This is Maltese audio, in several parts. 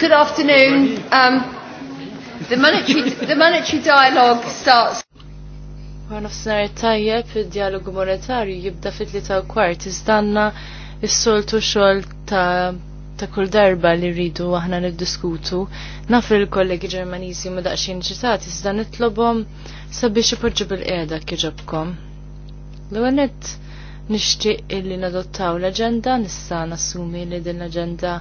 Good afternoon. Um, the, monetary, the monetary dialogue starts. Għan ufsnar tajjeb il-dialogu monetarju jibda fit ta' kwart, izdanna s-soltu xol ta' ta' kull darba li rridu aħna niddiskutu. Naf il-kollegi ġermaniżi ma ċitat, ċitati, iżda nitlobhom sabiex ipoġġu bil-qiegħda kieġobkom. l għanet nixtieq illi nadottaw l-aġenda nissa nassumi li din l-aġenda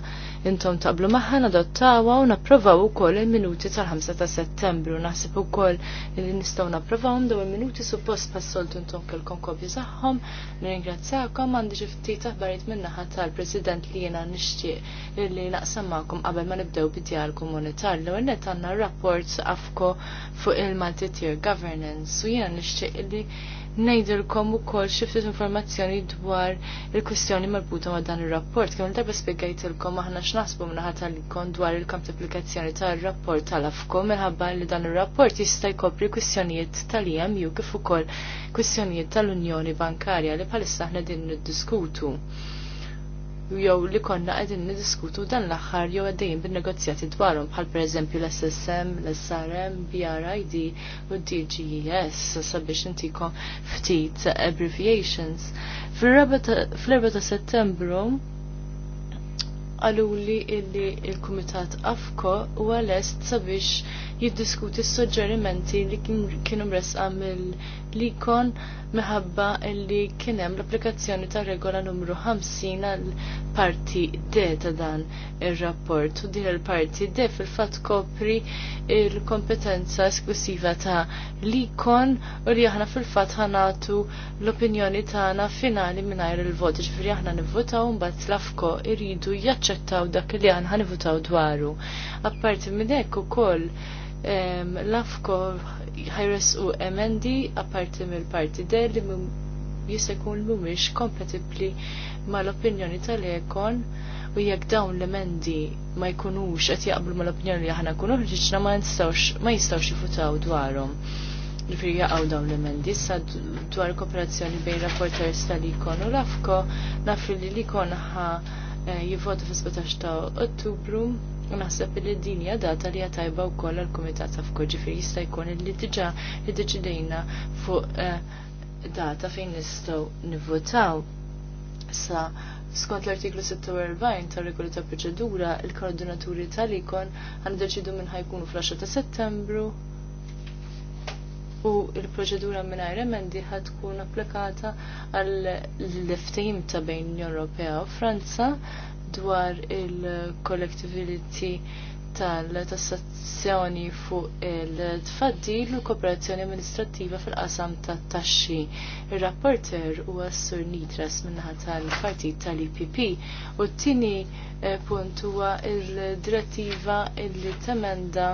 intom taqblu maħħa nadottawa u napprovaw ukoll il-minuti tal-5 ta' Settembru. Naħseb ukoll li nistgħu napprovawhom daw il-minuti suppost passolt intom kelkom kopji saħħom. Nirringrazzjakom għandi xi ftit aħbarijiet min-naħa tal-President li jiena nixtieq illi naqsam magħkom qabel ma nibdew bid-dialgu monetarju. Innet għandna rapport afko fuq il maltitier Tier Governance u jiena nixtieq illi ngħidilkom ukoll xi ftit informazzjoni dwar il-kwistjoni marbuta ma' dan ir-rapport. Kemm darba spjegajtilkom aħna x'naħsbu minnaħat tal-ikon dwar il-kamp applikazzjoni tar-rapport tal-afkom minħabba li dan ir-rapport jista' jkopri kwistjonijiet tal ju kif ukoll kwistjonijiet tal-Unjoni Bankarja li bħalissa aħna din niddiskutu jew li konna qegħdin niddiskutu dan l-aħħar jew għaddejjin bin-negozjati dwarhom bħal pereżempju l-SSM, l-SRM, BRID u DGES sabiex intikom ftit abbreviations. Fl-4 ta' Settembru għaluli illi il-Kumitat Afko u għalest sabiex jiddiskuti s-soġġerimenti li kienu mresqa mill li kon meħabba illi kienem l-applikazzjoni ta' regola numru 50 għal parti D ta' dan il-rapport u din il-parti D fil-fat kopri il-kompetenza esklusiva ta' l-ikon u li aħna fil-fat ħanatu l-opinjoni tagħna finali mingħajr il-vot ġifieri aħna nivvotaw mbagħad Lafko iridu jaċċettaw dak li aħna nivvotaw dwaru. Apparti minn hekk ukoll Lafko afko ħajres u emendi apparti mill-parti de li jisekun mumiex kompatibli mal-opinjoni tal-ekon u jekk dawn l-emendi ma jkunux qed jaqblu mal-opinjoni li aħna kunu ħriġna ma nistawx ma jistawx jifutaw dwarhom. Ġifieri jaqgħu dawn l-emendi issa dwar kooperazzjoni bejn rapporters tal-ikon u Lafko nafri li l-ikon ħa eh, jivvota fis-17 ta' Ottubru U naħseb li din hija data li hija tajba wkoll għall-Kumitat ta' Fkor ġifieri jista' jkun li diġà iddeċidejna fuq eh, data fejn nistgħu nivvotaw sa skont l-artiklu 46 tar regoli ta' proċedura il-koordinaturi tal-ikon għan deċidu minn ħajkunu fl-10 ta' settembru u il-proċedura mingħajr emendi ħad tkun applikata għall ftehim ta' bejn ewropea u Franza dwar il-collectivity tal-tassazzjoni fuq il-tfaddil u kooperazzjoni amministrattiva fil-qasam tat taxxi. Ir-rapporter u għassur Nitras min-naħa tal-partit tal-IPP u t-tini eh, punt huwa il-direttiva illi temenda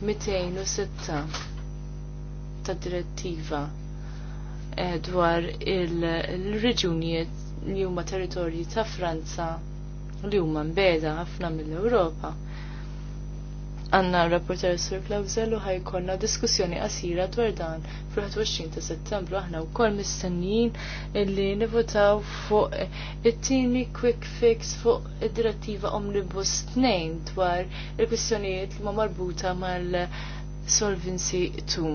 206 tad-direttiva eh, dwar il-reġunijiet li huma territorji ta' Franza li huma mbeda ħafna mill-Ewropa. Għanna rapporter Sur Klawzel u ħajkonna diskussjoni qasira dwar dan fl-21 ta' settembru aħna wkoll mistennijin illi nivotaw fuq it-tieni quick fix fuq id-direttiva Omnibus 2 dwar il-kwistjonijiet li ma marbuta mal- Solvency 2.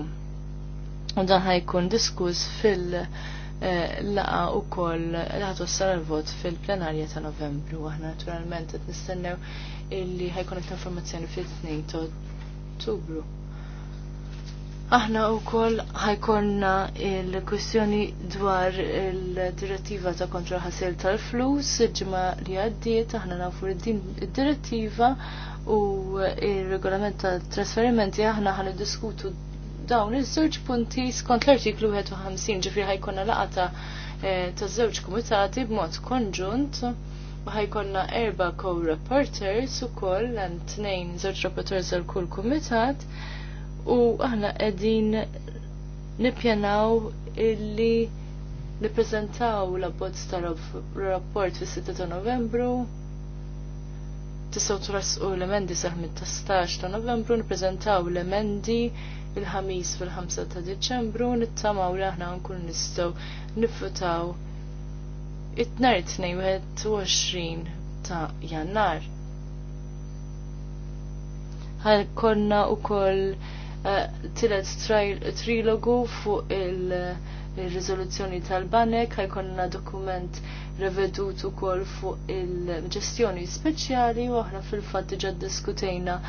U dan ħajkun diskuss fil- Eh, laqa u koll laħat wassal għal-vot fil-plenarja ta' novembru. Aħna naturalment qed nistennew illi ħajkun qed informazzjoni fil-2 ta' ottubru. Aħna u koll ħajkonna il-kwestjoni dwar il-direttiva ta' kontra ħasil tal-flus, ġima li għaddiet, aħna nafu din id-direttiva u il-regolament ta' trasferimenti aħna ħan diskutu dawn iż-żewġ punti skont l-artiklu 51 ġifri ħajkonna laqata eh, ta' żewġ kumitati b'mod konġunt u ħajkonna erba' co-reporters ukoll għan tnejn żewġ reporters għal kull kumitat u aħna qegħdin nippjanaw illi nippreżentaw l-abbozz ta' rapport fis-6 ta' Novembru tistgħu trasqu l-emendi sal 16 ta' Novembru nippreżentaw l-emendi il-ħamis fil-5 ta' Deċembru nittamaw li aħna nkun nistgħu nifutaw it-nar 22 ta' Jannar. Ħal konna wkoll eh, tilet trilogu fuq il-riżoluzzjoni tal-banek, konna dokument revedut ukoll fuq il-ġestjoni speċjali u aħna fil-fatt diġà diskutejna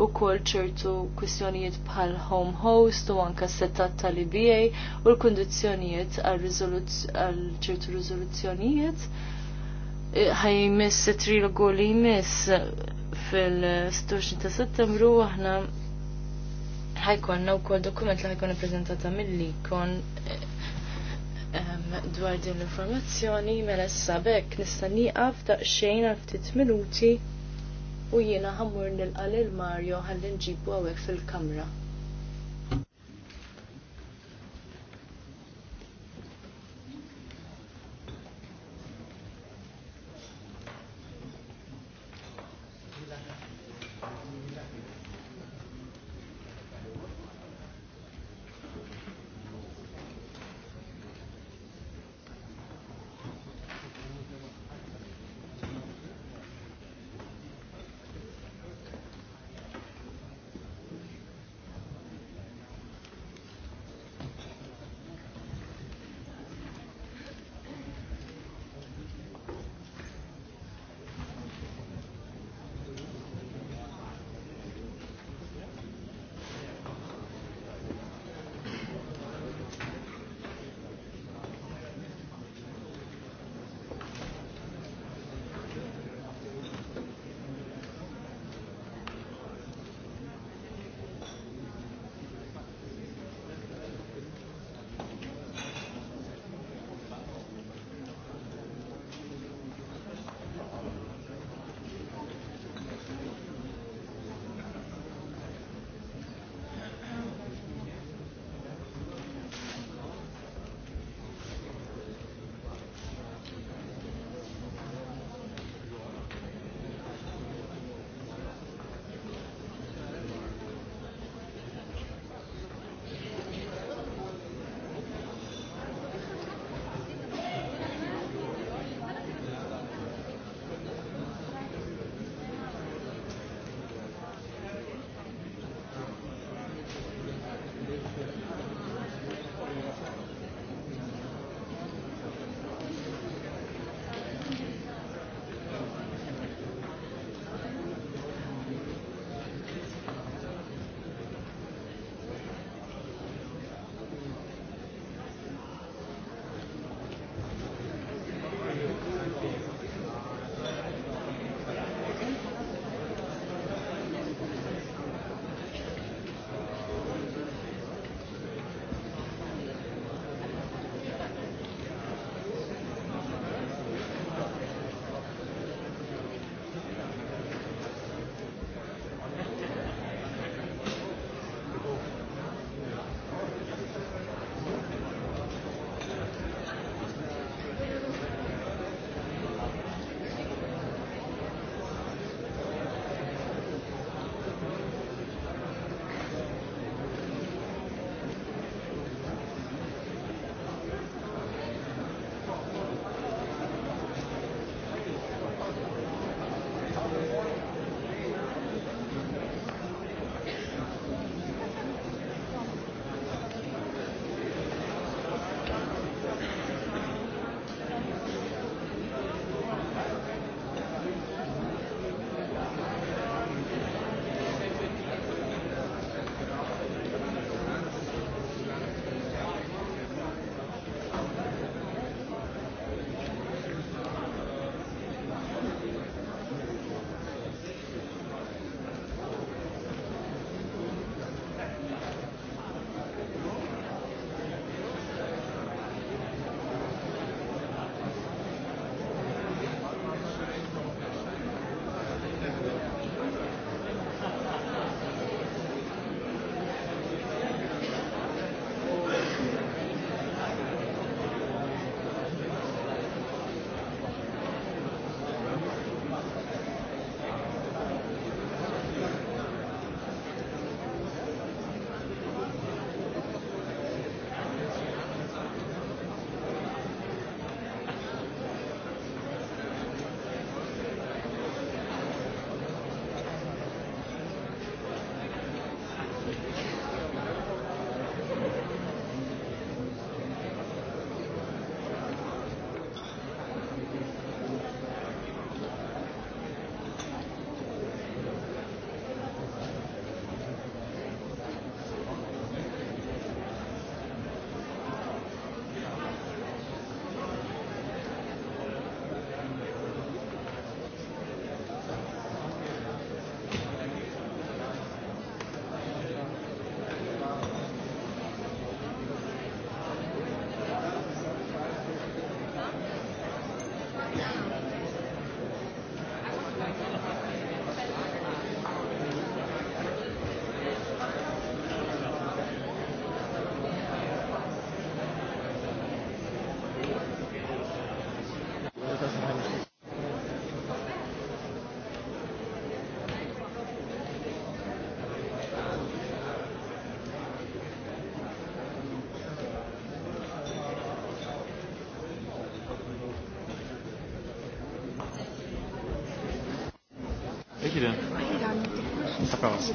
u kol ċertu kwistjonijiet bħal home host u anka setat tal-IBA u l-kondizjonijiet għal ċertu rizoluzzjonijiet. Eh, ħaj miss trilogu li jmiss fil-16 ta' settembru aħna ħajkonna u kol dokument li ħajkonna prezentata mill-li kon eh, dwar din l-informazzjoni mela sabek nista' nieqaf xejn għal ftit minuti u jiena ħammur nilqa lil Mario ħalli nġibu hawnhekk fil-kamra. ta' Powers.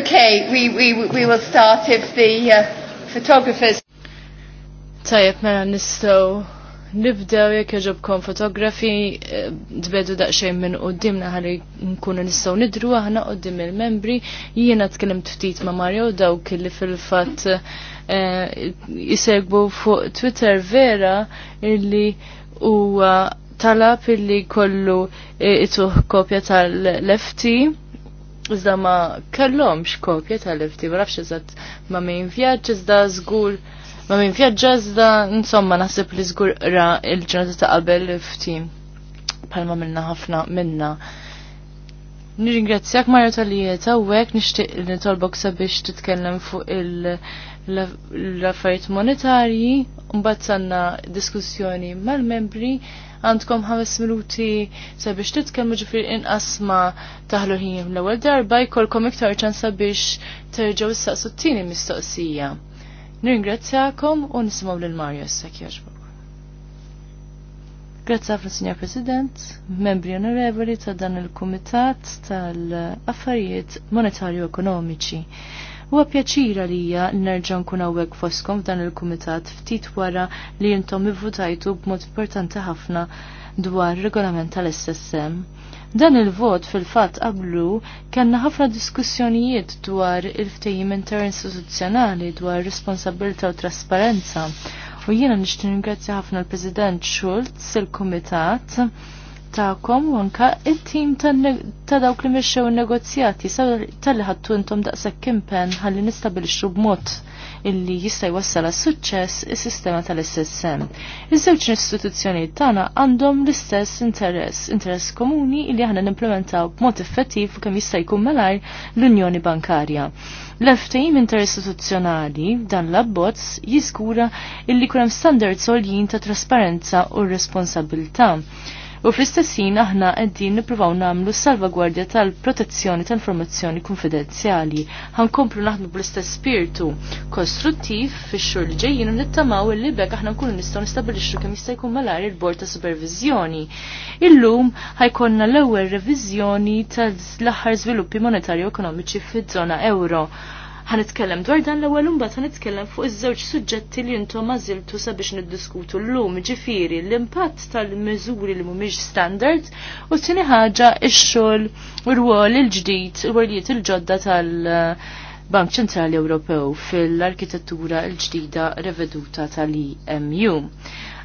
Okay, we, we, we will start if the uh, photographers... Tajab, mela nistaw nibdew jekk jaġobkom fotografi dbedu eh, daqsxejn minn qudiemna ħalli nkunu nistgħu nidru aħna qudiem il-membri. Jiena tkellem ftit ma' Mario dawk li fil-fatt jisegbu eh, fuq Twitter vera illi huwa talab illi kollu eh, ituħ kopja tal-lefti Iżda ma kellhomx kopja tal-lifti, ma nafx eżatt ma min vjaġġ iżda żgur ma min vjaġġa iżda insomma naħseb li żgur ra il-ġurnata ta' qabel lifti bħalma minna ħafna minna. Nirringrazzjak Mario Taljeta u għek nishtiq li tolbok sabiex titkellem fuq il- l-affarijiet monetarji, mbagħad sanna diskussjoni mal-membri għandkom 5 minuti sabiex titkellmu ġifier inqasma ma taħlu ħin l-ewwel darba jkollkom iktar ċans sabiex terġgħu issaqsu t-tieni mistoqsija. Nirringrazzjakom u nisimgħu lil Mario sak jogħġbok. Grazzi ħafna Signor President, membri onorevoli ta' dan il-Kumitat tal-Affarijiet Monetarju Ekonomiċi. Huwa pjaċira hija nerġa' nkun hawnhekk foskom f'dan il-kumitat ftit wara li intom ivvutajtu b'mod importanti ħafna dwar regolament tal-SSM. Dan il-vot fil-fatt qablu kellna ħafna diskussjonijiet dwar il-ftehim interinstituzzjonali dwar responsabilità u trasparenza. U jiena nixtieq ringrazzja ħafna l-President Schulz, il-Kumitat, ta'kom unka anka it-tim ta' dawk li mirxew il-negozjati sa tal-li ħattu intom daqshekk kimpen ħalli nistabilixxu b'mod illi jista' jwassal għas-suċċess is-sistema tal-SSM. Iż-żewġ istituzzjoni tagħna għandhom l-istess interess, interess komuni illi aħna nimplementaw b'mod effettiv kemm jista' jkun malajr l-Unjoni Bankarja. L-ftehim interistituzzjonali dan l-abbozz jiskura illi kunem standards għoljin ta' trasparenza u responsabilità u fl-istessin aħna qegħdin nippruvaw nagħmlu salvagwardja tal-protezzjoni ta' informazzjoni konfidenzjali. komplu naħdmu bl-istess spiritu kostruttiv fix-xhur li ġejjin u nittamaw li bekk aħna nkunu nistgħu nistabilixxu kemm jista' jkun malar il-bord ta' supervizjoni. Illum ħajkonna l-ewwel reviżjoni tal-aħħar żviluppi monetarju ekonomiċi fiż-żona euro ħanitkellem dwar dan l-ewwel imbagħad ħanitkellem fuq iż-żewġ suġġetti li intom mażiltu sabiex niddiskutu llum, ġifieri l-impatt tal-miżuri li mhumiex standard u tieni ħaġa x-xogħol u rwol il-ġdid, rwolijiet il-ġodda tal-Bank Ċentrali Ewropew fil-arkitettura l-ġdida reveduta tal-EMU.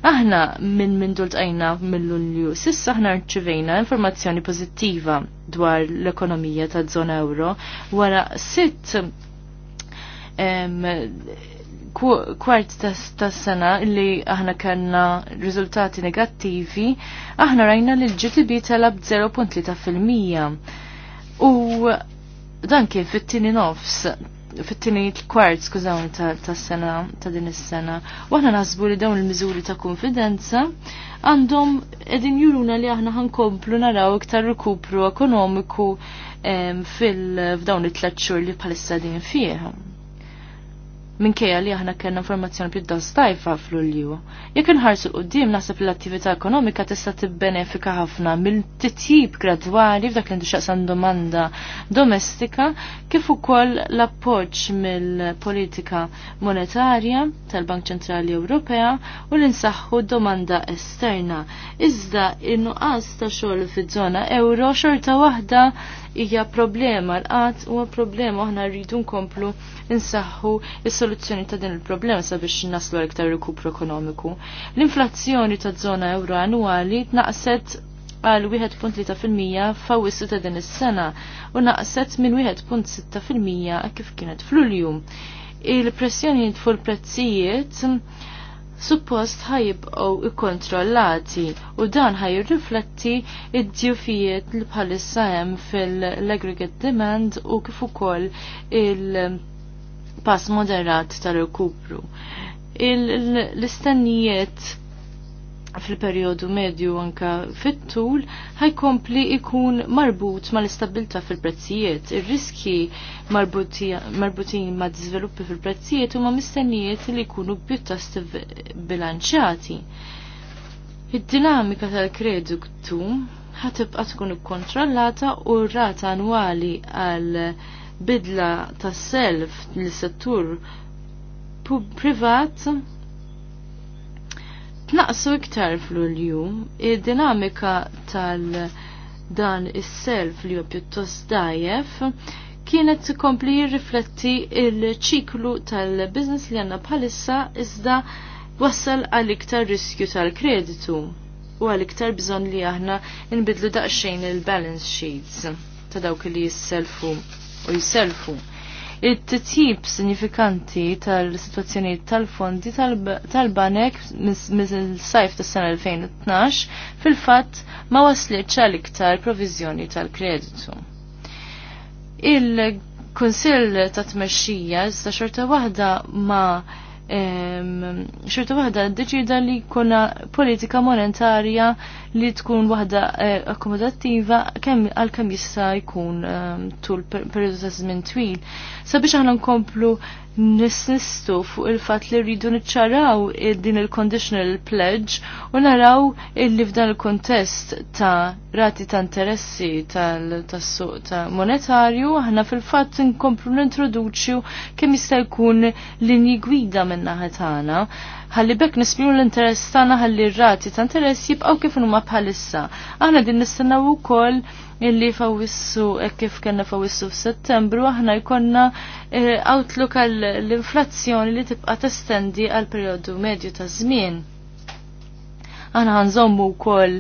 Aħna minn minn dultajna mill-Lulju, sissa aħna rċivejna informazzjoni pozittiva dwar l-ekonomija ta' zona euro wara sitt kwart tas sena li aħna kanna riżultati negattivi, aħna rajna li l-GDP talab 0.3%. U dan kien fit-tini nofs, fit-tini kwart, skużawni, tas sena ta' din is-sena. U aħna naħsbu li dawn il-miżuri ta' konfidenza għandhom edin juruna li aħna ħankomplu naraw iktar rikupru ekonomiku fil-fdawn it-tlet xhur li palissa din fih minkejja li aħna kellna informazzjoni pjuttost tajfa fl-ulju. Jekk inħarsu l-qoddim naħseb l-attività ekonomika tista' tibbenefika ħafna mill-titjib gradwali f'dak li san domanda domestika kif ukoll l-appoġġ mill-politika monetarja tal-Bank Ċentrali Ewropea u l-insaħħu domanda esterna. Iżda in ta' xogħol fiż-żona euro xorta waħda hija problema l-qatt huwa problema aħna rridu nkomplu insaħħu is-soluzzjoni ta' din il-problema sabiex naslu iktar rikupru ekonomiku. L-inflazzjoni ta' żona euro annwali tnaqset għal 1.3% fawissu ta' din is-sena u naqset minn 1.6% kif kienet fl-ulju. Il-pressjoni fuq il-prezzijiet il prezzijiet suppost ħajibqgħu ikkontrollati u dan ħajrrifletti id-djufijiet li bħalissa hemm fil-aggregate demand u kif ukoll il-pass moderat tal-rkupru. L-istennijiet fil-periodu medju anka fit-tul ħajkompli ikun marbut ma l-istabilta fil-prezzijiet. Ir-riski marbutin ma d-izviluppi fil-prezzijiet huma mistennijiet li jkunu pjuttost bilanċati. Id-dinamika tal-kreditu ħatibqa tkun ikkontrollata u r-rata annwali għal bidla tas-self l-settur privat tnaqsu iktar fl-ulju, id-dinamika tal-dan is-self li ju pjuttost dajef kienet kompli jirrifletti il-ċiklu tal-biznis li għanna bħalissa iżda wassal għal iktar riskju tal-kreditu u għal iktar bżon li aħna nbidlu daqsxejn il-balance sheets ta' dawk li jisselfu u jisselfu it-tip sinifikanti tal-situazzjoni tal-fondi tal-banek il sajf tas sena 2012 fil-fatt ma waslitx għal iktar provizjoni tal-kreditu. Il-Konsil ta' tmexxija iżda xorta waħda ma' xorta waħda deċida li kuna politika monetarja li tkun waħda eh, akkomodattiva kemm għal kemm jista' jkun tul periodu ta' żmien twil. Sabiex aħna nkomplu nisnistu fuq il-fat li rridu niċċaraw din il-conditional pledge u naraw illi f'dan il-kontest ta' rati ta' interessi tal-tassuq ta' monetarju aħna fil-fat nkomplu nintroduċju kemm jista' jkun linji gwida minn naħatana ħalli bekk nismiru l-interess tagħna ħalli r-rati ta' interess jibqgħu kif huma bħalissa. Aħna din nistennaw ukoll illi fawissu e kif kena fawissu f'Settembru aħna jkonna e, outlook għall l-inflazzjoni li tibqa testendi għal periodu medju ta' żmien. Aħna ħanżommu wkoll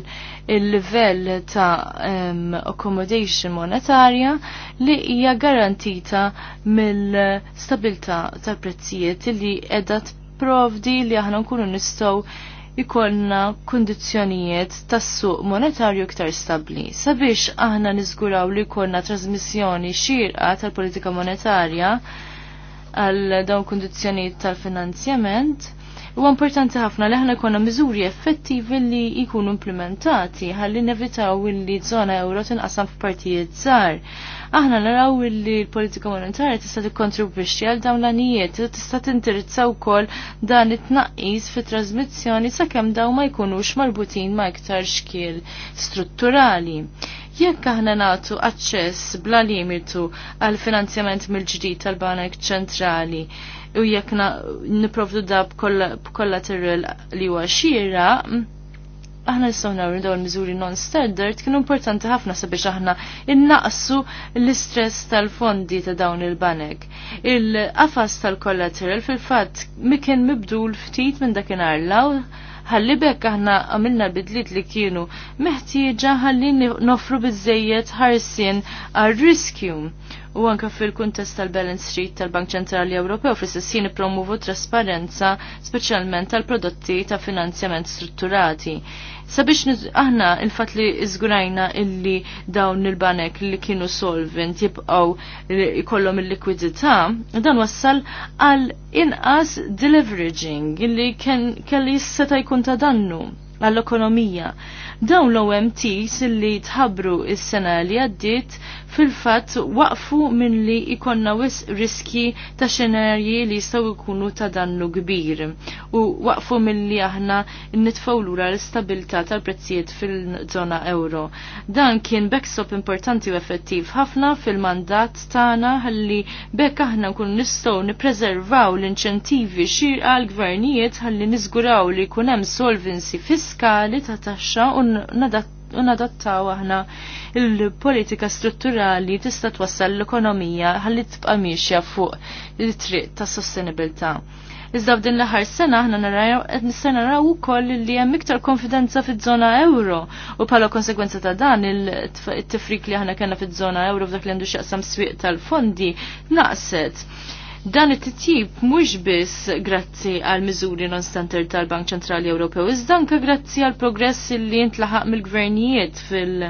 il-livell ta' um, accommodation monetarja li hija garantita mill-stabilta tal-prezzijiet li qiegħda provdi li aħna nkunu nistgħu ikollna kundizzjonijiet tas-suq monetarju iktar stabbli sabiex aħna niżguraw li jkollna trasmissjoni xirqa tal-politika monetarja għal dawn kundizzjonijiet tal-finanzjament. Huwa importanti ħafna li aħna jkollna miżuri effettivi li jkunu implementati ħalli nevitaw li żona euro tinqasam f'partijiet żgħar aħna naraw li l-politika monetarja tista' tikkontribwixxi għal dawn l-anijiet, tista' tindirizza wkoll dan it-tnaqqis fit-trasmizzjoni sakemm daw ma jkunux marbutin ma iktar xkiel strutturali jekk aħna nagħtu aċċess bla limitu għal finanzjament mill-ġdid tal-Banek Ċentrali u jekk niprovdu dab kollateral li huwa xira, aħna nistgħu nagħmlu dawn miżuri non-standard kienu importanti ħafna sabiex aħna innaqsu l-istress tal-fondi ta' dawn il-banek. Il-qafas tal kollateral fil-fatt mi kien mibdul ftit minn dakinhar law ħalli bekk aħna għamilna bidlit li kienu meħtieġa ħalli nofru bizzejiet ħarsien għal riskju u anka fil-kuntest tal-Balance Street tal-Bank Ċentrali Ewropew fl-istess promuvu trasparenza speċjalment tal-prodotti ta' finanzjament strutturati. Sabiex aħna il-fat li iżgurajna illi dawn il-banek li kienu solvent jibqaw jkollhom il-likwidità, dan wassal għal inqas deleveraging illi kelli jisseta jkun ta' dannu għall-ekonomija. Dawn l-OMTs illi tħabru is-sena li għaddit fil-fatt waqfu minn li ikonna wis riski ta' xenarji li jistgħu jkunu ta' dannu kbir u waqfu minn li aħna nitfgħu lura l-istabilità tal-prezzijiet fil-żona euro. Dan kien backstop importanti u effettiv ħafna fil-mandat tagħna ħalli bekk aħna kun nistgħu nipreservaw l-inċentivi xirqa l-gvernijiet ħalli niżguraw li jkun hemm solvency fiskali ta' taxxa u nadat u nadottaw aħna il-politika strutturali tista' twassal l-ekonomija ħalli tibqa' miexja fuq il-triq ta' sostenibilità. Iżda f'din l-aħħar sena aħna naraw qed eh, nista' naraw ukoll li hemm iktar konfidenza fiż-żona euro u bħala konsegwenza ta' dan it-tifrik li aħna kellna fiż-żona euro f'dak li għandu x'aqsam swieq tal-fondi naqset. Dan it-titjib mhux biss grazzi għal miżuri non-standard tal-Bank Ċentrali Ewropew, iżda anke grazzi għal progress li ntlaħaq mill-gvernijiet fil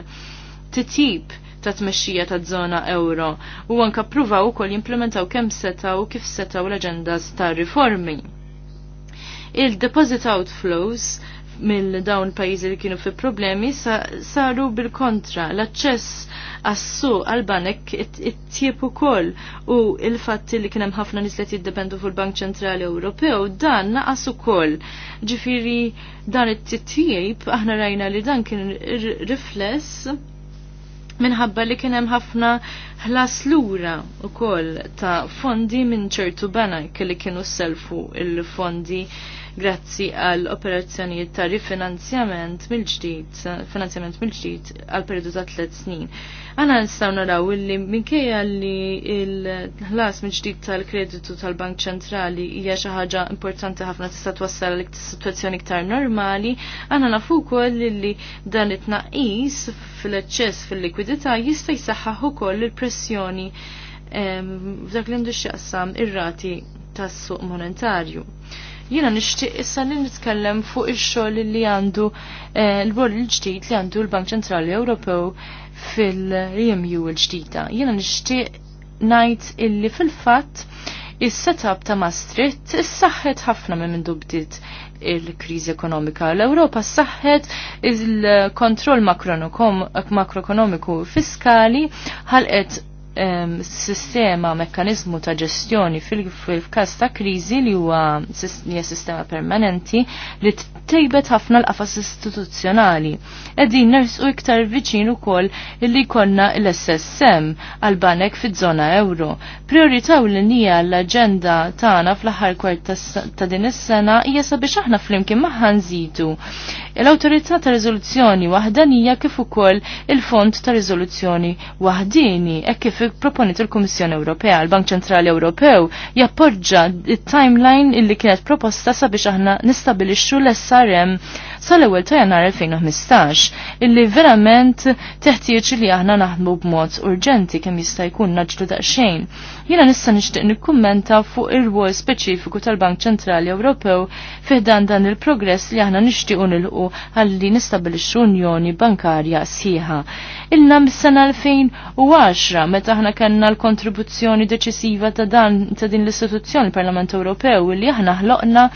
tip ta' tmexxija ta' żona euro u anke pruvaw ukoll jimplementaw kemm setaw kif setaw l-aġendas ta' riformi. Il-deposit outflows mill dawn pajjiżi li kienu fi problemi saru bil-kontra l-aċċess għas għal-banek it it ukoll u il-fatti li kien hemm ħafna nislet li jiddependu fil-Bank Ċentrali Ewropew dan naqas ukoll. Ġifieri dan it-tjib aħna rajna li dan kien rifless minħabba li kienem ħafna ħlas lura u koll ta' fondi minn ċertu banek li kienu selfu il-fondi grazzi għal operazzjonijiet ta' rifinanzjament mill-ġdid, finanzjament mill-ġdid għal periodu ta' tliet snin. Għana nistgħu naraw illi minkejja li l-ħlas mill-ġdid tal-kreditu tal-Bank Ċentrali hija xi ħaġa importanti ħafna tista' twassal għal situazzjoni iktar normali, għana nafu wkoll li dan it-tnaqqis fil-eċċess fil-likwidità jista' jsaħħaħ ukoll il-pressjoni f'dak li għandu qassam ir-rati tas-suq monetarju. Jiena nixtieq issa li nitkellem fuq ix-xogħol li għandu eh, l bol il-ġdid li għandu l-Bank Ċentrali Ewropew fil-EMU l-ġdida. Jiena nixtieq ngħid illi fil-fatt is-setup ta' Maastricht issaħħet ħafna minn dubdit il-kriżi ekonomika. L-Ewropa saħħet il-kontroll makroekonomiku fiskali ħalqet sistema, mekkanizmu ta' ġestjoni fil-kas ta' krizi li huwa sistema permanenti li tejbet ħafna l-qafas istituzzjonali. Edin nersu iktar viċin ukoll li konna l-SSM għal-banek fi żona euro. Prioritaw l nija l-agenda tagħna fl-aħħar kwart ta' din is-sena hija sabiex aħna flimkien maħħa nżidu l-awtorità ta' riżoluzzjoni wahdanija kif ukoll il-fond ta' riżoluzzjoni waħdini e kif proponit il-Kummissjoni Ewropea. Il-Bank Ċentrali Ewropew jappoġġa il-timeline illi kienet proposta sabiex aħna nistabilixxu l-SRM sal-ewwel ta' jannar 2015 illi verament teħtieġ li aħna naħdmu b'mod urġenti kemm jista' jkun naġlu daqsxejn. Jiena nista' nixtieq nikkummenta fuq ir-rwol speċifiku tal-Bank Ċentrali Ewropew fiħdan dan il-progress li aħna nixtiequ nilqu nixtiequ ħalli nistabilixxu unjoni bankarja sħiħa. Ilna mis-sena 2010 meta aħna kellna l-kontribuzzjoni deċisiva ta' dan ta' din l-istituzzjoni l-Parlament Ewropew li aħna ħloqna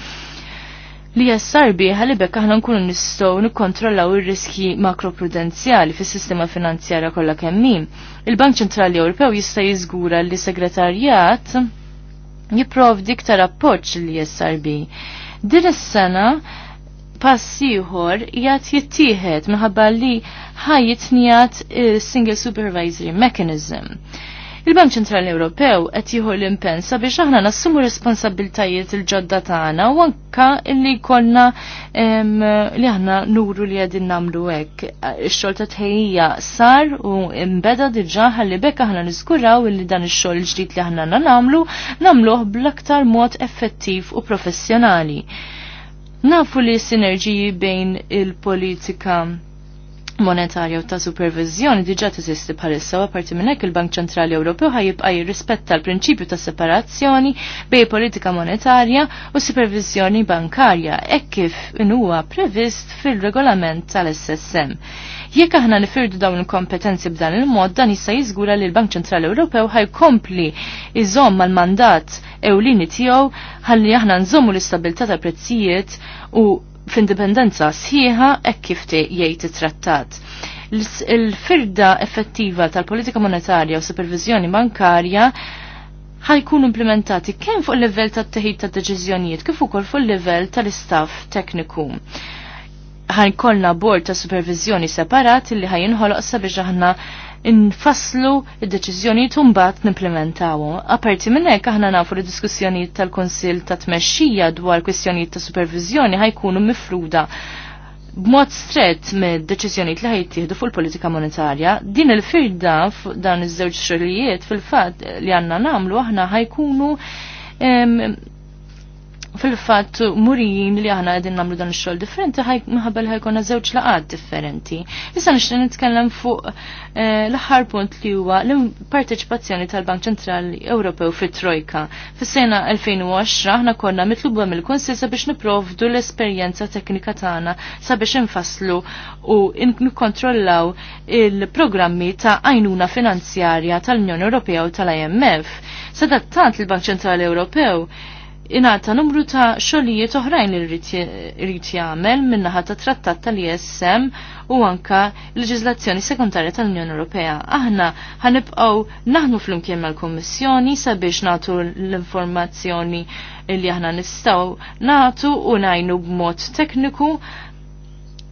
li jessar biħa li bekk aħna nkunu nistgħu nikkontrollaw ir-riski makroprudenzjali fis-sistema finanzjarja kollha kemm Il-Bank Ċentrali Ewropew jista' jiżgura li segretarjat jipprovdi iktar appoġġ li jessar bi. Din is-sena passiħor jgħat jittieħed minħabba li ħajjitnijat eh, single supervisory mechanism. Il-Bank Ċentrali Ewropew qed jieħu l-impensa biex aħna nassumu responsabiltajiet il-ġodda tagħna u anka li kollna li aħna nuru li qegħdin nagħmlu hekk. Ix-xogħol ta' tħejjija sar u mbeda diġà ħalli bekk aħna niżguraw li dan ix-xogħol ġdid li aħna nagħmlu nagħmluh bl-aktar mod effettiv u professjonali. Nafu li sinerġiji bejn il-politika monetarja u ta' supervizjoni diġa teżisti bħalissa u apparti minnek il-Bank Ċentrali Ewropew ħajibqa' jirrispetta l-prinċipju ta' separazzjoni bejn politika monetarja u supervizjoni bankarja hekk kif huwa previst fil-regolament tal-SSM. Jekk aħna nifirdu dawn il-kompetenzi b'dan il-mod, dan jista' jiżgura li l-Bank Ċentrali Ewropew ħajkompli iżomm mal-mandat ewlieni tiegħu ħalli aħna nżommu l-istabilità ta' prezzijiet u f'indipendenza sħiħa hekk kif jgħid it-trattat il-firda effettiva tal-politika monetarja u supervizjoni bankarja ħajkun implementati kemm fuq il-livell tat-teħid tad-deċiżjonijiet kif ukoll fuq il-livell tal-istaff tekniku ħajkolna bord ta' supervizjoni separat li ħajinħoloq sabiex aħna infaslu id deċizjoni tumbat n-implementawu. Aperti minn hekk aħna nafu li diskussjonijiet tal-Kunsill ta' tmexxija dwar kwistjonijiet ta' supervizjoni ħajkunu mifruda b'mod strett mid deċiżjonijiet li ħajtieħdu fuq il-politika monetarja, din il-firda f'dan iż-żewġ xogħlijiet fil-fatt li għandna nagħmlu aħna ħajkunu fil-fatt murijin li aħna qegħdin nagħmlu dan ix-xogħol differenti ħabel ħajkun żewġ laqad differenti. Issa nixtieq nitkellem fuq eh, l-aħħar punt li huwa l-parteċipazzjoni tal-Bank Ċentrali Ewropew fit-Trojka. Fis-sena 2010 aħna konna mitluba mill-Kunsil sabiex niprovdu l-esperjenza teknika tagħna sabiex infasslu u nikkontrollaw il-programmi ta' għajnuna finanzjarja tal-Unjoni Ewropea u tal-IMF. Sadattant il-Bank Ċentrali Ewropew inata numru ta' xogħlijiet oħrajn irid jagħmel min-naħa ta' trattat tal-ISM u anka l-leġiżlazzjoni sekundarja tal-Unjoni Ewropea. Aħna ħanibqgħu naħnu flimkien mal-Kummissjoni sabiex nagħtu l-informazzjoni li aħna nistgħu nagħtu u ngħinu b'mod tekniku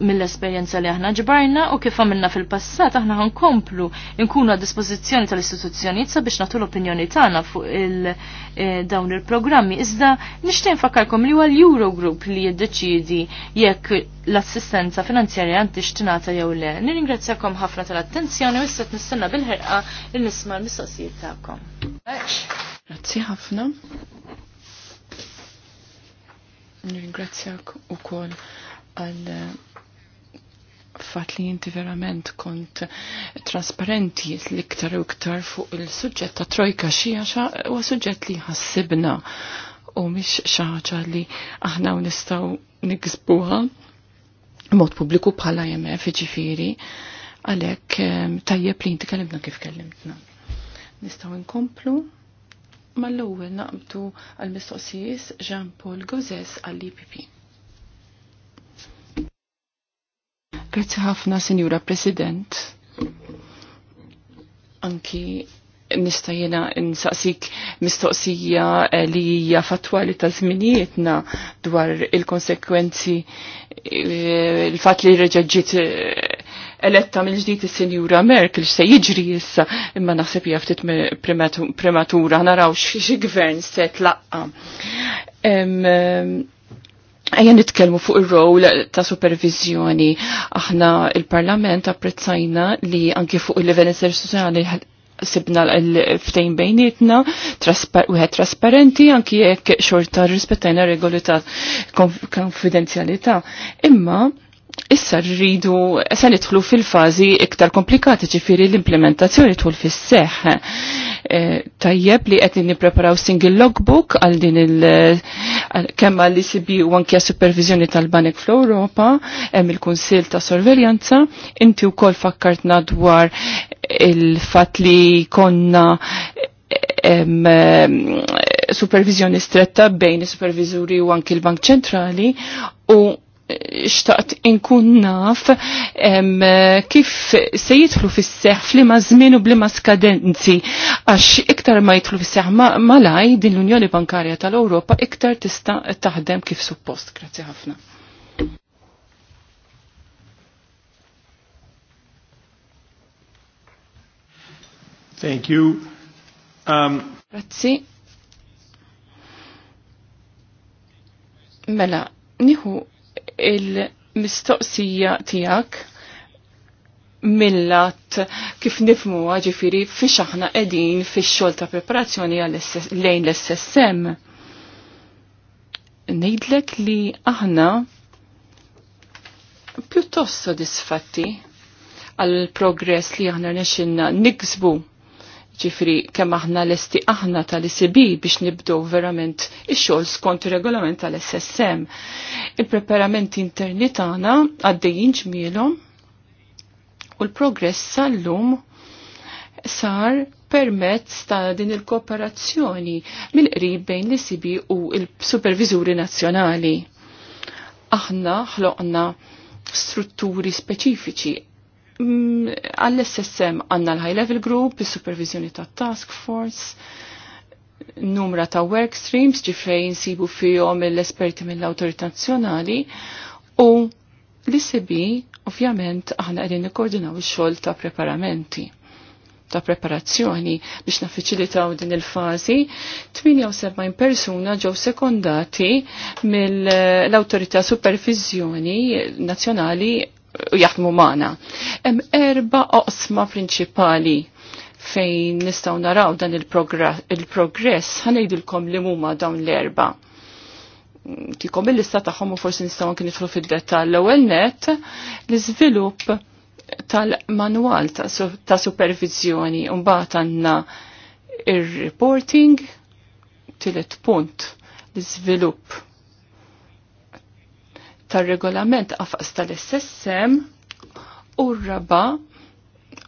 mill-esperjenza li aħna ġbarna u kif għamilna fil-passat aħna komplu nkunu għad dispożizzjoni tal-istituzzjonijiet biex nagħtu l-opinjoni tagħna fuq il eh, dawn il-programmi. Iżda nixtieq nfakkarkom li huwa l-Eurogroup li jiddeċiedi jekk l-assistenza finanzjarja għandix tingħata jew le. Nirringrazzjakom ħafna tal-attenzjoni u issa nistenna bil-ħerqa li nisma' l-mistoqsijiet tagħkom. Grazzi ħafna. Nirringrazzjak ukoll għal eh, fat li jinti verament kont trasparenti l-iktar u iktar fuq il sujġet ta' trojka xija u suġġett li ħassibna u mish xaħġa li aħna u nistaw nikzbuħa mod publiku bħala jemef ġifiri għalek ehm, tajjeb li jinti kellimna kif kellimtna. Nistaw nkomplu mal-ewwel naqbdu għal mistoqsijis Jean-Paul Gozes għall-IPP. Grazzi ħafna, Sinjura President. Anki nista' jiena nsaqsik mistoqsija eh, li hija fatwali ta' żminijietna dwar il-konsekwenzi eh, il-fatt li reġaġġiet eh, eletta mill-ġdid is-Sinjura Merkel x'se jiġri issa imma naħseb hija ftit prematura naraw xi gvern se tlaqqa Ejja nitkellmu fuq ir-rowl ta' supervizjoni. Aħna il-Parlament apprezzajna li anki fuq il-livell istituzzjonali sibna l-ftejn bejnietna, u għed trasparenti, anki jekk xorta rispettajna regoli ta' konfidenzjalità. Imma issa rridu se nidħlu fil-fażi iktar komplikati ċifiri l-implementazzjoni tul fis-seħ. E, Tajjeb li qed nipreparaw single logbook għal din il kemm għal sibi u anke supervizjoni tal-Banek fl-Ewropa, hemm il kunsil ta' Sorveljanza, inti wkoll fakkartna dwar il-fatt li konna em, supervizjoni stretta bejn is-supervizuri u anki l-Bank Ċentrali u xtaqt inkun naf kif se jidħlu fis-seħ flima żmien u blima skadenzi għax iktar ma jitlu fis ma malaj din l-Unjoni Bankarja tal-Ewropa iktar tista' taħdem kif suppost. Grazzi ħafna. Thank you. Um, Grazzi. Mela, niħu il-mistoqsija tijak millat kif nifmu ġifiri fiex aħna edin fix xol ta' preparazzjoni lejn l-SSM. Nejdlek li aħna pjuttost sodisfatti għal progress li aħna nexinna niksbu ċifri kemm aħna lesti aħna tal-ICB biex nibdow verament ix-xogħol skont regolament tal-SSM. Il-preparamenti interni tagħna għaddejjin ġmielhom u l-progress sal-lum sar permezz ta' din il-kooperazzjoni mill-qrib bejn l-ICB u l-Supervizuri Nazzjonali. Aħna ħloqna strutturi speċifiċi Mm, għall-SSM għanna l-high level group, il-supervizjoni ta' task force, numra ta' work streams ġifrej nsibu fihom l-esperti mill-autorità nazzjonali u l-ICB ovvjament aħna għedin nikordinaw ix-xogħol ta' preparamenti ta' preparazzjoni biex naffiċilitaw din il-fazi, 78 persuna ġew sekondati mill-autorità supervizjoni nazzjonali u jaħdmu magħna. Hemm erba' oqsma prinċipali fejn nistgħu naraw dan il-progress il ħanejdilkom li huma dawn l-erba' kikom il-lista taħħom u forsi nistaw għan nidħlu fid-dettall. L-ewwel net l-iżvilupp tal-manwal ta', su ta supervizjoni un mbagħad għandna ir-reporting tielet punt l-iżvilupp tar-regolament għafqas tal-SSM u raba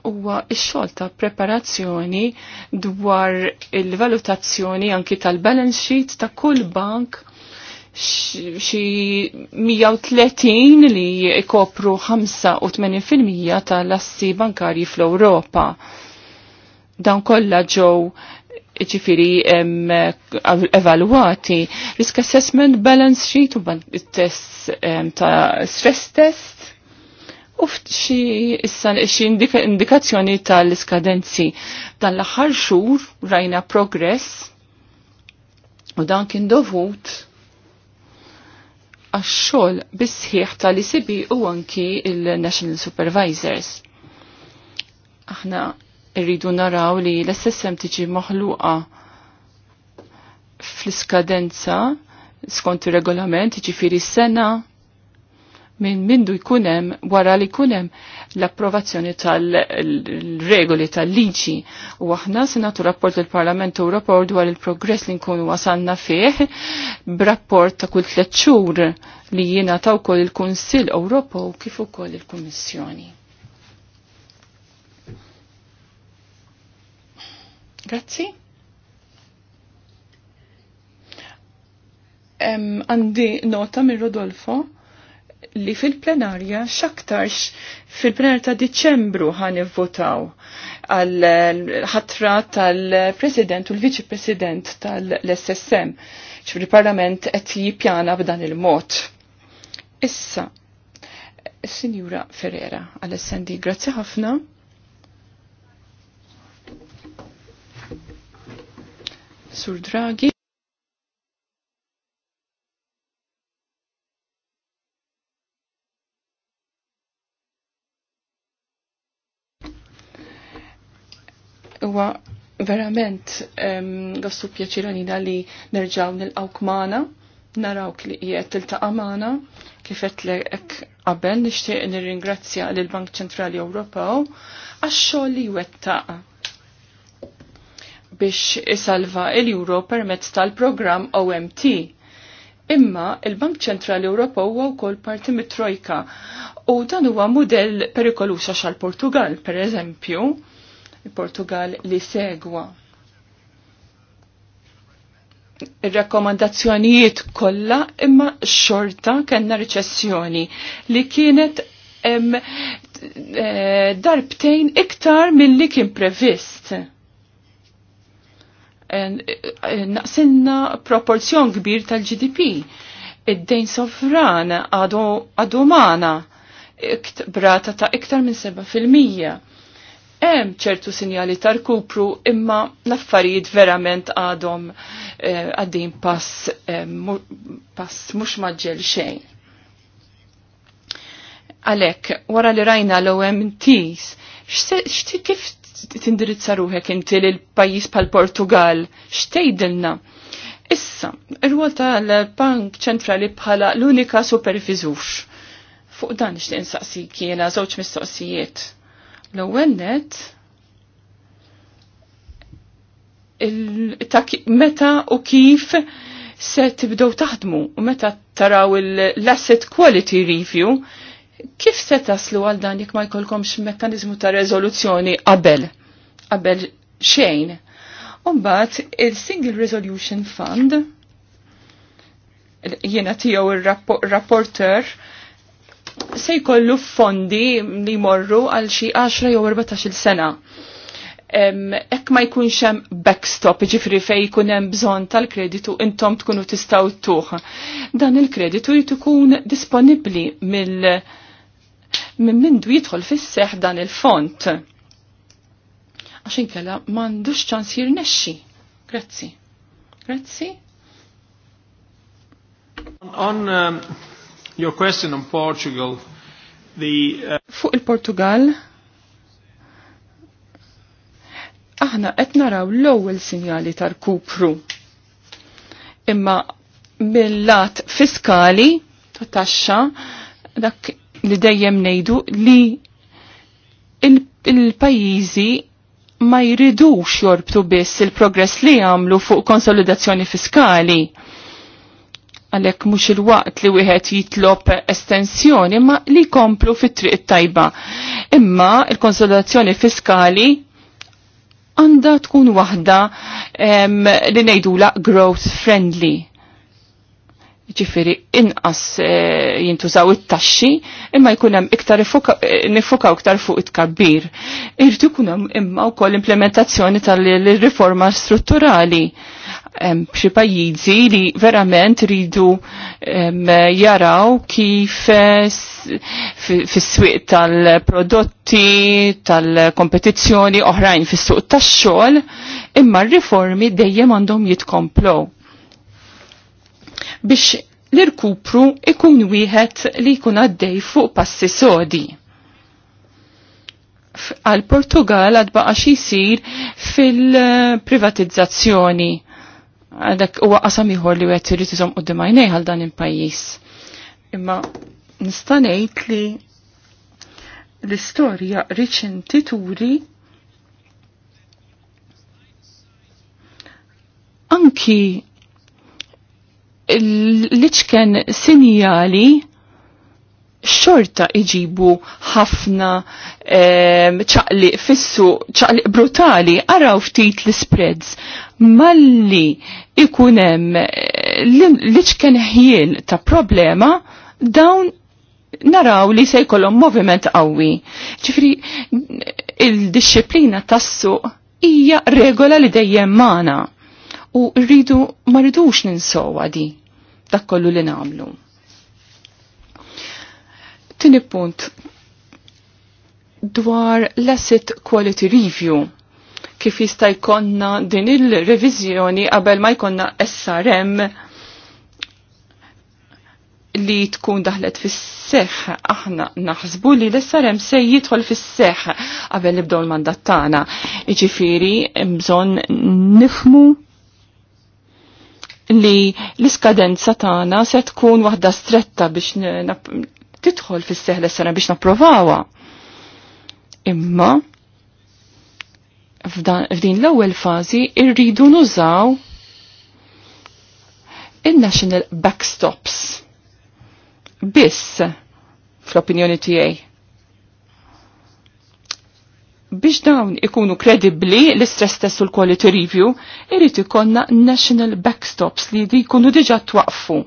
huwa x-xogħol ta' preparazzjoni dwar il-valutazzjoni anki tal-balance sheet ta' kull bank xi 130 li ikopru 85% tal-assi bankarji fl-Ewropa. Dan kollha ġew ġifiri evaluati risk assessment balance sheet u test ta' stress test u xi indikazzjoni tal-iskadenzi dan l-aħħar xhur rajna progress u dan kien dovut għax-xogħol bisħieħ tal-ICB u anki il-National Supervisors. Aħna irridu naraw li l-SSM tiġi maħluqa fl-iskadenza skont regolament regolament firi s-sena, minn mindu jkunem, wara li jkunem l-approvazzjoni tal-regoli tal-liġi. U aħna senatu rapport l-Parlament Ewropew dwar il-progress li nkunu wasalna fih, b'rapport ta' kull tliet xhur li jiena taw kol il-Kunsill Ewropew kif ukoll il-Kummissjoni. Grazzi. Għandi nota minn Rodolfo li fil-plenarja xaktarx fil plenarja ta' Diċembru ħan votaw għal ħatra tal-President u l-Viċi President tal-SSM ċifri parlament qed jipjana b'dan il-mod. Issa, Signora Ferrera, għal-essendi, grazzi ħafna. Sur Draghi. Huwa verament għassu pjaċiranina li nerġaw nil Awk maħna, narawk li jiet il-taqa maħna, kifet li ek qabel nishtiq nir-ringrazzja l-Bank Ċentrali Ewropew għax-xogħol li wettaqa biex isalva l euro permezz tal-programm OMT. Imma il-Bank Ċentral Ewropa huwa wkoll parti mit-Trojka u dan huwa mudell perikoluxa xal-Portugal, per eżempju, il-Portugal li segwa. Ir-rakkomandazzjonijiet kollha imma xorta kellna riċessjoni li kienet em, eh, darbtejn iktar mill-li kien previst naqsinna proporzjon kbir tal-GDP. Id-dejn sovran għadu mana brata ta' iktar minn 7%. Hemm ċertu sinjali ta' rkupru imma l-affarijiet verament għadhom eh, għaddin pass eh, pass mhux maġġel xejn. Għalhekk wara li rajna l-OMTs, kif tindirizza ruħek inti l pajjiż pal Portugal, xtejdilna. Issa, ir-rwol tal-Bank Ċentrali bħala l-unika supervizux. Fuq dan nixtieq insaqsik kiena żewġ mistoqsijiet. L-ewwel meta u kif se tibdew taħdmu u meta taraw l-asset quality review Kif se taslu għal dan jekk ma jkollkomx mekkanizmu ta' rezoluzzjoni qabel? Qabel xejn. Umbagħad il-Single Resolution Fund, jiena tiegħu ir-rapporter, se jkollu fondi li morru għal xi 10 jew 14-il sena. Ekk ma jkunx hemm backstop, ġifri fej jkun hemm bżonn tal-kreditu intom tkunu tistgħu tuħ. Dan il-kreditu jrid ikun disponibbli mill- minn mindu jidħol fisseħ dan il-font. Għaxin kella mandux ċans jirnexxi. Grazzi. Grazzi. On um, your question on Portugal, the... Uh... Fuq il-Portugal, aħna qed naraw l-ewwel sinjali tal-kupru. Imma mill-lat fiskali ta' taxxa dak li dejjem nejdu li il-pajizi il ma jridux jorbtu biss il-progress li għamlu fuq konsolidazzjoni fiskali. Għalek mux il-waqt li wieħed jitlob estensjoni ma li komplu fit-triq tajba. Imma il-konsolidazzjoni fiskali għanda tkun wahda li la growth friendly ġifiri inqas eh, jintużaw it-taxxi imma jkun hemm iktar eh, nifukaw iktar fuq it-kabbir. Irdu jkun hemm imma wkoll implementazzjoni tal-riforma strutturali b'xi pajjiżi li verament ridu jaraw kif eh, fis-swieq tal-prodotti, tal-kompetizzjoni oħrajn fis-suq tax-xogħol, imma r-riformi dejjem għandhom jitkomplow biex l-irkupru ikun wieħed li jkun għaddej fuq passi sodi. Għal Portugal għad baqa xisir fil-privatizzazzjoni. Għadak huwa qasam ieħor li għet irid u d-dimajnej għal dan il-pajjiż. Imma nista' ngħid li l-istorja riċenti turi anki l-iċken sinjali xorta iġibu ħafna ehm, ċaqli fissu ċaqli brutali araw ftit l-spreads malli ikunem eh, l-iċken ħjien ta' problema dawn naraw li se jkollhom moviment qawwi. Ġifri il-disciplina tas-suq hija regola li dejjem magħna u rridu ma rridux ninsowa di dak kollu li namlu. Tini punt dwar l-asset quality review kif jista' jkollna din il-reviżjoni qabel ma jkollna SRM li tkun daħlet fis-seħ aħna naħsbu li l-SRM se jidħol fis-seħ qabel nibdew il-mandat tagħna. Jiġifieri bżonn nifmu li l-iskadenza tagħna se tkun waħda stretta biex tidħol fis-seħla sena biex napprovawha. Imma f'din l-ewwel fażi irridu nużaw il-national backstops biss fl-opinjoni tiegħi biex dawn ikunu kredibli l-istress test u l-quality review, irrit ikonna national backstops li di jkunu diġa twaqfu.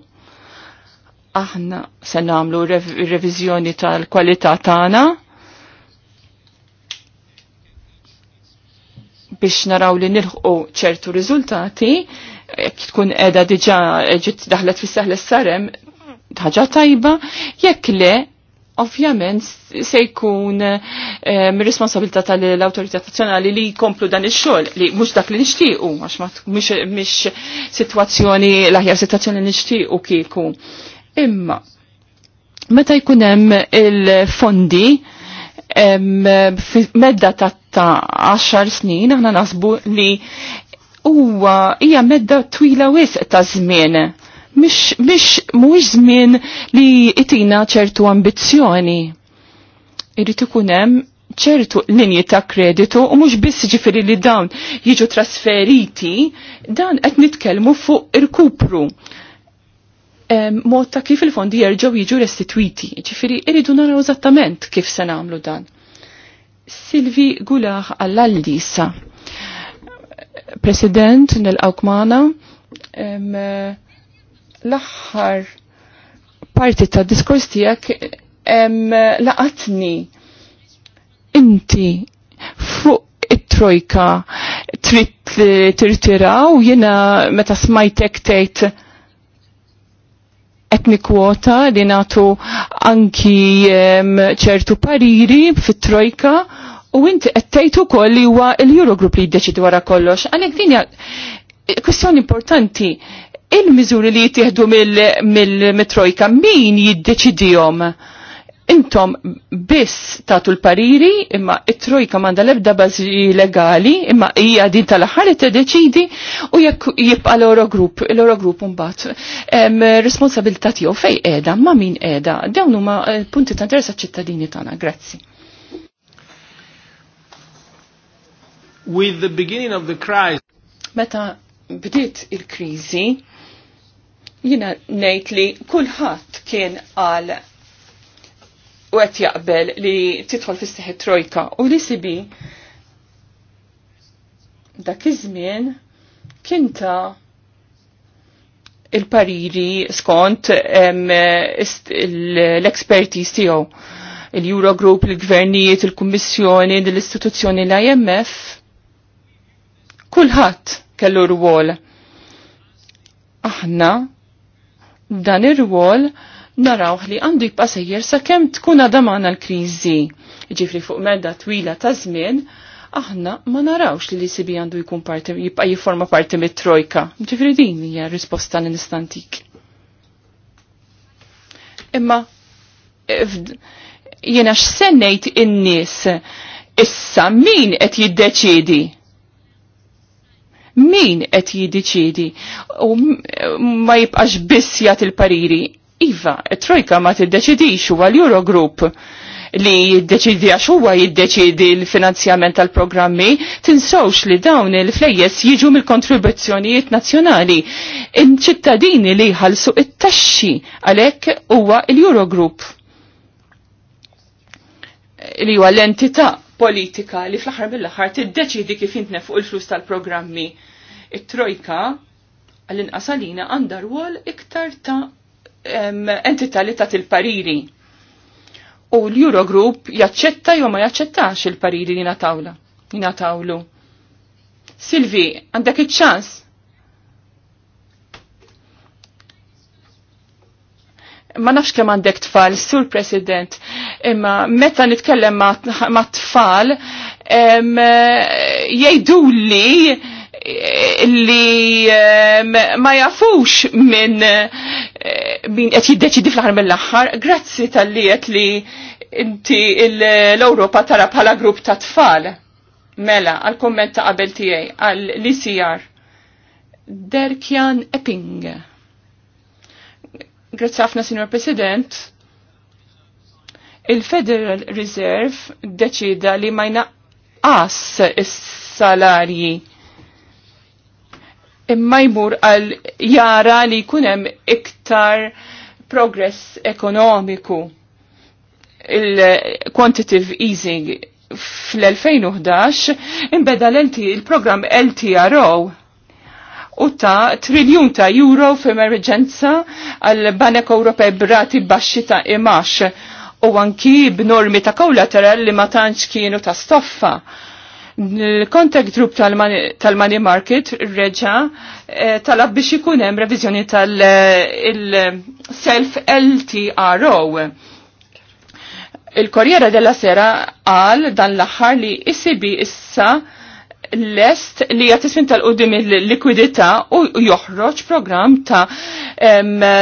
Aħna se namlu revizjoni tal-kwalità tagħna biex naraw li nilħqu ċertu riżultati, jekk tkun qiegħda diġà ġiet daħlet fis-saħl sarem ħaġa tajba, jekk le ovvjament se jkun um, responsabilità tal-autorità nazzjonali li jkomplu dan ix-xogħol li mhux dak li nixtiequ għax mhix sitwazzjoni l-aħjar sitwazzjoni li nixtiequ kieku. Imma meta jkun hemm il-fondi ehm, medda ta' 10 snin aħna nasbu li huwa hija medda twila wisq ta' żmien Mhix mhuwiex żmien li itina ċertu ambizzjoni. Irid ikun hemm ċertu linji ta' kreditu u mhux biss ġifiri li dawn jiġu trasferiti, dan qed nitkellmu fuq irkupru. Mod ta' kif il-fondi jerġgħu jiġu restituiti, ġifiri irridu naraw eżattament kif se nagħmlu dan. Silvi Gulaħ għall-Allisa. President nil aukmana l-aħħar parti ta' diskors tijak laqatni inti fuq it-trojka trid tirtira u jiena meta smajtek tgħid etni kwota li nagħtu anki ċertu pariri fit-trojka u inti qed koll ukoll li huwa l-Eurogroup li jiddeċidi wara kollox. Għalhekk din kwestjoni importanti il-miżuri li jittieħdu mill-Trojka min jiddeċidihom? Intom biss tagħtu l-pariri imma it-Trojka manda l-ebda bażi legali imma hija din tal-aħħar tiddeċidi u jekk jibqa' l grupp, l-Eurogrupp mbagħad responsabilità tiegħu fejn qiegħda ma' min qiegħda. Dawn huma eh, punti ta' interess ċittadini tagħna. Grazzi. With the beginning of the crisis. Meta bdiet il-kriżi, Jina nejt li kullħat kien għal u għet jaqbel li titħol fis trojka u li sibi dak iż-żmien il-pariri skont l-expertise tiegħu il-Eurogroup, il-gvernijiet, il-Kummissjoni, l-istituzzjoni l-IMF, kulħadd kellu rwol. Aħna dan ir-rwol narawh li għandu jibqa' sejjer sakemm tkun għadha l-kriżi. Ġifri fuq medda twila ta' żmien, aħna ma narawx li li sibi għandu jkun parti jibqa' jiforma parti mit-trojka. Ġifri din hija risposta l istantik Imma jiena sennejt in-nies issa min qed jiddeċiedi min qed jiddeċidi u ma jibqax biss jagħti il-pariri. Iva, trojka ma tiddeċidix u għal eurogroup li jiddeċidi għax huwa jiddeċidi l-finanzjament tal-programmi, tinsawx li dawn il-flejjes jiġu mill-kontribuzzjonijiet nazzjonali. In-ċittadini li jħallsu it-taxxi għalhekk huwa l-Eurogroup li huwa l-entità politika li fl-aħħar mill-aħħar deċidi kif jintnef fuq il-flus tal-programmi. It-trojka għall inqasalina għandar għandha rwol iktar ta' entità li ta' il-pariri. U l-Eurogroup jaċċetta jew ma jaċċettax il-pariri li natawla. Silvi, għandek iċ-ċans ma nafx kemm għandek tfal, sur President, imma meta nitkellem ma' tfal, jajdu li li ma jafux minn eh, min qed jiddeċidi fl-aħħar mill-aħħar, grazzi tal-li qed li inti l-Ewropa tara bħala grupp ta' tfal. Mela, għal komment ta' qabel tiegħi għal l-ICR. Derkjan Epping. Grazzi ħafna, Signor President. Il-Federal Reserve deċida li ma jnaqqas is-salarji imma jmur għal jara li kunem iktar progress ekonomiku. Il-quantitative easing fl-2011 imbeda l-programm LTRO u ta' triljun ta' euro f'emerġenza għal Banek Ewropej brati baxxi ta' imax u anki b'normi ta' collateral li ma tantx kienu ta' stoffa. Il-contact group tal-money market reġa eh, talab biex ikun hemm reviżjoni tal-self LTRO. Il-Korriera della Sera għal dan l-aħħar li issibi e issa lest li jgħatismin tal-qudim il-likwidita u joħroġ program ta'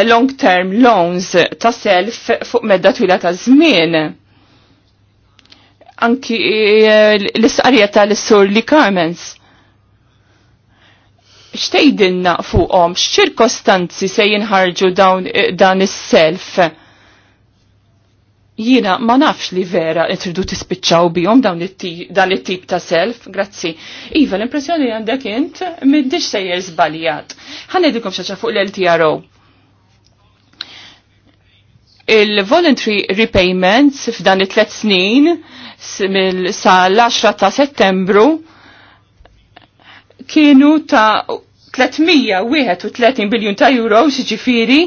long-term loans ta' self fuq medda twila ta' żmien. Anki e, l-istqarija tal-sur li Carmens ċtejdinna fuqom, x'ċirkostanzi se jinħarġu e, dan is-self? Jiena ma nafx li vera li tridu tispiċċaw bihom dan it-tip ta' self, grazzi. Iva, l-impressjoni għandek int middix sejjer żbaljat. Ħanedikom xaċa fuq l-LTRO. Il-voluntary repayments f'dan it-tlet snin sa l-10 ta' settembru kienu ta' 331 biljun ta' euro ġifiri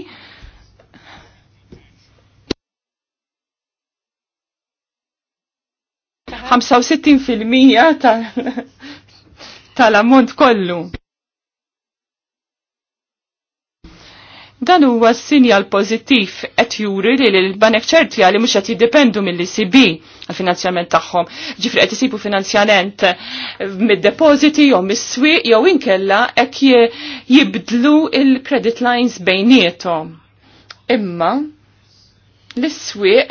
65% tal- tal-ammont kollu. Dan huwa sinjal pozittiv qed juri li l-banek ċerti għali mhux qed jiddependu mill icb għal-finanzjament tagħhom. Ġifri qed isibu finanzjament mid-depożiti jew mis-swieq jew inkella hekk jibdlu il-credit lines bejniethom. Imma l iswieq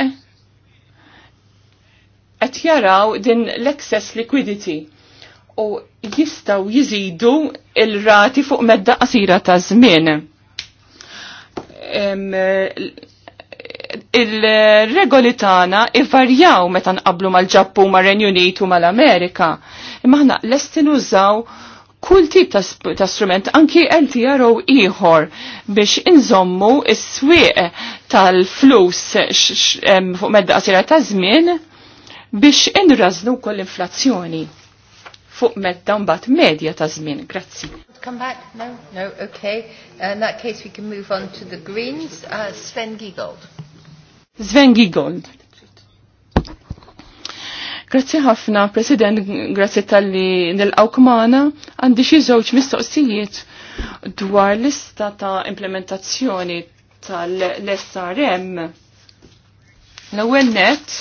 qed jaraw din l-excess liquidity u jistaw jizidu il-rati fuq medda qasira ta' żmien. Il-regoli tagħna ivarjaw meta nqablu mal-Ġappu mar-Renju Unitu mal-Amerika. Imma aħna lesti nużaw kull tip ta' strument anki LTRO ieħor biex inżommu is-swieq tal-flus fuq medda qasira ta' żmien biex inrażnu kol l-inflazzjoni fuq medda mbagħad medja ta' żmien. Grazzi. Come back? No, no, okay. Uh, in that case we can move on to the Greens. Uh, Sven Giegold. Sven Giegold. Grazzi ħafna, President, grazzi tal-li nil-għawk maħna, għandi xie zoċ mistoqsijiet dwar lista ta' implementazzjoni tal-SRM. l għennet net,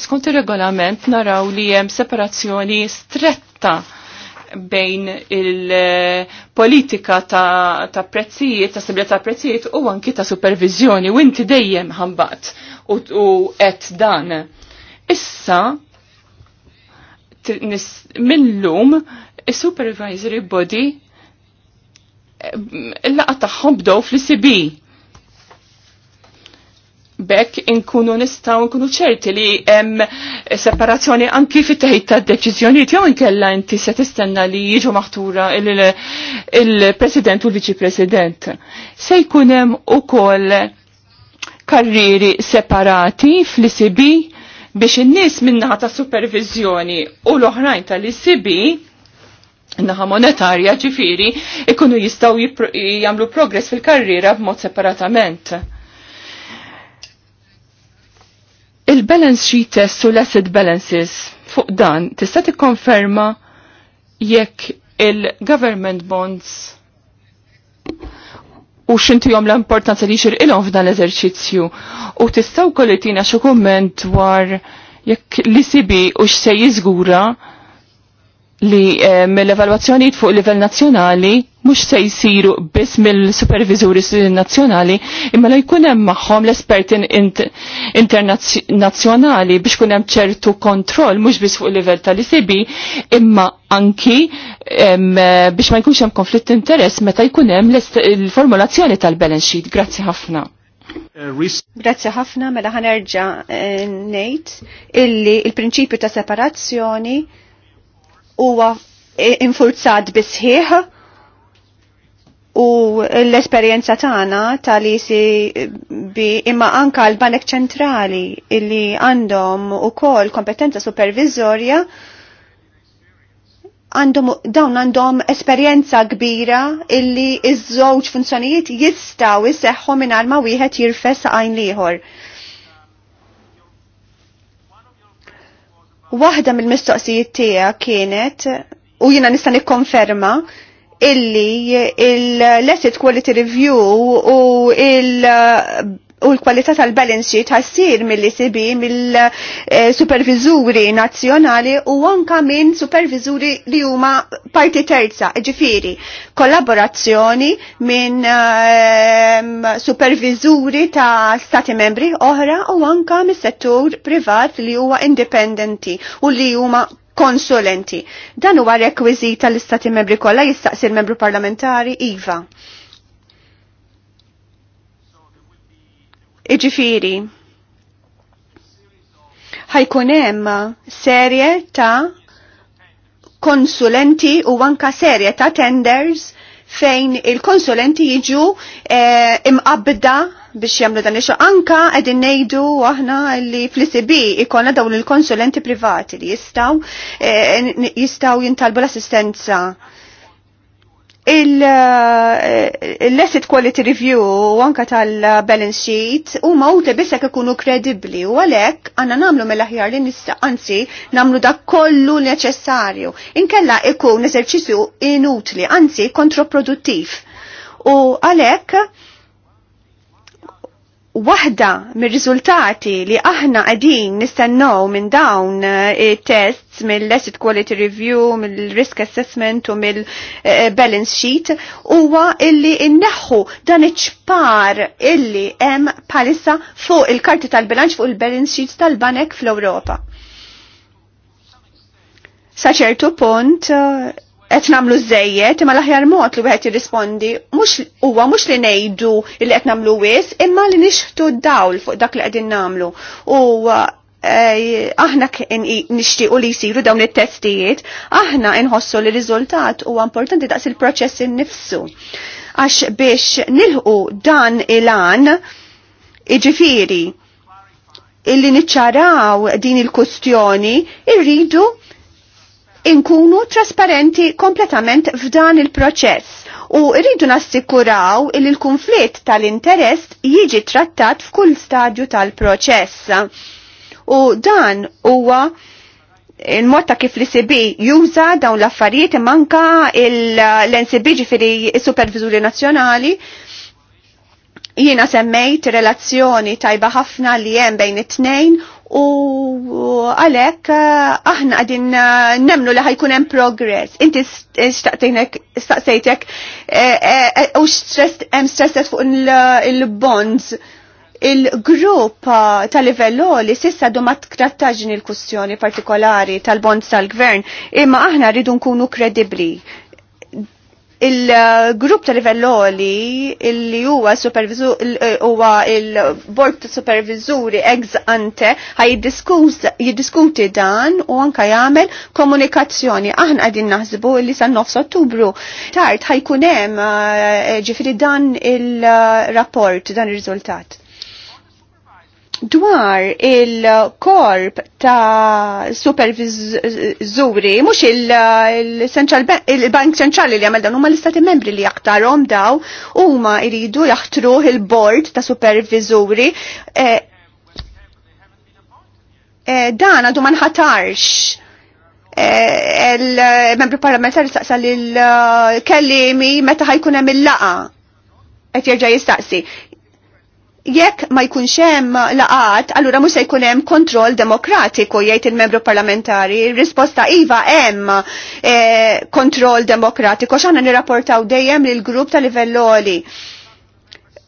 skont ir-regolament naraw li hemm separazzjoni stretta bejn il-politika ta', ta prezzijiet, ta' stabilità ta' prezzijiet u anki ta' supervizjoni u inti dejjem ħambat u qed dan. Issa minn is-supervisory body eh, laqa tagħhom bdew fl cb Bekk inkunu nistaw nkunu ċerti li hemm separazzjoni anki fit teħid ta' deċiżjonijiet jew inkella inti se tistenna li jiġu maħtura il-President u l-Viċi President. Se jkun hemm ukoll karriri separati fl-ICB biex in-nies minnaħa ta' supervizjoni u l-oħrajn tal-ICB naħa monetarja ġifiri ikunu jistaw jamlu progress fil-karriera b'mod separatament Il-balance sheet test u l-asset balances fuq dan tista' tikkonferma jekk il-government bonds u xinti jom l-importanza li xir ilon f'dan l-eżerċizzju. U tistaw kolletina xo komment dwar jekk li sibi u xse jizgura li eh, mill-evaluazzjoni fuq livell nazjonali mux se jisiru biss mill supervizuris nazjonali imma la jkun hemm magħhom l-esperti internazzjonali biex kun hemm ċertu kontroll mhux biss fuq livell tal-ICB imma anki biex ma jkunx hemm konflitt interess meta jkun hemm l-formulazzjoni tal-balance sheet. Grazzi ħafna. Eh, Grazzi ħafna mela ħanerġa' eh, ngħid illi il-prinċipju ta' separazzjoni huwa eh, infurzat bisħieħ u l-esperienza tagħna si bi imma anka l-Banek Ċentrali illi għandhom ukoll kompetenza supervizorja għandhom dawn għandhom esperjenza kbira illi iż-żewġ funzjonijiet jistgħu jseħħu mingħajr ma wieħed jirfes għajn ieħor. Waħda mill-mistoqsijiet tiegħek kienet u jiena nista' nikkonferma illi l-asset quality review u il- u l-kwalità tal-balance sheet ħassir mill-ECB mill-supervizuri nazzjonali u anka minn supervizuri li huma parti terza, ġifiri, kollaborazzjoni minn ehm, supervizuri ta' stati membri oħra u anka mis-settur privat li huwa independenti u li huma konsulenti. Dan huwa rekwiżita l-istati membri kollha jistaqsi l-membru parlamentari iva. Iġifieri, ħajkun hemm serje ta' konsulenti u anka serje ta' tenders fejn il-konsulenti jiġu eh, imqabda biex jamlu dan ixo. anka għedin nejdu aħna li fl-ICB ikonna dawn il-konsulenti privati li jistaw eh, jistaw jintalbu l-assistenza il eh, asset quality review u anka tal-balance sheet u mawte bissek ikunu kredibli u għalek għanna namlu mill-aħjar li nista' anzi namlu dak kollu neċessarju. Inkella ikun eżerċizzju inutli, anzi kontraproduttiv. U għalek waħda mir-riżultati li aħna qegħdin nistennew minn dawn eh, it tests mill-asset quality review, mill-risk assessment u mill-balance eh, eh, sheet huwa illi nneħħu dan iċ-ċpar illi hemm palissa fuq il-karti tal-bilanċ fuq il-balance sheets tal-banek fl-Ewropa. Saċertu punt qed nagħmlu żejjed imma l-aħjar mod li wieħed jirrispondi mhux huwa mhux li ngħidu li qed nagħmlu wis imma li nixħtu d-dawl fuq dak li qegħdin nagħmlu. U eh, aħna nixtiequ li jisiru dawn it-testijiet, aħna nħossu li riżultat huwa importanti daqs il-proċess innifsu. Għax biex nilħu dan il-an iġifiri illi niċċaraw din il-kustjoni irridu inkunu trasparenti kompletament f'dan il-proċess u rridu nassikuraw il l-konflitt tal-interess jiġi trattat f'kull stadju tal-proċess. U dan huwa il-mod ta' kif l-ICB juża dawn l-affarijiet manka l-NCB ġifiri il-Supervizuri Nazzjonali jiena semmejt relazzjoni tajba ħafna li hemm bejn it-tnejn u għalek eh, aħna għadin eh, nemlu li ħajkun hemm progress. Inti staqsejtek eh, u hemm stressed fuq il-bonds. Il-grupp tal livello li sissa du ma trattaġin il-kussjoni partikolari tal-bonds tal-gvern, imma aħna rridu nkunu kredibli Il-grupp ta' livelloli illi huwa eh, huwa il-bord ta' supervizuri ex ante ħaj jiddiskuti dan u anka jagħmel komunikazzjoni. Aħna qegħdin naħsbu li sa nofs Ottubru tard ħajkun hemm eh, ġifieri dan il-rapport eh, dan ir-riżultat dwar il-korp ta' supervizuri, mux il-Bank Ċentrali li għamel dan, huma l-istati membri li jaktarom daw, huma iridu jaħtru il-bord ta' supervizuri. E, e, dan għadu manħatarx il-membri e, parlamentari saqsa l-kellimi uh, meta ħajkunem hemm il-laqa qed jerġa' jistaqsi jekk ma jkunx hemm laqat, allura mhux se jkun hemm kontroll demokratiku jgħid il-membru parlamentari. Risposta iva hemm eh, kontroll demokratiku x'għandna nirrapportaw dejjem lill grupp ta' livell oli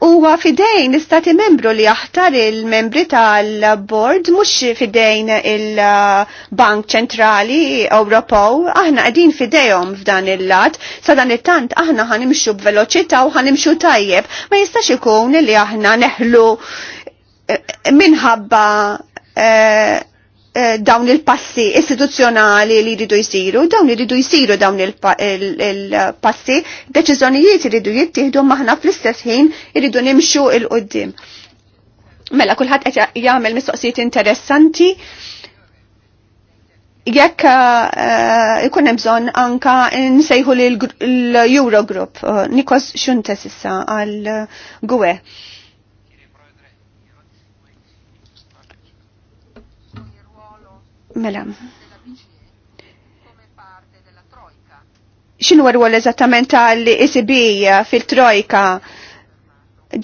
huwa fidejn istati membru li jaħtar il-membri tal-board mhux fidejn il-Bank Ċentrali Ewropew, aħna qegħdin fidejhom f'dan il-lat, sa dan it-tant aħna ħanimxu b'veloċità u ħanimxu tajjeb, ma jistax ikun li aħna neħlu eh, minħabba eh, Eh, dawn il-passi istituzzjonali li jridu jisiru, dawn ridu jisiru dawn il-passi, deċiżjonijiet ridu jittieħdu maħna fl-istess ħin ridu nimxu il-qoddim. Mela kulħadd qed jagħmel mistoqsijiet interessanti. Jekk eh, ikun hemm bżonn anka nsejħu l-Eurogroup, eh, Nikos Xuntes issa għal Gwe. Mela. X'inhu rwol eżattament tal-ECB fil-Trojka?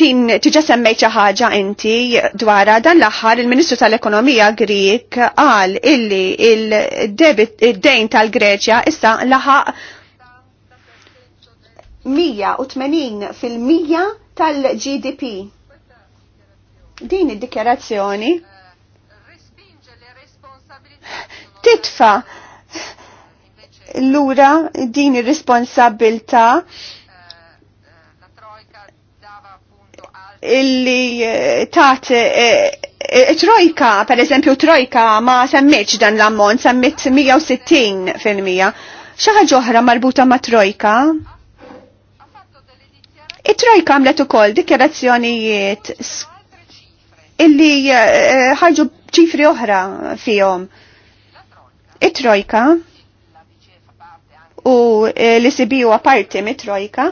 Din tiġa semmejċa xi ħaġa inti dwara dan l-aħħar il-Ministru tal-Ekonomija Grik qal illi il-dejn tal-Greċja issa laħaq 180 fil-mija tal-GDP. Din id-dikjarazzjoni titfa lura din ir-responsabilta illi eh, tat eh, eh, trojka, per eżempju trojka ma semmiċ dan l-ammont, semmit 160 fil-mija. ħaġa oħra marbuta ma trojka? It-trojka għamlet ukoll dikjerazzjonijiet illi ħarġu ċifri oħra fihom it-trojka u e, li sibiju aparti mit-trojka.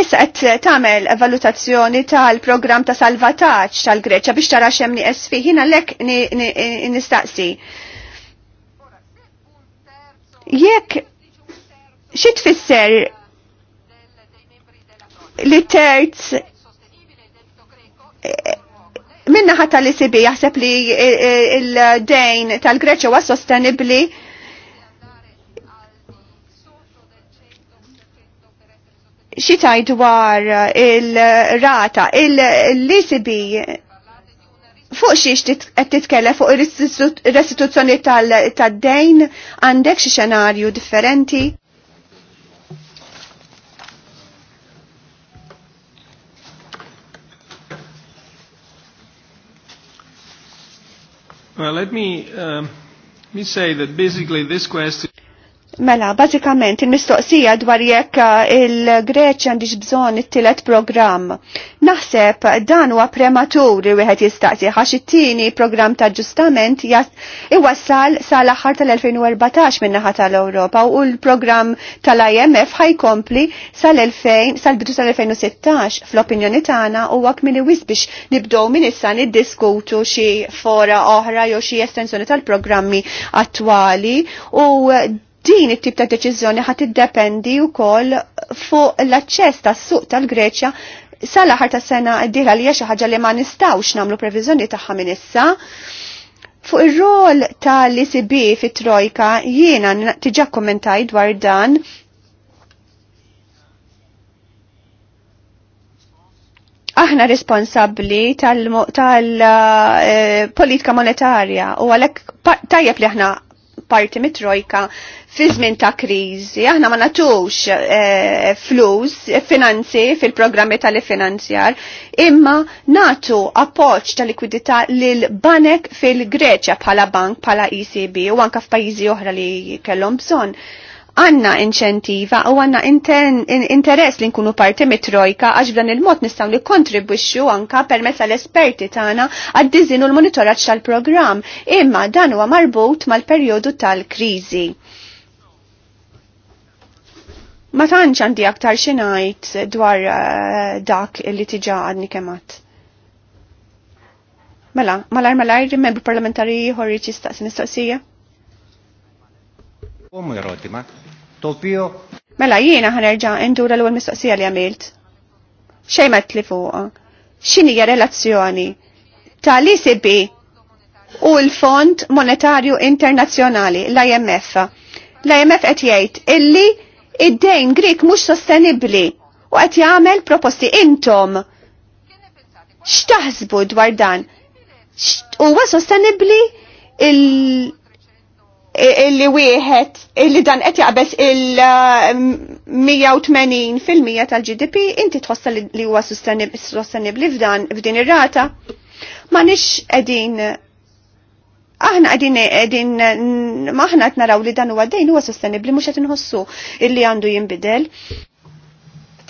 Issa qed tagħmel valutazzjoni tal program ta' salvataġġ tal-Greċja biex tara xemni esfi, jina ħin għalhekk nistaqsi. Jekk xi tfisser li terz minna ħatta li sibi jaħseb li e, e, il-dejn tal-Greċa huwa sostenibli xitaj dwar il-rata, il-lisibi fuq xiex titkellem fuq il-restituzzjoni tal-dejn għandek xi xenarju differenti? Well, let me, um, let me say that basically this question... Mela, bażikament il-mistoqsija dwar jekk eh, il-Greċja għandix bżonn it-tielet programm. Naħseb dan huwa prematur li wieħed jistaqsi għax it-tieni programm ta' ġustament iwassal sal-aħħar tal-2014 min naħa tal-Ewropa u l-programm tal-IMF ħajkompli sal-2000 sal-bidu sal-2016 fl-opinjoni tagħna huwa kmini wis biex nibdew minn issa niddiskutu xi fora oħra jew xi estensjoni tal-programmi attwali u din it-tip ta' deċiżjoni ħat iddependi wkoll fuq l-aċċess tas-suq tal-Greċja sal aħħar ta' sena d-dieħla li xi ħaġa li ma nistgħux nagħmlu previżjoni tagħha minn issa. Fuq ir-rol tal-ICB fit-Trojka jiena tiġa kommentaj dwar dan aħna responsabli tal-politika eh, monetarja u għalek tajjeb li aħna parti mit-trojka fi żmien ta' kriżi, aħna ma nagħtux eh, flus, finanzi fil-programmi tal-finanzjar, imma natu appoġġ ta' likwidità lil banek fil-Greċja bħala bank bħala ECB u anka f'pajjiżi oħra li kellhom bżonn. Għanna inċentiva u għanna interess li nkunu parti mit-trojka għax b'dan il-mod nistaw li kontribwixxu anka permezz għall esperti tagħna għad dizinu l-monitoraġġ tal-programm, imma dan huwa marbut mal-perjodu tal-kriżi Ma tantx għandi aktar xi ngħid dwar eh, dak li tiġa għadni kemat. Mela, malar malar membru parlamentari ieħor jiġi staqsi mistoqsija. topio. Mela jiena ħanerġa' ndura l-ewwel mistoqsija li għamilt. Xejn ma tli fuqha. X'inhi relazzjoni ta' l-ICB u l-Fond Monetarju Internazzjonali, l-IMF. L-IMF qed jgħid illi id-dejn grik mhux sostenibbli u qed jagħmel proposti intom. X'taħsbu dwar dan? Huwa sostenibbli il- illi wieħed illi dan qed jaqbeż il-180 fil-mija tal-GDP inti tħossa li huwa sostenibbli f'dan f'din ir-rata. Ma nix qegħdin Aħna għedin għedin maħna qed naraw li dan huwa dejn huwa sostenibbli mhux qed inħossu illi għandu jinbidel.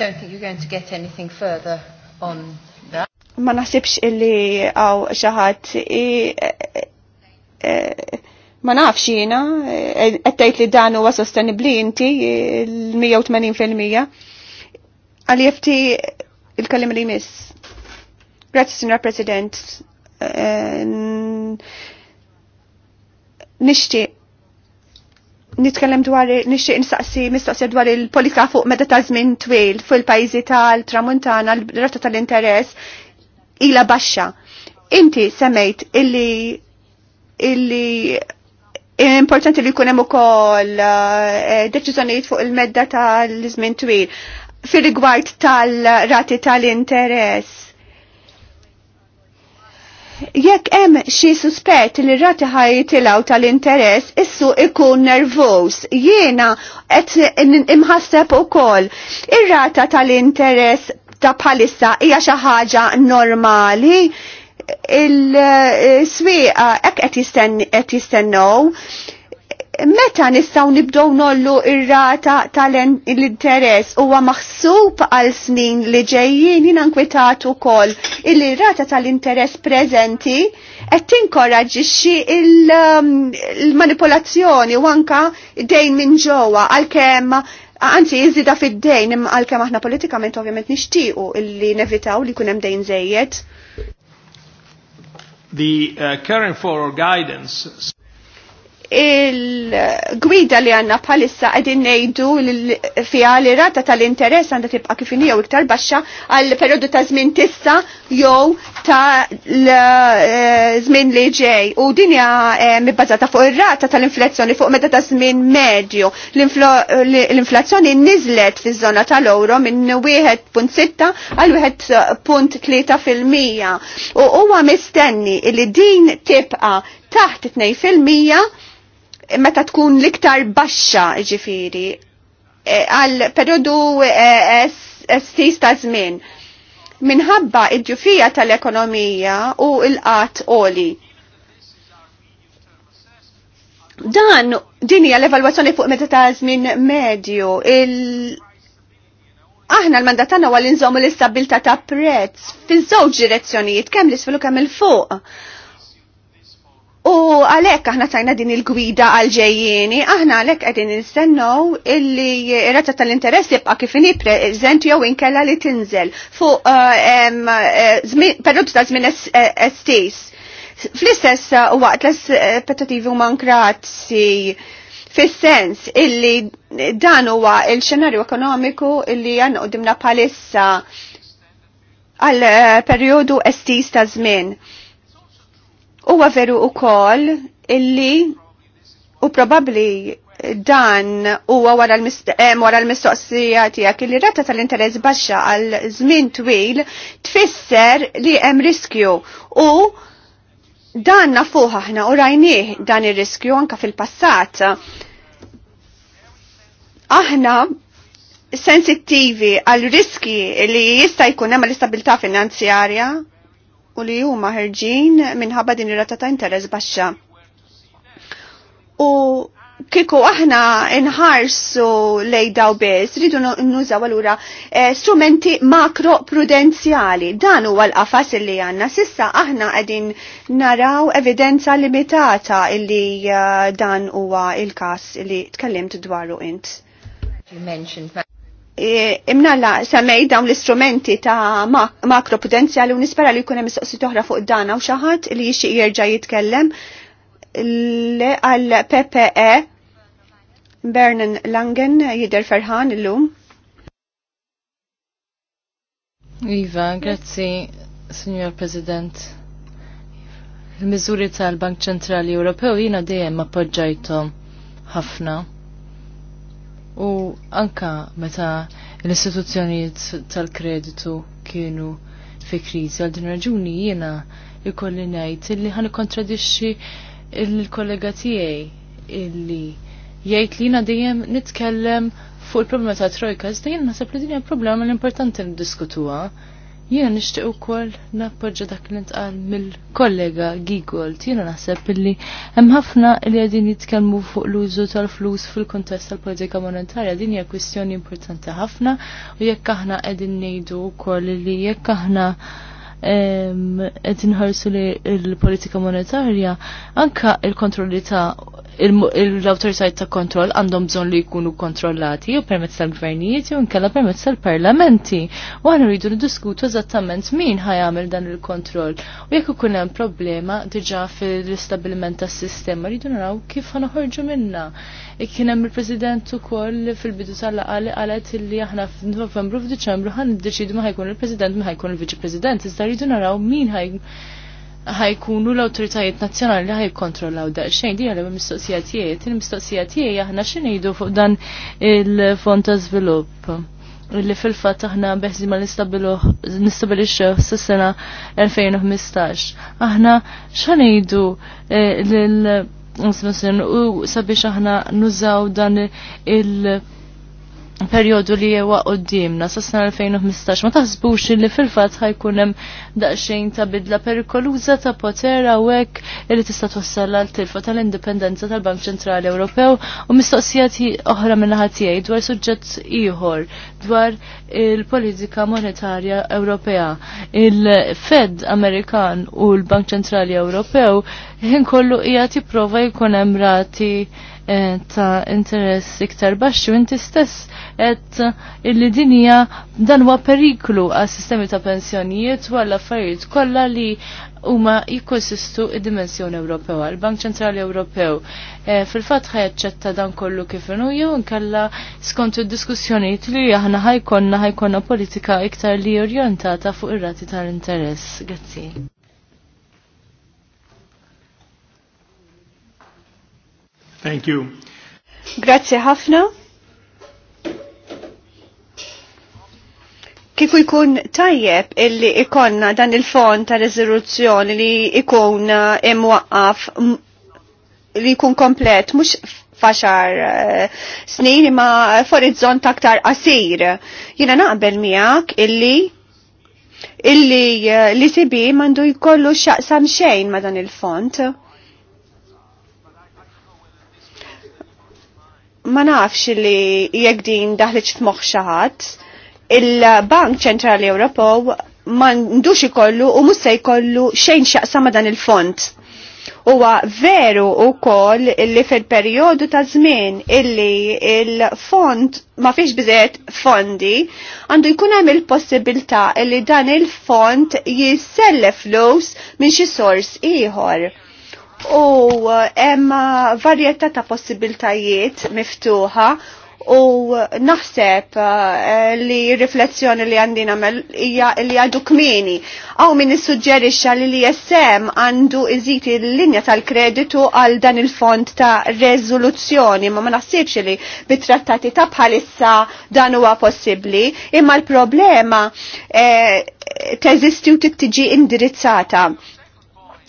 Don't think you're going to get anything further on that. Ma naħsibx illi għaw xaħat e, ma nafx jina, qed e, tgħid li dan huwa sostenibbli inti l-180%. Għalli fti il-kellim li jmiss. Grazzi, Signor President. E, nixtieq nitkellem dwar nixtieq nistaqsi mistaqsi dwar il-politika fuq meta ta' żmien twil fil-pajjiżi tal-Tramuntana l-rata tal-interess ila baxxa. Inti semmejt illi illi importanti li jkun hemm ukoll eh, eh, deċiżjonijiet fuq il-medda tal-żmien twil fir rigward tal-rati tal-interess Jekk hemm xi suspett li rati ħajtilgħu tal-interess, issu ikun nervos. Jiena qed imħasseb ukoll ir-rata tal-interess ta' bħalissa hija xi ħaġa normali il-swieqa hekk qed jistennew meta nistaw nibdow nollu ir-rata tal-interess huwa maħsub għal snin li ġejjin jina nkwitat ukoll il rata tal-interess preżenti qed tinkoraġixxi um, il-manipolazzjoni u anka dejn minn ġewwa għalkemm anzi jiżida fid-dejn għalkemm aħna politikament ovvjament nixtiequ illi nevitaw li jkun hemm dejn żejjed. The uh, current for guidance il-gwida li għanna palissa għedin nejdu fija li rata tal-interess għanda tibqa kifini jew iktar baxxa għal periodu ta' żmien tissa jew ta' żmien li ġej. U din hija eh, mibbażata fuq ir-rata tal-inflazzjoni fuq meta ta' żmien medju. L-inflazzjoni niżlet fiż-żona tal-euro minn 1.6 għal 1.3 fil-mija. U huwa mistenni li din tibqa taħt 2 fil-mija meta tkun liktar baxxa ġifiri e, għal periodu estis e, ta' żmien minħabba id-ġufija tal-ekonomija u l-qat oli. Dan din hija l-evalwazzjoni fuq meta ta' żmien medju il aħna l mandatana tagħna huwa l l-istabilta ta' prezz fiż-żewġ direzzjonijiet kemm l-isfel kemm il-fuq U għalek aħna tajna din il-gwida għal-ġejjini, aħna għalek għedin il-sennow illi rata tal-interess jibqa kifini prezent jew inkella li tinżel fuq eh, eh, periodu ta' żmien eh, estis. Fl-istess waqt l-aspettativi u mankrazi fis-sens illi dan huwa il-xenarju ekonomiku illi għanna dimna palissa għal periodu estis ta' żmien Huwa veru wkoll illi u probabbli dan huwa wara eh, l-mistoqsija tiegħek li rata tal-interess baxxa għal żmien twil tfisser li hemm riskju u dan nafuħ aħna u rajnieh dan ir-riskju anka fil-passat. Aħna sensittivi għal riski li jista' jkun hemm l-istabilità finanzjarja u li huma ħerġin minħabba din ir-rata ta' interess baxxa. U kiku aħna inħarsu lej daw biss, rridu nużaw allura eh, strumenti makroprudenzjali. Dan huwa l-qafas li għanna. Sissa aħna qegħdin naraw evidenza limitata illi eh, dan huwa il-każ li tkellimt dwaru int imnalla semmej dawn l-istrumenti ta' makropotenzjali u nispera li jkunem mistoqsi toħra fuq dana u xaħat li jixi jirġa jitkellem għal PPE Bernan Langen jider ferħan illum. Iva, grazzi, Signor President. Il-mizuri tal-Bank Ċentrali Ewropew jina dejjem appoġġajtom ħafna u anka meta l-istituzzjonijiet tal-kreditu kienu fi kriżi għal din raġuni jiena ikolli ngħid illi ħan kontradixxi il-kollega tiegħi illi jgħid li jiena dejjem nitkellem fuq il-problema ta' trojka, iżda jien naħseb li din hija problema l-importanti niddiskutuha. Jiena nixtieq ukoll nappoġġa dak li ntqal mill-kollega Gigold. Jiena naħseb illi hemm ħafna li qegħdin jitkellmu fuq l-użu tal-flus fil kontest tal-politika monetarja. Din hija kwistjoni importanti ħafna u jekk aħna qegħdin ngħidu wkoll li jekk aħna qed inħarsu li l-politika monetarja anka il-kontrolli ta' l-autoritajt ta' kontroll għandhom bżon li jkunu kontrollati u permezz tal-gvernijiet u nkella permezz tal-parlamenti. U għan rridu diskutu eżattament min ħajamil dan il-kontroll. U jekk ikun hemm problema diġà fil-istabilment tas-sistema rridu naraw kif ħanoħorġu minna. Kien hemm il-President ukoll fil-bidu tal għalet qalet li aħna f'Novembru f'Diċembru id-deċidu ma ħajkun il-President ma ħajkun il-Viċi President. Iżda rridu naraw min ħajkunu l-autoritajiet nazzjonali li ħajkontrollaw xejn di għalhom il-mistoqsija tiegħi. Il-mistoqsija tiegħi aħna x'ingħidu fuq dan il-fond ta' żvilupp li fil-fat aħna beħzi ma nistabilixxu s-sena 2015. Aħna xanejdu eh, lil u sabiex aħna nużaw dan il- periodu li jewa qoddimna sa sena 2015 ma taħsbux li fil fat ħajkunem daċxin ta' bidla perikoluża ta' potera u hekk li tista' twassal l tilfa tal-indipendenza tal-Bank Ċentrali Ewropew u mistoqsijati oħra minna tiegħi dwar suġġett ieħor dwar il-politika monetarja Ewropea. Il-Fed Amerikan u l-Bank Ċentrali Ewropew jinkollu ijati prova jipprova jkun hemm rati Eh, ta' interess iktar baxxu inti stess qed illi dinija dan huwa periklu għas sistemi ta' pensjonijiet u għall affarijiet kollha li huma jikkonsistu id-dimensjoni Ewropew għall-Bank Ċentrali Ewropew. Eh, fil-fatt ħajaċċetta dan kollu kif inhu jew inkella skont id-diskussjonijiet li aħna ħajkonna ħajkonna politika iktar li orjentata fuq ir-rati tal-interess. Grazzi. Thank you. Grazie ħafna. Kifu jkun tajjeb illi ikonna dan il-fond ta' rezoluzzjoni li ikun eh, imwaqqaf li jkun komplet, mux faxar eh, snin ma forizzon taktar qasir. Jina naqbel miegħek illi illi eh, li sibi mandu jkollu xaqsam xejn ma dan il-font. ma nafx li jekk din daħliċ f'moħħ xi ħadd, il-Bank Ċentrali Ewropew ma ndux ikollu u mhux se jkollu xejn x'aqsam ma' dan il-fond. Huwa veru wkoll li fil-perjodu ta' żmien illi il-fond ma fiex biżejjed fondi għandu jkun hemm il-possibilità li dan il-fond jisselle flus minn xi sors ieħor u uh, hemm uh, varjetà ta' possibiltajiet miftuħa u naħseb uh, li riflezzjoni li għandi nagħmel hija li għadu kmini. Aw min issuġġerixxa li l-ISM għandu iżid il-linja tal-kreditu għal dan il-fond ta' rezoluzzjoni, ma ma naħsibx li bit-trattati ta' bħalissa dan huwa possibbli, imma l-problema eh, teżisti u tittiġi indirizzata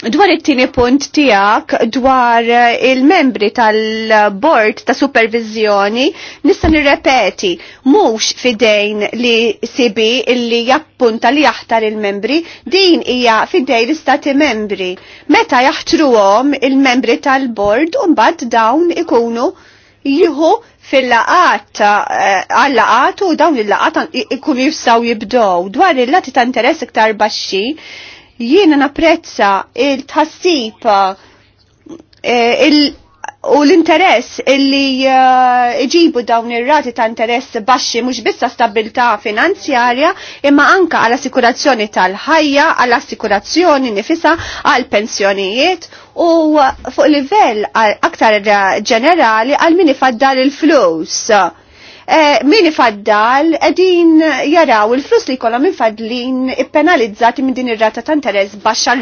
Dwar it-tieni punt tiegħek dwar eh, il-membri tal-bord ta' supervizjoni nista' nirrepeti mhux fidejn li sibi illi jappunta li jaħtar il-membri din hija fidejn l-istati membri. Meta jaħtruhom il-membri tal-bord u mbagħad dawn ikunu jieħu fil-laqat eh, għall laqat u dawn il-laqat ikunu jistgħu jibdow dwar il-lati ta' interess iktar baxxi Jiena napprezza il-tħassib eh, u l-interess illi eh, iġibu dawn ir-rati ta' interess baxxi mhux biss stabilità finanzjarja imma anka għal assikurazzjoni tal-ħajja, għal assikurazzjoni nifisa, għal pensjonijiet u fuq livell aktar ġenerali għal min ifaddal il-flus Eh, min ifaddal edin jaraw il-flus li kolla minn fadlin penalizzati minn din ir-rata ta' interess baxxa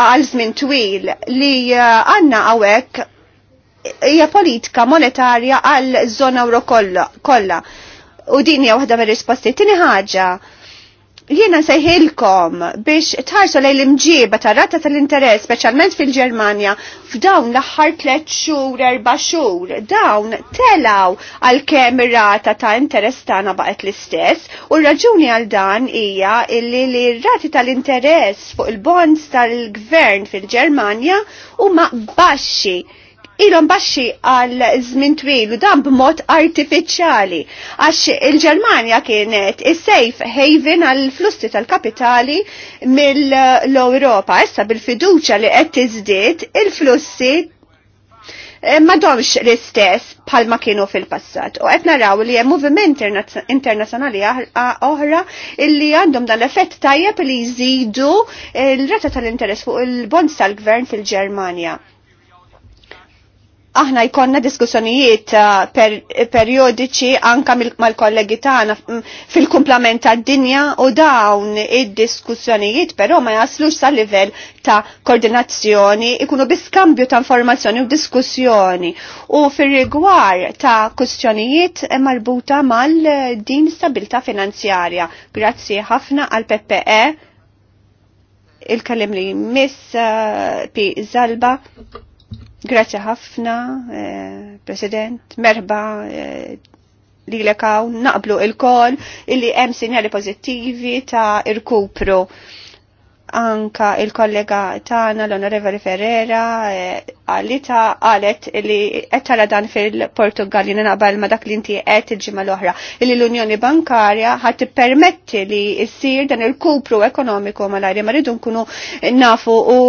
għal żmien twil li eh, għandna hawnhekk hija politika monetarja għal żona euro kollha. U din hija waħda mir-risposti. Tieni ħaġa jiena nsejħilkom biex lejn lejl imġiba ta' rata tal-interess, specialment fil-Germania, f'dawn l-aħħar tliet xhur, erba' xhur, dawn telaw għal kemm ir-rata ta' interess tagħna baqgħet l-istess, u r-raġuni għal dan hija illi li r-rati tal-interess fuq il-bonds tal-gvern fil-Germania huma baxxi ilhom baxxi għal żmien twil u dan b'mod artifiċjali għax il-Ġermanja kienet is-safe haven għal flussi tal-kapitali mill-Ewropa. Issa bil-fiduċja li qed tiżdied il-flussi eh, ma domx l-istess ma kienu fil-passat. U għetna raw li hemm moviment internazjonali ah, ah, oħra illi għandhom dan l-effett tajjeb li jżidu l-rata tal-interess fuq il-bonds tal-gvern fil-Ġermanja aħna jkonna diskussjonijiet uh, per, periodiċi anka mal-kollegi tagħna mm, fil-kumplament tad-dinja u dawn id-diskussjonijiet però ma jaslux sa livell ta' koordinazzjoni ikunu biskambju ta' informazzjoni u diskussjoni u fir-rigwar ta' kustjonijiet marbuta mal-din stabilta' finanzjarja. Grazzi ħafna għal PPE il-kellim li miss uh, Pi Zalba. Grazie ħafna, eh, President, merba eh, li l-ekaw naqblu il-kol illi hemm sinjali pozittivi ta' irkupru. kupru anka il-kollega tagħna l-Onorevoli Ferrera eh, għalita qalet li qed tara dan fil-Portugal jina naqbel ma dak li inti qed il-ġimgħa l-oħra li l-Unjoni Bankarja ħadd permetti li jissir dan il-kupru ekonomiku malajr ma rridu nkunu nafu u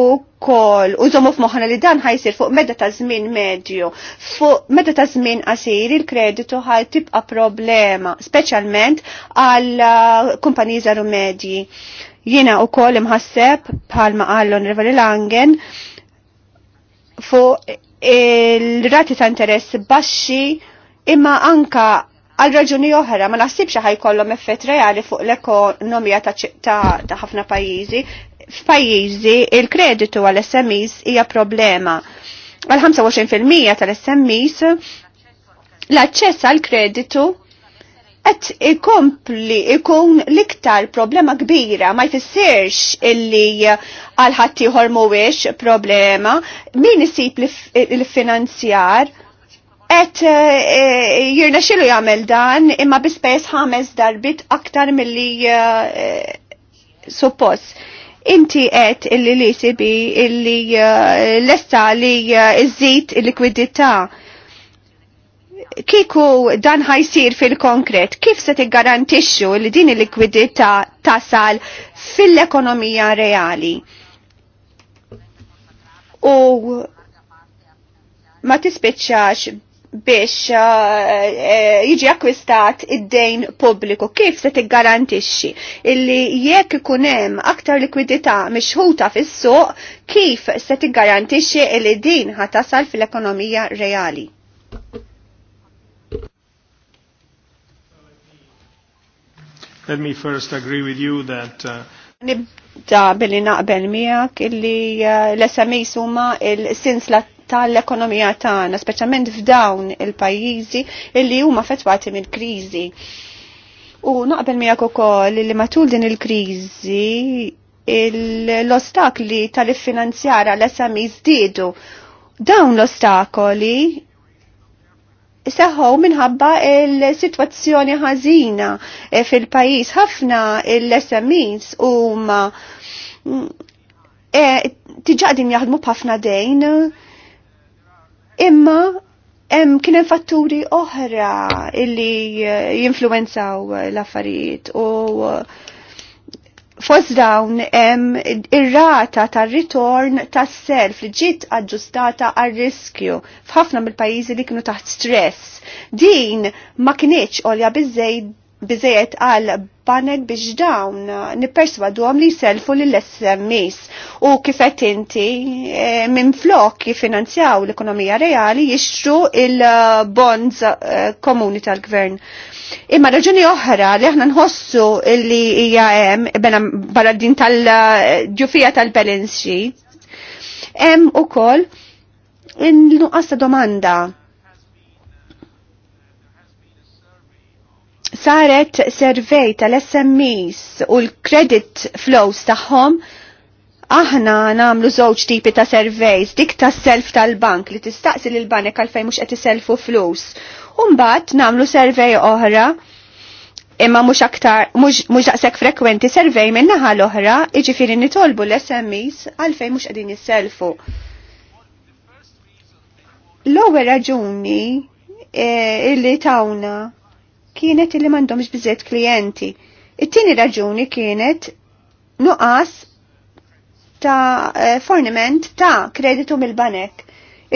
kol f f'moħħna li dan ħajsir fuq medda ta' żmien medju. Fuq medda ta' żmien qasir il-kreditu ħal tibqa' problema, speċjalment għal eh, kumpaniji żaru medji. Jiena u kol imħasseb bħalma għallon Rivali Langen fuq il-rati ta' interess baxxi imma anka għal raġuni oħra ma naħsibx ħajkollhom effett reali fuq l-ekonomija ta' ħafna pajjiżi. F'pajjiżi il-kreditu għal SMEs hija problema. Għal 25% tal-SMEs l-aċċess għal kreditu qed ikompli ikun l-iktar problema kbira ma jfissirx illi għal ħadd ieħor mhuwiex problema min isib l-finanzjar Et eh, eh, jirna xilu jagħmel dan imma bi ħames darbit aktar milli eh, suppost. Inti et illi li sibi illi lesta li iżid il-likwidità. il likwidita il likwidità kiku dan ħajsir fil-konkret, kif se tiggarantixxu li din il-likwidità tasal fil-ekonomija reali? U ma tispiċċax biex uh, eh, jiġi akkwistat id-dejn pubbliku. Kif se tiggarantixxi illi jekk ikun hemm aktar likwidità mixħuta fis-suq, kif se tiggarantixxi illi din ħatasal fil-ekonomija reali? Let me first agree with you that uh, Nibda billi naqbel miegħek illi uh, l-SMEs huma l sinsla tal-ekonomija tagħna, speċjalment f'dawn il-pajjiżi illi huma fetwati mill-kriżi. U naqbel miegħek ukoll li matul din il-kriżi l-ostakli tal-iffinanzjara l-SMEs diedu. Dawn l-ostakoli seħħu minħabba il-situazzjoni ħażina eh, fil-pajis. ħafna l-SMEs huma tiġaqdin eh, jaħdmu b'ħafna dejn, imma hemm kien hemm fatturi oħra illi eh, jinfluenzaw l-affarijiet u Fos dawn ir-rata tar-ritorn tas-self li ġiet aġġustata għar-riskju f'ħafna mill-pajjiżi li kienu taħt stress. Din ma kienieċ olja biżejjed biżejet għal banek biex dawn nipperswadu għom li selfu l sms u kifet inti e, minn flok jifinanzjaw l-ekonomija reali jixtru il-bonds e, komuni tal-gvern. Imma raġuni oħra li aħna nħossu li hija hemm barra din tal-ġufija tal-balance sheet hemm ukoll in-nuqqas domanda saret servej tal-SMEs u l-credit flows tagħhom aħna namlu żewġ tipi ta' servejs, dik ta' self tal-bank li tistaqsi lil banek għalfejn mhux qed iselfu flus. Umbagħad namlu servej oħra imma mhux aktar mhux aqsek frekwenti servej minn naħa l-oħra, jiġifieri nitolbu l-SMEs għalfejn mhux qegħdin jisselfu. L-ewwel raġuni eh, illi tawna kienet illi mandomx biżiet klijenti. It-tieni raġuni kienet nuqas ta' eh, forniment ta' kreditu mill-banek.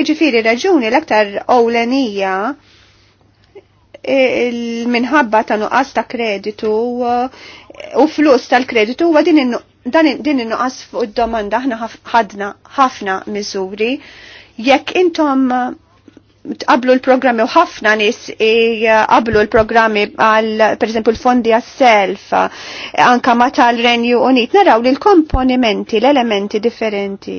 Iġifiri raġuni l-aktar ewlenija eh, minħabba ta' nuqqas ta' kreditu eh, u flus tal-kreditu huwa din il-nuqas fuq id-domanda aħna ħadna ħafna miżuri. Jekk intom qablu l-programmi u ħafna nis eh, qablu l-programmi għal per esempio l-fondi għas-self eh, anka ma tal-Renju Unit naraw li l-komponimenti, l-elementi differenti.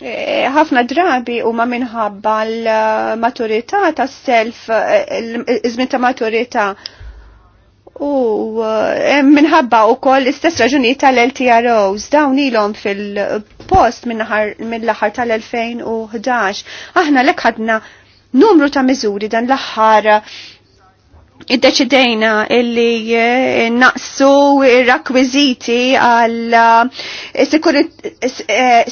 Eh, ħafna drabi u ma minħabba l-maturità tas-self, l żmien ta' maturità U uh, minħabba u koll istess raġuni tal-LTROs dawn ilhom fil-post mill-aħħar tal-2011. Aħna lek ekħadna numru ta' miżuri dan l-aħħar uh, iddeċidejna illi uh, naqsu ir-rakwiżiti għal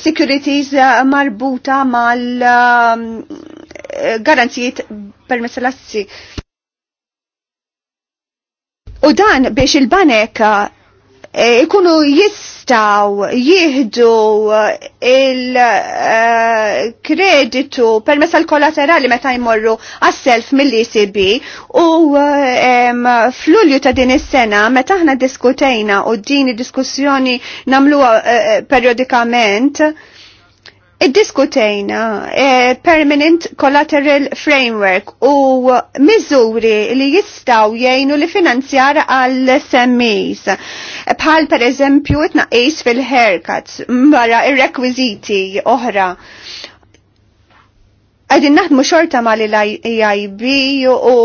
securities marbuta mal um, garanzijiet permess l-assi U dan biex il-banek eh, ikunu jistaw jihdu eh, il-kreditu eh, permess għal-kollaterali meta jmorru għas-self mill-ECB u fl-ulju ta' din is-sena meta aħna diskutejna u din id-diskussjoni namluha periodikament Iddiskutejna diskutejna eh, Permanent Collateral Framework u miżuri li jistaw jgħinu li finanzjara għal SMEs. Bħal per eżempju itnaqis fil-haircuts, mbara ir-rekwiziti oħra. Għadin naħdmu xorta mal iib u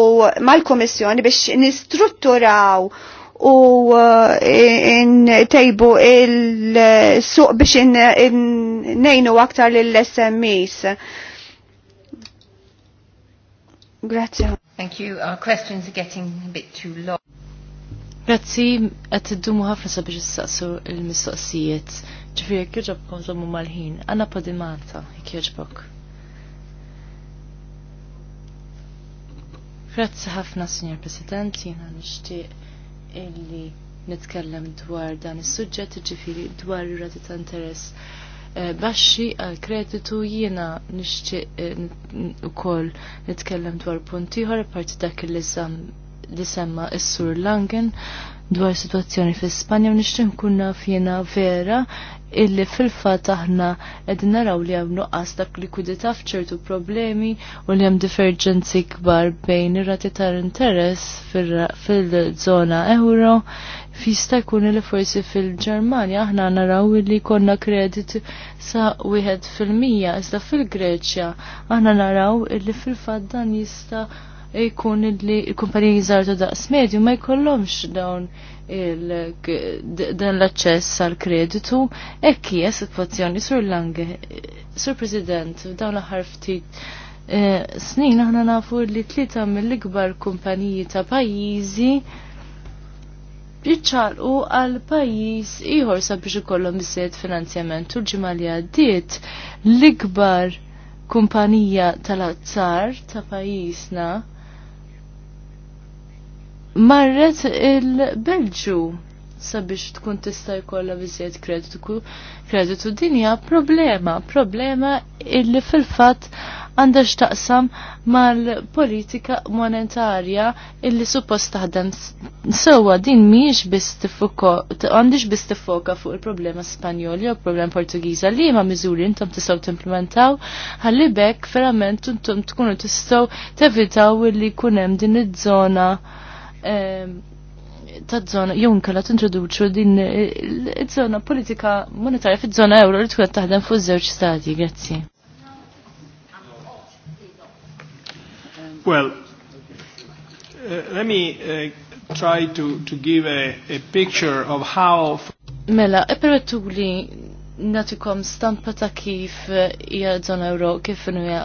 mal-Komissjoni biex nistrutturaw u eh, tejbu il-suq biex nejnu aktar l smes Grazie. Thank you. Our questions are getting a bit too long. Grazzi, għed id-dumu ħafna sabiex s-saqsu il-mistoqsijiet. Ġifri, jek joġobkom zommu mal-ħin. Għanna podimata, jek joġbok. Grazzi ħafna, Signor President, jina nishtiq illi nitkellem dwar dan is-suġġett ġifiri dwar ir-rati ta' interess eh, baxxi għal kreditu jiena nixtieq eh, ukoll nitkellem dwar punt ieħor parti dak li semma s-sur Langen dwar situazzjoni fi Spanja u nixtieq nkun naf jiena vera illi fil-fat aħna qed naraw li hemm nuqqas dak likwidità f'ċertu problemi u li hemm diferġenzi kbar bejn ir-rati tal-interess fil-żona euro fista jkun li forsi fil-Ġermanja aħna naraw li konna kredit sa wieħed fil-mija iżda fil-Greċja aħna naraw illi fil-fatt dan jista' jkun li l-kumpaniji żgħar ta' daqs medju ma jkollhomx dawn dan l-aċċess għal kreditu hekk hija situazzjoni sur Lange. Sur President, dawn l-aħħar ftit e, snin aħna nafu li tlieta mill-ikbar kumpaniji ta' pajjiżi riċċalqu għal pajjiż ieħor sabiex ikollhom biżejjed finanzjament u l-ġimgħa li għaddiet l-ikbar kumpanija tal-azzar ta' pajjiżna marret il-Belġu sabiex tkun tista' jkollha biżjed kreditu kreditu dinja problema, problema illi fil-fatt għandha x'taqsam mal-politika monetarja illi suppost taħdem sewwa din mhijiex biss tifoka għandix biss tifoka fuq il-problema Spanjoli jew problema Portugiża li ma miżuri intom tistgħu timplementaw ħalli bekk verament intom tkunu tistgħu tevitaw illi jkun hemm din iż-żona taż junka la inkella tintroduċu din iż-żona eh, politika monetarja fiż zona euro li tkun taħdem fuq żewġ stati. Grazzi. Well, uh, let me uh, try to, to give a, a picture of how... Mela, e permettu li natikom stampa ta' kif eh, hija żona euro, kif inu eh,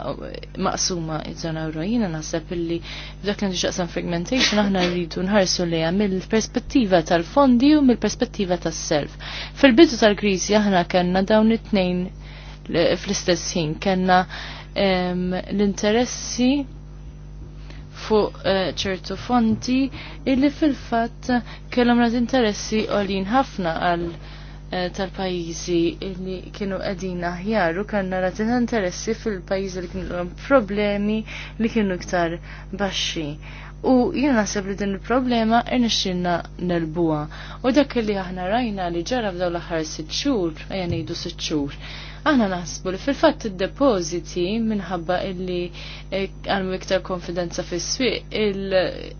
maqsuma żona euro. Jina naħseb illi b'dak li nixaqsam fragmentation aħna rridu nħarsu lejha mill-perspettiva tal-fondi u mill-perspettiva tas-self. Fil-bidu tal-kriżi aħna kellna dawn it-tnejn eh, fl-istess ħin kellna l-interessi fuq ċertu fondi illi fil-fatt kellhom interessi għolin ħafna għal Eh, tal-pajizi li kienu qegħdin aħjar u kan nara interessi fil-pajjiżi li kienu problemi li kienu iktar baxxi. U jina naħseb li din il-problema irnexxinna nelbuha. U dak li aħna rajna li ġara f'dawn l-aħħar sitt xhur, ejja ngħidu sitt xhur, Aħna naħsbu li fil-fatt id-depożiti minħabba illi eh, għandhom iktar konfidenza fis-swieq il-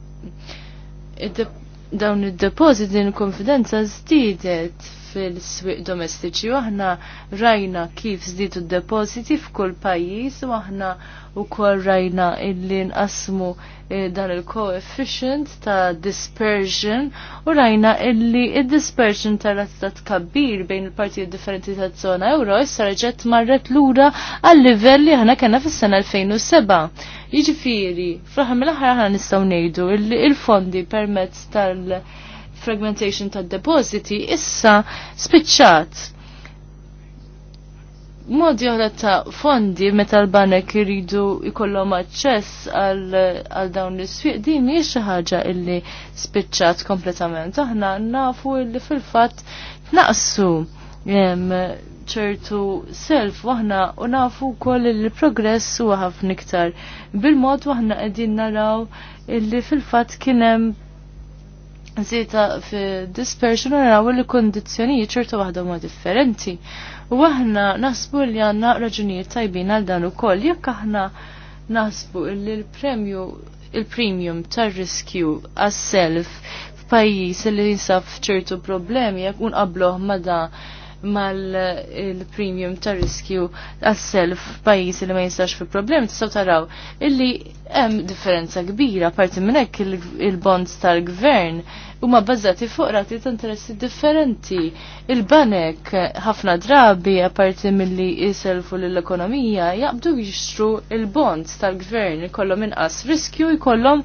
dawn id depositi din konfidenza żdiedet fil-swiq domestiċi u aħna rajna kif zditu depositi f'kull pajjiż u aħna wkoll rajna illi nqasmu eh, dan il-coefficient ta' dispersion u rajna illi id-dispersion ta' razzat kabir bejn il-partijiet differenti ta' zona euro issa reġgħet marret lura għal livell li aħna kellna fis-sena 2007. Jiġifieri, fraħam il mill-aħħar aħna nistgħu ngħidu il-fondi permezz tal- fragmentation tad depositi issa spiċċat. Modi oħra ta' fondi meta l-banek iridu jkollhom aċċess għal dawn l-isfiq din mhijiex xi ħaġa illi spiċċat kompletament. Aħna nafu illi fil-fatt tnaqsu ċertu self waħna u nafu koll il-progress u ħafna iktar. Bil-mod waħna qegħdin naraw illi fil-fatt kien hemm zita fi dispersion u naraw li kondizjoni ċertu waħda ma differenti. U aħna nasbu li għanna raġunijiet tajbin għal dan ukoll jekk aħna nasbu li l-premju il-premium tar-riskju għas-self f'pajis li jinsaf' ċertu problemi jekk unqabluh ma' da' mal-premium ta' riskju għas-self pajjiżi li ma jistax fi problem tistgħu taraw illi hemm differenza kbira parti minn hekk il-bonds tal-gvern huma bbażati fuq rati ta' interessi differenti. Il-banek ħafna drabi apparti milli jiselfu lill-ekonomija jaqbdu jixtru il-bonds tal-gvern ikollhom inqas riskju jkollhom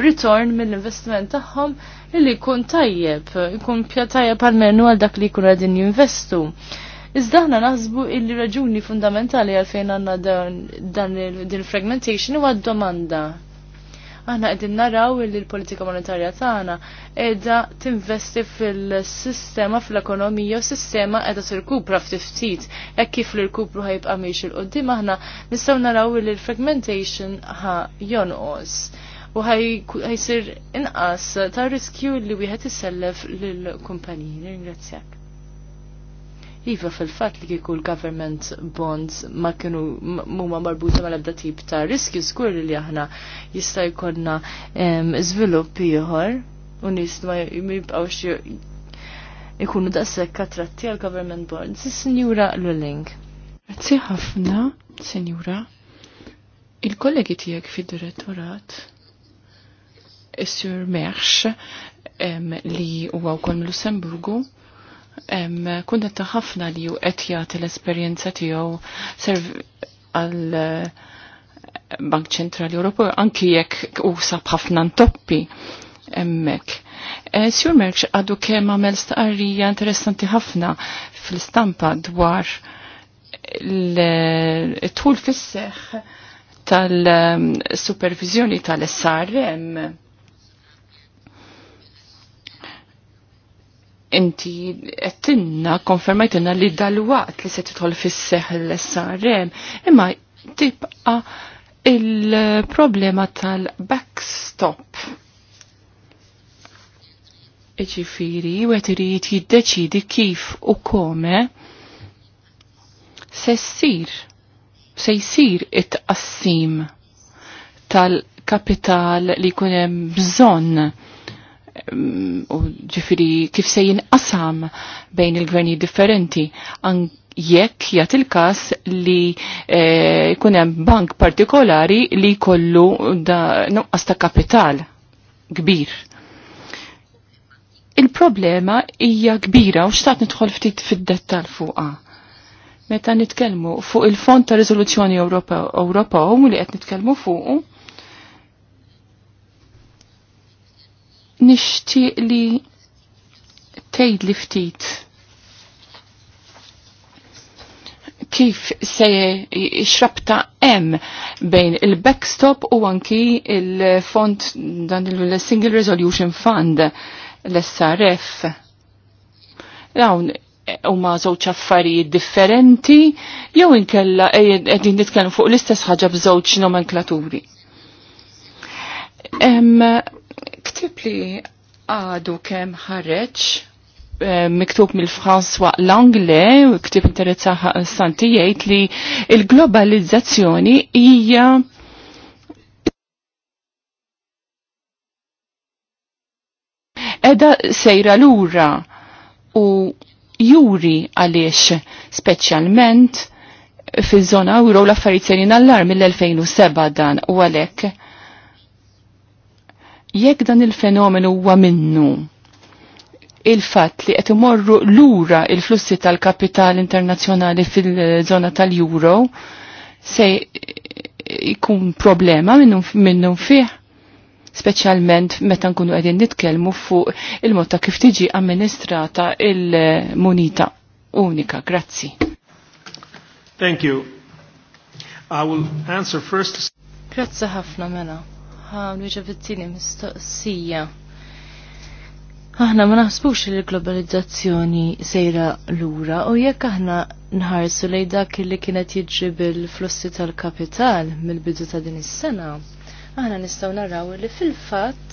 return mill-investiment tagħhom li jkun tajjeb, jkun tajjeb għal-menu għal dak li jkun għadin jinvestu. Iżda ħna naħsbu illi raġuni fundamentali għalfejn għanna dan il-fragmentation huwa d-domanda. Aħna qegħdin naraw illi l-politika monetarja tagħna qiegħda tinvesti fil-sistema fl-ekonomija u sistema qiegħda tirkupra ftit hekk kif l-irkupru ħajbqa' miex il qudiem aħna nistgħu naraw illi l-fragmentation ħa jonqos u ħajsir inqas ta' riskju li wieħed isellef lill-kumpaniji. Ringrazzjak. Iva fil-fat li kiku l-government bonds ma kienu muma marbuta ma l-ebda tip ta' riskju skur li aħna jista' jkollna żvilupp ieħor u nies ma jibqgħux ikunu sekka tratti għal government bonds. Is-Sinjura Luling. Grazzi ħafna, Sinjura. Il-kollegi tiegħek fid-direttorat Sur Merx li huwa wkoll mill-Lussemburgu kundetta ħafna li ju qed jagħti l-esperjenza tiegħu serv għal eh, Bank Ċentrali Ewropew anki jekk u ħafna ntoppi hemmhekk. Eh, Sur Merx għadu kemm għamel stqarrija interessanti ħafna fl-istampa dwar l-tul fis-seħħ tal-supervizjoni tal-SRM inti għettinna, konfermajtinna li dal-waqt li se titħol fis-seħ l-SRM, imma tibqa il-problema tal-backstop. Iġifiri, u għet irrit jiddeċidi kif u kome se sir, se jisir it-qassim tal-kapital li kunem bżonn u ġifiri kif se jinqasam bejn il gvernijiet differenti jekk jagħti il-każ li eh, jkun eh, hemm bank partikolari li jkollu nuqqas ta' kapital kbir. Il-problema hija kbira u xtaqt nidħol ftit fid-dettal fuqha. Meta nitkellmu fuq il-Fond ta' Riżoluzzjoni Ewropew li qed nitkellmu fuq, nixtieq li tgħid li ftit kif se xrabta hemm bejn il-backstop u anki il-fond dan il-Single Resolution Fund l-SRF. Dawn huma żewġ affarijiet differenti jew inkella qegħdin nitkellmu fuq l-istess ħaġa b'żewġ nomenklaturi. Ktib li għadu kem ħareċ eh, miktub mill-François Langle, u ktib interessanti jgħid li il-globalizzazzjoni hija edha sejra lura u juri għaliex speċjalment fi żona euro l-affarijiet sejrin allar mill-2007 dan u għalhekk jekk dan il-fenomenu huwa minnu il-fatt li qed imorru lura il-flussi tal-kapital internazzjonali fil-żona tal-euro se jkun problema minnu fih, speċjalment meta nkunu qegħdin nitkellmu fuq il-mod ta' kif tiġi amministrata il-munita unika. Grazzi. Thank you. I will answer first. Grazzi ħafna mena ħan wieġa tieni mistoqsija. Aħna ma naħsbux li l-globalizzazzjoni sejra lura u jekk aħna nħarsu lej dak li kienet jiġri bil-flussi tal-kapital mill-bidu ta' din is-sena, aħna nistgħu naraw li fil-fatt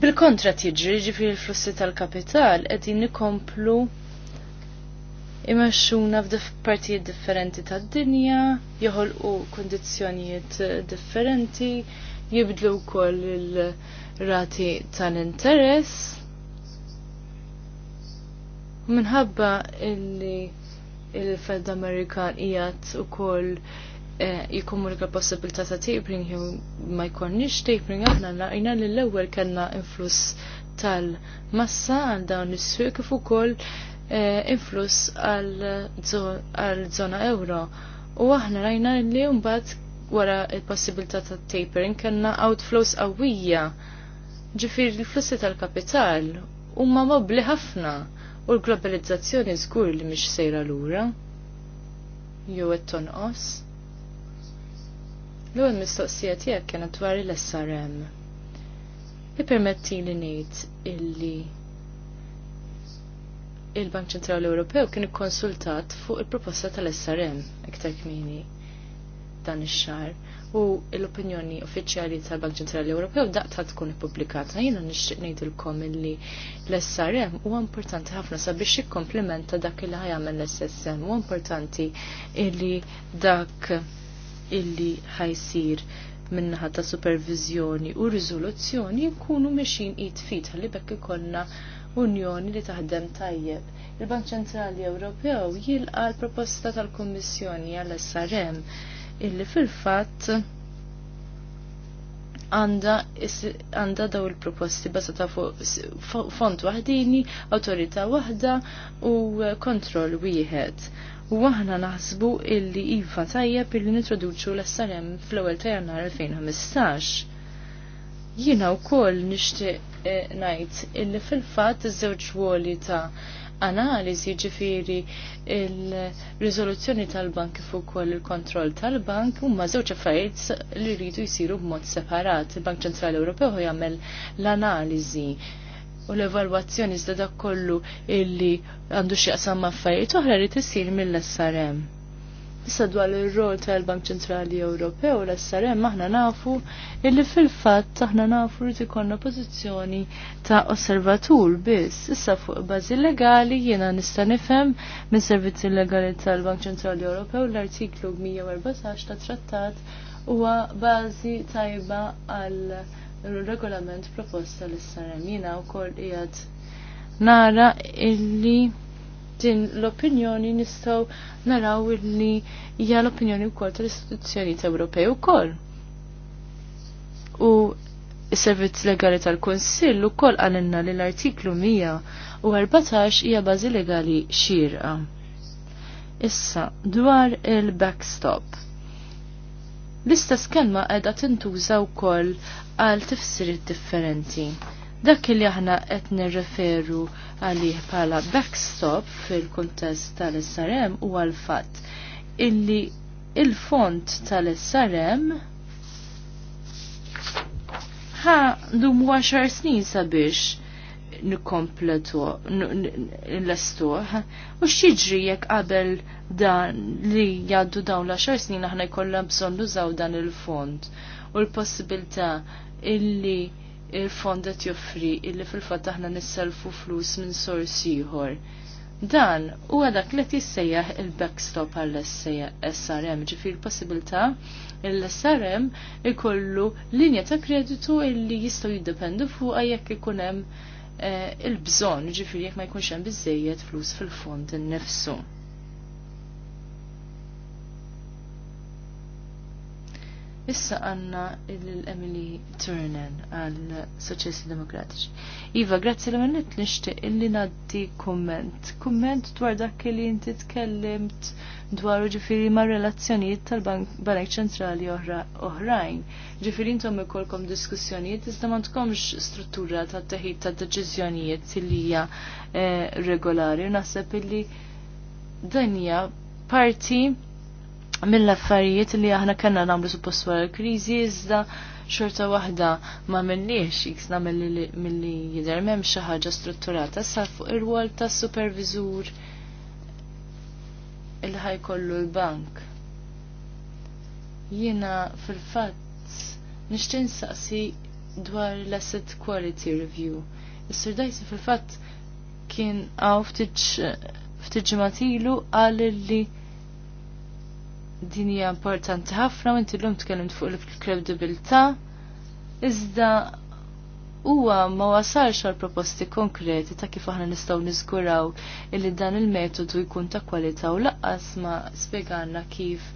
bil-kontra jiġri ġifieri l-flussi tal-kapital qegħdin ikomplu imaxxuna f'partijiet differenti tad-dinja, joħolqu kondizzjonijiet differenti, jibdlu wkoll il-rati tal-interess. Minħabba illi il-Fed Amerikan ijat u koll eh, jikomunika possibilità ta' tapering jew ma jkollniex tapering aħna naqina li l-ewwel kellna influss tal-massa għal dawn is-swieq kif ukoll Eh, influss għal zona euro. U aħna rajna li mbagħad wara il-possibilità ta' tapering kellna outflows qawwija. Ġifir il-flussi tal-kapital huma mobbli ħafna u l-globalizzazzjoni żgur li mhix sejra lura. Jew għetton tonqos. L-ewwel mistoqsija tiegħek kienet dwar l-SRM. permetti li ngħid illi il-Bank Ċentrali Ewropew kien ikkonsultat fuq il-proposta tal-SRM iktar kmini dan ix xahar u l-opinjoni uffiċjali tal-Bank Ċentrali Ewropew daqta tkun ippubblikata. Jiena nixtieq ngħidilkom illi l-SRM huwa importanti ħafna sabiex jikkomplementa dak li ħajamel l-SSM. Huwa importanti illi dak illi ħajsir minnaħa ta' supervizjoni u riżoluzzjoni jkunu mexin it-fit ħalli bekk ikollna unjoni li taħdem tajjeb. Il-Bank Ċentrali Ewropew jilqa l-proposta tal-Kummissjoni għall-SRM illi fil-fatt għanda daw il-proposti basata fuq font waħdini, autorita waħda u kontroll wieħed. U aħna naħsbu illi iva tajjeb illi nitroduċu l-SRM fl-ewwel ta' jannar 2015 Jiena wkoll nixtieq eh, ngħid illi fil fat iż-żewġ ruoli ta' analiżi ġifiri il-riżoluzzjoni tal-bank kif koll il-kontroll tal-bank huma żewġ affarijiet li jridu jsiru b'mod separat. Il-Bank Ċentrali Ewropew jagħmel l-analiżi u l-evalwazzjoni iżda dak kollu illi għandu x'jaqsam ma' affarijiet oħra li tisir mill-SRM. Issa dwar ir-rol tal-Bank Ċentrali Ewropew l sarem aħna nafu illi fil-fatt aħna nafu li ikollna pożizzjoni ta' osservatur biss. Issa fuq bażi legali jiena nista' nifhem minn servizzi legali tal-Bank Ċentrali Ewropew l-artiklu 114 ta' trattat huwa bażi tajba għal regolament proposta l sarem jiena wkoll qiegħed nara illi din l-opinjoni nistaw naraw li hija l-opinjoni wkoll tal-istituzzjonijiet Ewropej ukoll. U s-servizz legali tal-Konsill ukoll għalenna li l-artiklu 114 hija bażi legali xirqa. Issa, dwar il-backstop. L-istess kelma qiegħda tintuża wkoll għal tifsiriet differenti. Dak li aħna qed nirreferu għalih bħala backstop fil-kuntest tal-SRM u għal-fatt illi il-font tal-SRM ħa dum 10 snin sabiex nikompletu l-estuħ u xieġri jekk qabel dan li jaddu dawn l-10 snin aħna jkollna bżonn nużaw dan il-font u l-possibilità illi il-fondet joffri illi fil-fatt aħna nisselfu flus minn sors ieħor. Dan huwa dak li jissejjaħ il-backstop għall SRM ġifi l possibilità l-SRM ikollu linja ta' kreditu illi jistgħu jiddependu fuq jekk ikun hemm eh, il-bżonn ġifir jekk ma jkunx hemm biżejjed flus fil-fond innifsu. Issa għanna il-Emily Turnen għal Soċessi Demokratiċi. Iva, grazzi li minnet nishtiq illi naddi komment. Komment dwar dak li inti tkellimt dwar ġifiri ma' relazzjonijiet tal bank Ċentrali oħrajn. Ġifiri intom ikolkom diskussjonijiet iżda ma tkomx struttura ta' teħid ta' deċiżjonijiet li hija eh, regolari. Naħseb illi danja parti mill-affarijiet li aħna kanna namlu suppost wara l-kriżi iżda xorta waħda ma milliex jiksna mill-li jider mem xaħġa strutturata sa fuq ir-rwol ta' supervizur il-ħaj kollu l-bank. Jiena fil-fatt nixtin saqsi dwar l-asset quality review. Is-Sir fil-fatt kien għaw ftiġ ftiġmatilu għal li din hija importanti ħafna u inti llum tkellimt fuq il-kredibilità. Iżda huwa ma wasalx għal proposti konkreti ta' kif aħna nistgħu niżguraw illi dan il-metodu jkun ta' kwalità u laqqas ma spjegalna kif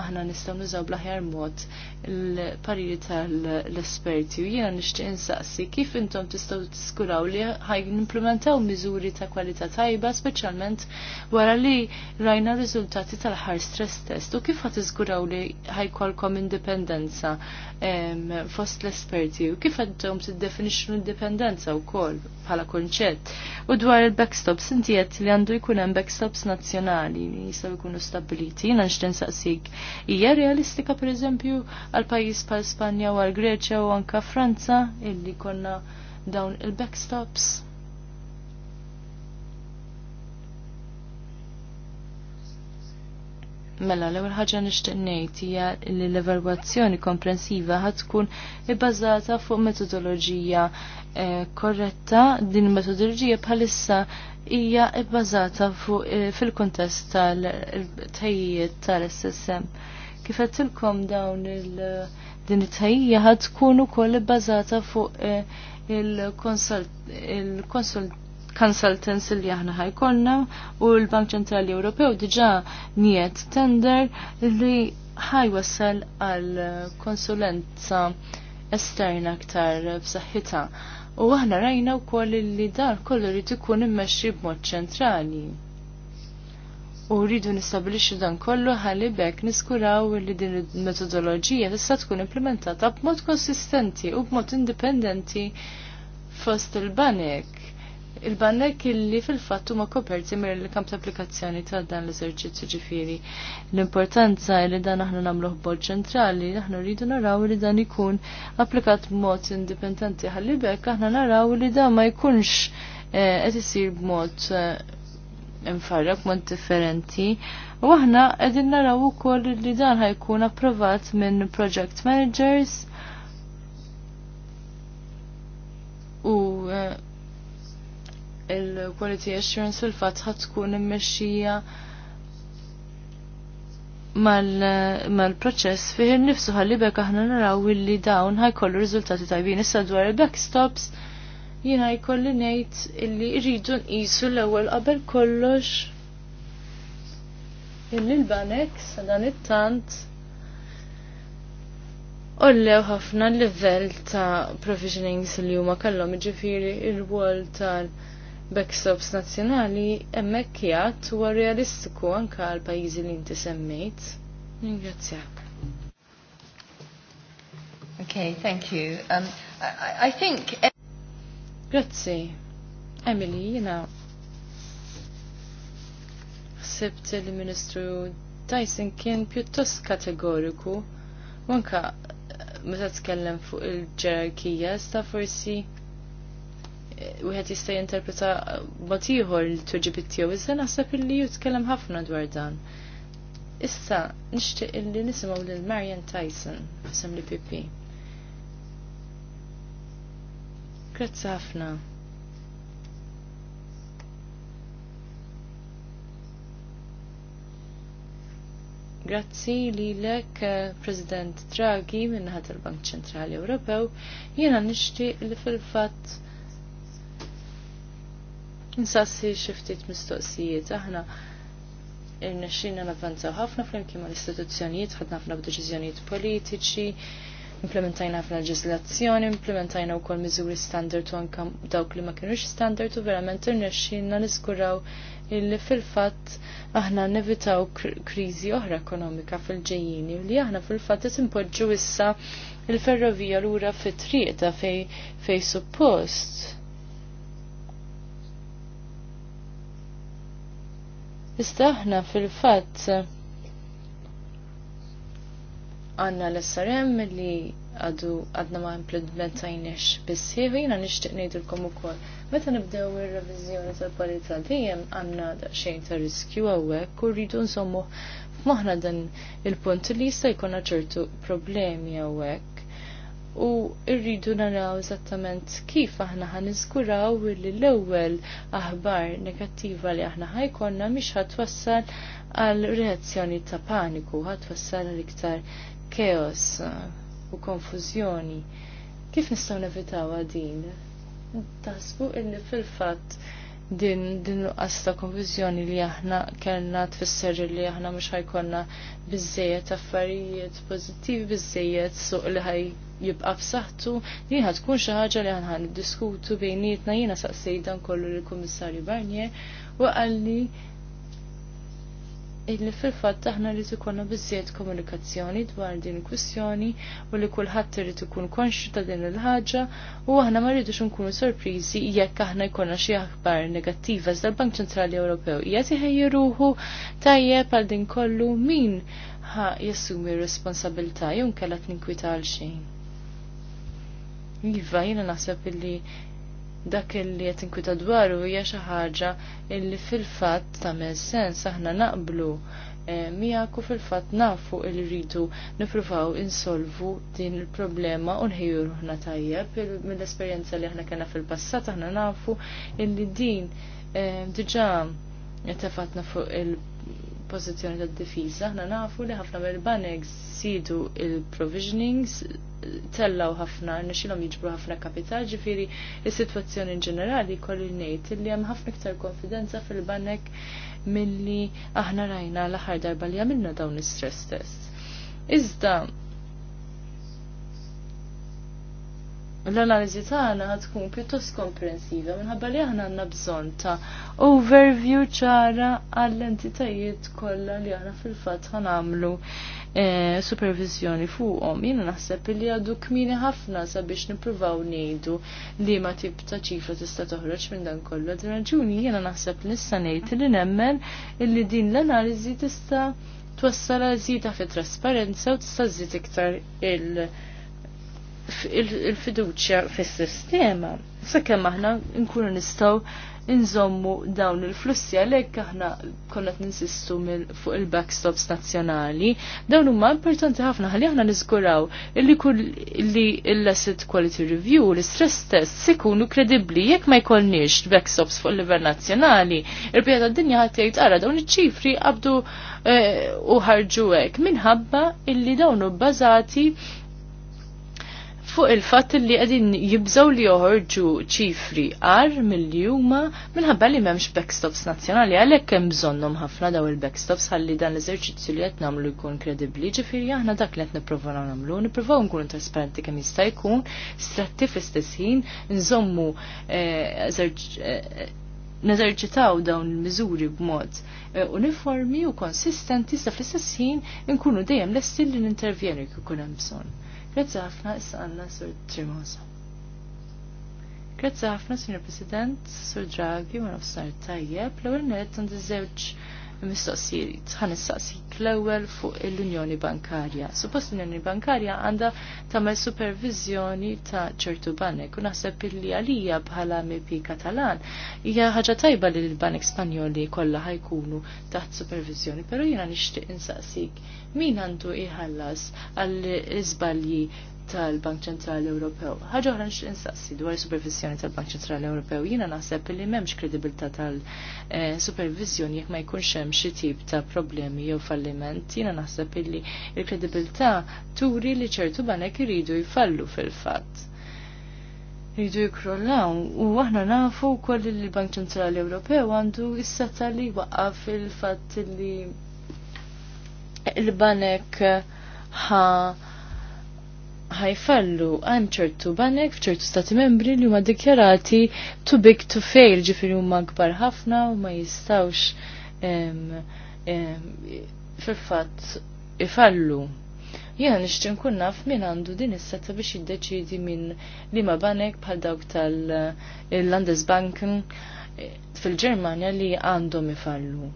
aħna nistgħu nużaw blaħjar mod l-pariri tal-esperti u jiena nixtieq insaqsi kif intom tistgħu tiskuraw li ħajn implementaw miżuri ta' kwalità tajba speċjalment wara li rajna riżultati tal-ħar stress test u kif ħat tiskuraw li ħajkolkom indipendenza fost l-esperti u kif għadhom tiddefinixxu l-indipendenza wkoll bħala kunċett. U dwar il-backstops, inti qed li għandu jkun hemm backstops nazzjonali li jistgħu jkunu stabiliti. Jiena nixtieq saqsik, hija realistika pereżempju għal pajjiż bħal Spanja u għal Greċja u anke Franza illi konna dawn il-backstops? Mela, l-ewwel ħaġa nixtieq ngħid hija li l-evalwazzjoni komprensiva ħad tkun ibbażata fuq metodoloġija eh, korretta din metodoloġija bħalissa hija bbażata fuq eh, fil-kuntest tal-tejjiet tal-SSM. Kif tilkom dawn il- din it-tejjija ħad tkun ukoll ibbażata fuq eh, il-konsult consultants li aħna ħajkolna u l-Bank Ċentrali Ewropew diġa niet tender li ħajwassal għal konsulenza esterna aktar b'saħħitha. U aħna rajna wkoll li dan kollu rrid ikun immexxi b'mod ċentrali. U rridu nistabilixxu dan kollu ħalli bekk niskuraw li din il-metodoloġija tista' tkun implementata b'mod konsistenti u b'mod indipendenti fost il-banek il-bannek illi fil fatt huma koperti mir il-kamp ta' applikazzjoni ta' dan l-eżerċizzju ġifiri. L-importanza li dan aħna nagħmlu ħbod ċentrali, aħna rridu naraw li dan ikun applikat b'mod indipendenti ħalli bekk aħna naraw li dan ma jkunx eh, qed isir b'mod eh, infarrak mod differenti. U aħna qegħdin naraw ukoll li dan ħajkun approvat minn project managers u eh, il-quality assurance fil fat ħatkun tkun immexxija mal-proċess fih nifsu ħalli bekk aħna naraw illi dawn ħajkollu riżultati tajbin. Issa dwar il-backstops jiena jkolli ngħid illi rridu nqisu l-ewwel qabel kollox illi l-banek sa dan it-tant Ollew ħafna l-level ta' provisionings li huma kellhom ġifiri il-wol tal- backstops nazzjonali hemmhekk jgħat huwa realistiku anke għal pajjiżi li inti semmejt. Ringrazzjak. Okay, thank you. Um, I, I think... E- Grazzi. Emily, jina ħsibt il-Ministru Tyson kien pjuttost kategoriku, wanka meta tkellem fuq il-ġerarkija, sta forsi wieħed jista' jinterpreta mod ieħor il-tweġibit tiegħu, iżda naħseb illi jitkellem ħafna dwar dan. Issa nixtieq illi nisimgħu lil Marian Tyson f'isem li PP. Grazzi ħafna. Grazzi li lek eh, President Draghi minnaħat il-Bank Ċentrali Ewropew, jiena nixtieq li fil-fatt Nsassi xiftit mistoqsijiet, aħna irnexxina navvanzaw ħafna flimkien mal istituzzjonijiet ħadna ħafna b'deċiżjonijiet politiċi, implementajna ħafna leġislazzjoni, implementajna wkoll miżuri standard u anke dawk li ma kienux standard u verament irnexxina niskuraw illi fil-fatt aħna nevitaw kriżi oħra ekonomika fil-ġejjini li aħna fil-fatt qed impoġġu issa il-ferrovija lura fit-triq ta' fej suppost Iżda aħna fil-fatt għanna l-SRM li għadu għadna ma bis bissieħ jina nishtiq nejdilkom ukoll. Meta nibdew ir-reviżjoni tal-parità dejjem għandna xejn ta' riskju għawek u rridu nsommu f'moħħna dan il-punt li jista' jkollna ċertu problemi hawnhekk u rridu naraw eżattament kif aħna ħan iżguraw li l-ewwel aħbar negattiva li aħna ħajkonna mhix ħatwassal għal reazzjoni ta' paniku, ħatwassal għal iktar keos uh, u konfużjoni. Kif nistgħu nevitaw din? Tasbu illi fil-fatt din din nuqqas ta' konfużjoni li aħna kellna tfisser li aħna mhux ħajkonna biżejjed affarijiet pożittivi biżejjed suq li ħaj jibqa' b'saħħtu li ħad tkun xi ħaġa li aħna niddiskutu bejnietna jiena saqsejdan kollu lill-Kummissarju Barnier u qalli illi fil-fatt aħna li ikonna bizziet komunikazzjoni dwar din il-kwistjoni u li kulħadd irid ikun konxju ta' din il-ħaġa u aħna ma rridux nkunu sorpriżi jekk aħna jkollna xi aħbar negattiva iżda l-Bank Ċentrali Ewropew qiegħed iħejjeruhu tajjeb għal din kollu min ħa jassumi r-responsabilità jew kellha tinkwita għal xejn. Iva, jiena naħseb illi dak li qed inkwita dwaru hija xi ħaġa illi fil-fatt tagħmel sens aħna naqblu eh, miegħek u fil-fatt nafu li rridu nippruvaw insolvu din il-problema u nħejju ruħna tajjeb mill-esperjenza li aħna kellna fil-passat aħna nafu illi din eh, diġà tefatna fuq il- il-pożizzjoni tad-difiża, aħna nafu li ħafna mill-banek sidu il-provisionings tellaw ħafna, nixilhom jiġbru ħafna kapital, ġifieri is-sitwazzjoni ġenerali kolli ngħid li hemm ħafna iktar konfidenza fil-banek milli aħna rajna l-aħħar darba li għamilna dawn is-stress test. Iżda, l-analiżi tagħna ħad tkun pjuttost komprensiva minħabba li aħna għandna bżonn ta' overview ċara għall-entitajiet kollha li aħna fil-fatt ħanamlu eh, supervizjoni fuqhom. Jiena naħseb li għadu kmini ħafna sabiex nippruvaw ngħidu li ma tip ta' ċifra tista' toħroġ minn dan kollu. Għad raġuni jiena naħseb nista' ngħid li nemmen illi din l-analiżi tista' twassal għal żieda fit trasparenza u tista' żid iktar il- il-fiduċja fis-sistema. Sakemm aħna nkunu nistgħu nżommu dawn il-flussi għalhekk aħna konnat ninsistu fuq il-backstops nazzjonali, dawn huma importanti ħafna ħalli aħna niżguraw li kull li l-asset quality review, l-stress test sikunu kredibbli jekk ma jkollniex backstops fuq il-livell nazzjonali. Il-pjata d-dinja ħadd jgħid ara dawn iċ-ċifri qabdu eh, u ħarġu hekk minħabba illi dawnu bbażati fuq il fat li qegħdin jibżgħu li joħorġu ċifri għar mill-juma minħabba li m'hemmx backstops nazzjonali għalhekk hemm bżonnhom ħafna daw il-backstops ħalli dan l-eżerċizzju li qed nagħmlu jkun kredibbli, ġifieri aħna dak li qed nipprova nagħmlu, nippruvaw nkunu trasparenti kemm jista' jkun, stratti fl-istess ħin, nżommu eh, eh, neżerċitaw dawn il-miżuri b'mod eh, uniformi u konsistenti sa fl istessin nkunu dejjem lesti li n-intervjeni ikun hemm bżonn. Grazie, ħafna issa għandna sur Trimosa. Grazzi ħafna, Sr. President, Sur Draghi, u nofsar tajjeb, l-għur nirret mistoqsijiet ħan nistaqsik l-ewwel fuq l-Unjoni Bankarja. Suppost l-Unjoni Bankarja għandha tagħmel supervizjoni ta' ċertu banek u naħseb illi għalija bħala MP Katalan hija ħaġa tajba li l-banek Spanjoli kollha ħajkunu taħt supervizjoni, però jiena nixtieq insaqsik min għandu iħallas għall iżbalji tal-Bank Ċentrali Ewropew. Ħaġa oħra nix insassi dwar supervizjoni tal-Bank Ċentrali Ewropew. Jiena naħseb li m'hemmx kredibilità tal-supervizjoni eh, jekk ma jkunx hemm xi tip ta' problemi jew falliment. Jiena naħseb illi l-kredibilità turi li ċertu banek iridu jfallu fil-fatt. Iridu jikrollaw u aħna nafu wkoll li l-Bank Ċentrali Ewropew għandu s li waqaf fil-fatt li l-banek ħa ħajfallu hemm ċertu banek f'ċertu stati membri li huma dikjarati too big to fail, ġifiri huma kbar ħafna u ma jistawx fil-fatt ifallu. Jena nixtieq nkun naf min għandu din is-setta biex jiddeċidi minn liema banek bħal dawk tal-Landesbanken fil-Ġermanja li għandhom ifallu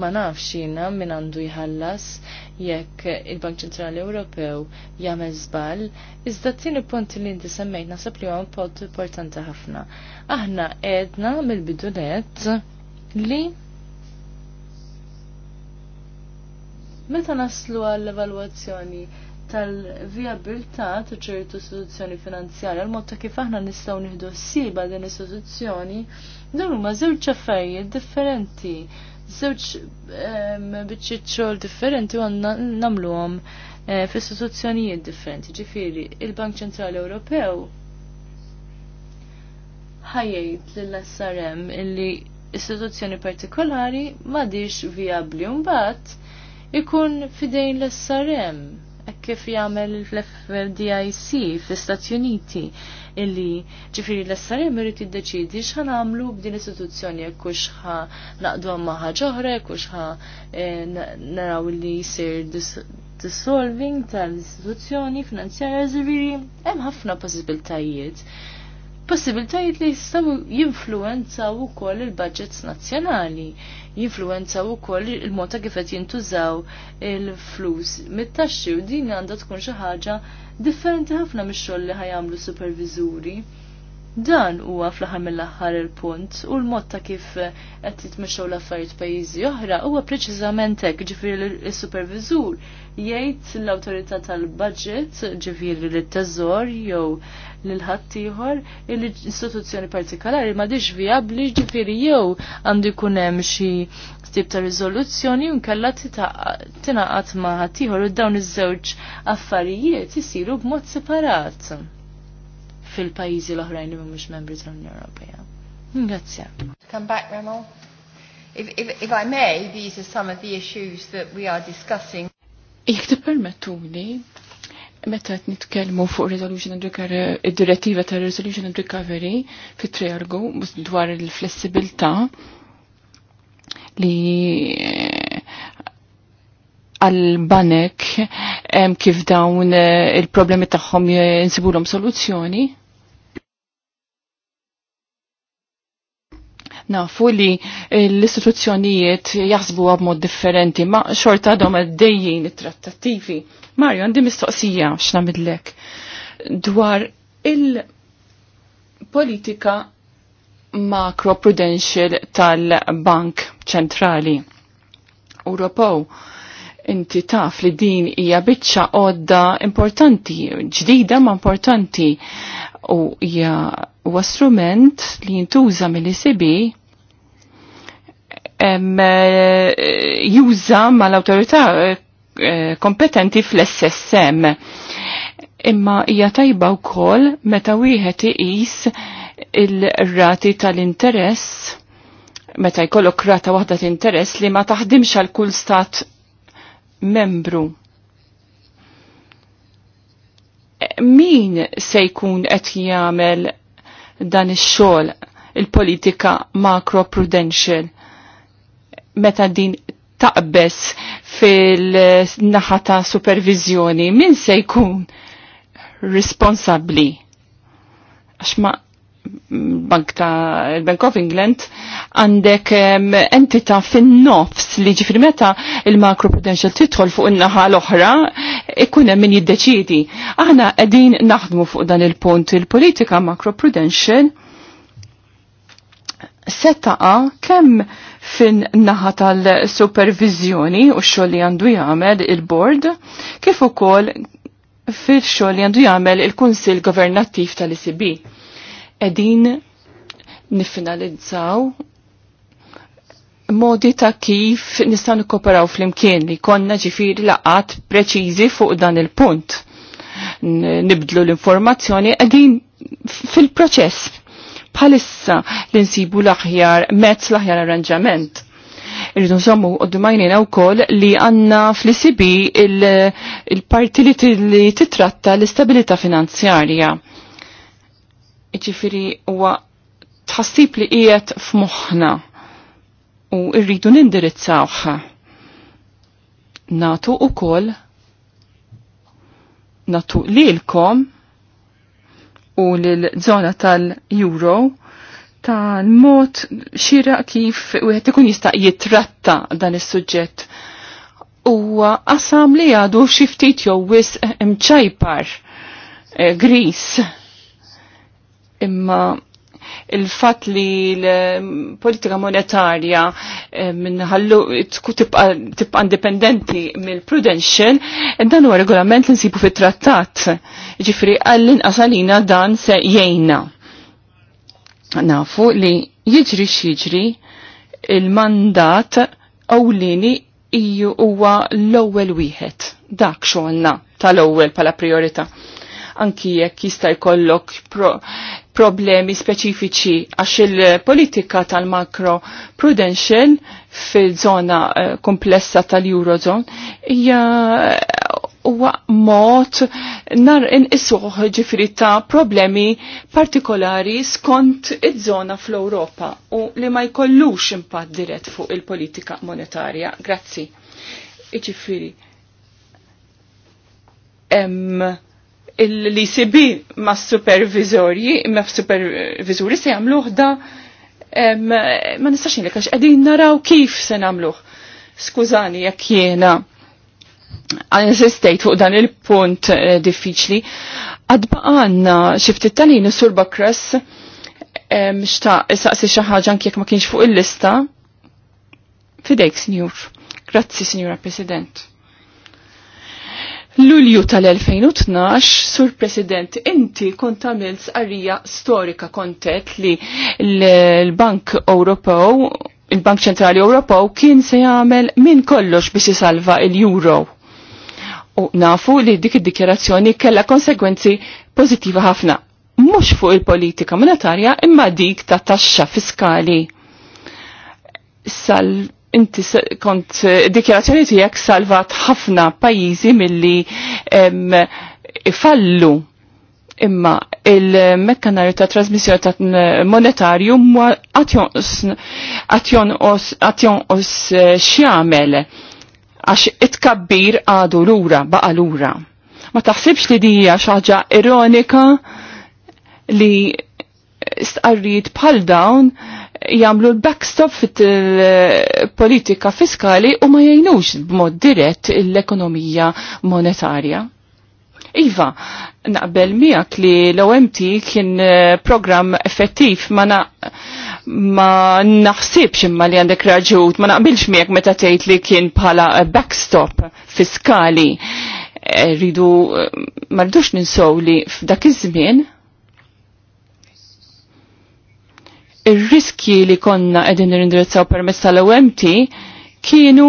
ma nafx jiena min għandu jħallas jekk il-Bank Ċentrali Ewropew jagħmel żball, iżda t-tieni punt li inti semmejt naħseb li huwa punt importanti ħafna. Aħna qedna mill-bidunet li meta naslu għall-evalwazzjoni tal-viabilità ta' ċertu istituzzjoni finanzjarja, l-mod ta' kif aħna nistgħu nieħdu ssiba din istituzzjoni, dan huma żewġ affarijiet differenti żewġ biċċiet xogħol differenti u għandna nagħmluhom eh, f'istituzzjonijiet differenti. Ġifieri, il-Bank Ċentrali Ewropew ħajjejt lill-SRM illi istituzzjoni partikolari m'għadix viabli mbagħad ikun fidejn l-SRM kif jagħmel l-FDIC fl-Istati Uniti illi ġifiri l-essarim d-deċidi xħan għamlu b'din istituzzjoni jekk kuxħa naqdu għamma kux kuxħa eh, naraw li jisir dissolving tal-istituzzjoni finanzjarja ġifiri, hemm ħafna possibiltajiet. Possibiltajiet li jistaw u ukoll il-budgets nazzjonali jinfluenzaw ukoll il-mod ta' kif qed jintużaw il-flus mit-taxxi u din għandha tkun xi ħaġa differenti ħafna mix-xogħol li ħajamlu superviżuri. Dan huwa fl-aħħar mill-aħħar il-punt u l-mod ta' kif qed titmexxew l-affarijiet pajjiżi oħra huwa preċiżament hekk ġifieri l-superviżur jgħid l-awtorità tal-budget ġifieri lit-teżor jew lil ħattijħor l-istituzzjoni partikolari ma diġ viabli ġifiri jew għandu jkun hemm xi tip ta' rizoluzzjoni u nkella tingħaqad ma' ħattijħor u dawn iż-żewġ affarijiet isiru b'mod separat fil-pajjiżi l-oħrajn li mhumiex membri tal-Unjoni Ewropea. Grazie. Come back, Ramal. If, if, if I may, these are some of the issues that we are discussing. Jek permettuni, Meta qed nitkellmu fuq resolution and recovery, id-direttiva ta' resolution and recovery fit triargu dwar il-flessibilità li eh, għal-banek kif dawn eh, il-problemi tagħhom eh, insibulhom soluzzjoni Nafu li l-istituzzjonijiet jaħsbu b'mod differenti, ma xorta għadhom għaddejjin it-trattattivi. Mario, għandi mistoqsija midlek, dwar il-politika makroprudential tal-Bank Ċentrali Europow, inti taf li din hija biċċa għodda importanti, ġdida ma importanti u hija huwa strument li jintuża mill-ECB Eh, juża mal-autorità eh, kompetenti fl-SSM. Imma hija tajba wkoll meta wieħed iqis il-rati tal-interess meta jkollok rata waħda interess li ma taħdimx għal kull stat membru. Min se jkun qed jagħmel dan ix-xogħol il-politika macro prudential? meta din taqbess fil-naħa ta' supervizjoni, min se jkun responsabli? Għax ma bank ta' il-Bank of England għandek entita fin-nofs li ġifir meta il-macro prudential titħol fuq in-naħa l-oħra ikkun hemm min jiddeċidi. Aħna qegħdin naħdmu fuq dan il-punt il-politika macro prudential setaqa kemm fin naħa tal-supervizjoni u x li għandu jagħmel il bord kif ukoll fil xoll li għandu jagħmel il-Kunsill Governattiv tal-ICB. Qegħdin niffinalizzaw modi ta' kif nistgħu nikkoperaw flimkien li konna ġifieri laqat preċiżi fuq dan il-punt. Nibdlu l-informazzjoni qegħdin fil-proċess bħalissa li nsibu l-aħjar mezz l-aħjar arranġament. Irridu nżommu għoddumajnina u koll li għanna fl-ICB il-parti li titratta l-istabilita finanzjarja. Iġifiri huwa tħassib li qiegħed f'moħħna u rridu nindirizzawha. Natu kol, natu lilkom u l zona tal-Euro tal-mod xira kif u ikun jista' jitratta dan is-suġġett. U qasam li għadu xi ftit jew wis imċajpar eh, Gris. Imma il-fat li l-politika monetarja eh, tkun tibqa indipendenti mill-prudential, eh, dan huwa regolament li nsibu fit-trattat. Ġifri għall-inqas għalina dan se jgħinna. Nafu li jiġri xiġri il-mandat awlini iju huwa l-ewwel wieħed. Dak xogħolna tal-ewwel pala priorità anki jekk jista' jkollok problemi speċifiċi għax il-politika tal-makro prudential fil-zona eh, komplessa tal-Eurozone hija huwa mod nar inqisuh ġifri ta' problemi partikolari skont iż-żona fl-Ewropa u li ma jkollux impatt dirett fuq il-politika monetarja. Grazzi. Iġifiri. Em, li sibi ma supervizorji, ma supervizuri se jamluħ da ma nistax li kax edin naraw kif se namluħ. Skużani jekk jena għan fuq dan il-punt eh, diffiċli. Għadba għanna xifti tal tani sur Bakras xta' saqsi xaħġan kjek ma kienx fuq il-lista. Fidejk, Signor. Grazzi, Signora President. Lulju tal-2012, Sur President, inti kont għamilt sqarrija storika kontet li l-Bank Ewropew, il-Bank Ċentrali Ewropew kien se jagħmel minn kollox biex isalva l-euro. U nafu li dik id-dikjerazzjoni kellha konsegwenzi pożittiva ħafna, mhux fuq il-politika monetarja imma dik ta' taxxa fiskali. Sal inti kont eh, dikjarazzjoni tiegħek salvat ħafna pajjiżi milli fallu. imma il-mekkanarju ta' trasmissjoni ta' monetarju għatjon os eh, xiamel għax itkabbir għadu lura, baqa lura. Ma taħsibx li dija xaġa ironika li stqarrijiet bħal dawn jamlu l-backstop fit-politika eh, fiskali u ma jgħinux b'mod dirett l-ekonomija monetarja. Iva, naqbel miegħek li l-OMT kien eh, program effettiv ma na ma naħsibx imma li għandek raġut, ma naqbilx miegħek meta tgħid li kien bħala backstop fiskali. Eh, rridu ma rridux ninsow li f'dak iż-żmien ir-riski li konna qegħdin nirindirizzaw permezz tal-OMT kienu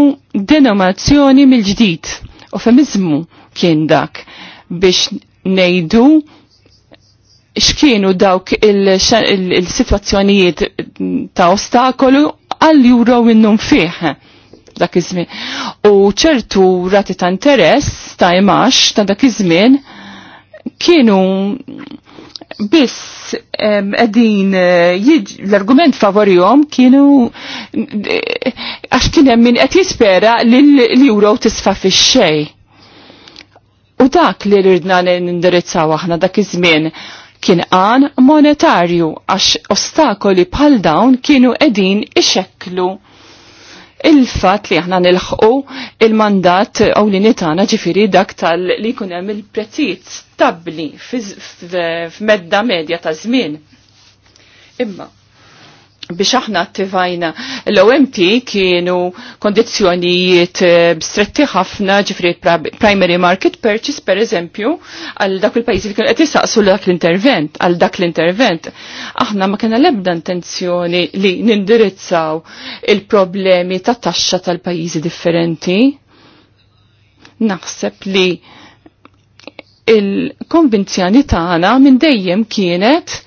denomazzjoni mill-ġdid, eufemizmu kien dak biex ngħidu x'kienu dawk il-sitwazzjonijiet ta' ostakolu għall-juro minnhom fih dak iż-żmien. U ċertu rati ta' interess ta' imax ta' dak iż-żmien kienu biss għedin eh, l-argument favorjom kienu eh, għax kienem min qed jispera li l-euro tisfa fi xej. U dak li rridna nindirizzaw aħna dak iż-żmien kien għan monetarju għax ostakoli bħal dawn kienu qegħdin ixekklu il-fat li aħna nilħqu il-mandat għaw li nitana ġifiri dak tal li kunem il-prezzijiet stabli f'medda medja ta' żmien. Imma biex aħna attivajna l-OMT kienu kondizjonijiet eh, stretti ħafna ġifri primary market purchase per eżempju għal dak il-pajjiż li kienu qed jistaqsu dak l-intervent għal dak l-intervent. Aħna ma kena lebda intenzjoni li nindirizzaw il-problemi ta' taxxa tal-pajjiżi differenti. Naħseb li il-konvinzjoni tagħna minn dejjem kienet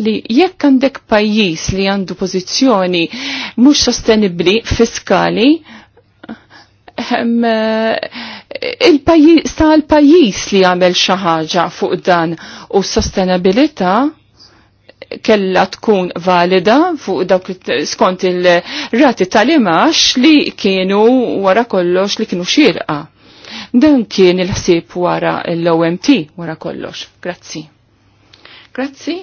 li jekk għandek pajjiż li għandu pożizzjoni mhux sostenibbli fiskali, ehm, il-pajjiż sta l-pajjiż li għamel xi ħaġa fuq dan u s-sostenabilità kella tkun valida fuq dawk skont il-rati tal-imax li kienu wara kollox li kienu xirqa. Dan kien il-ħsieb wara l-OMT wara kollox. Grazzi. Grazzi.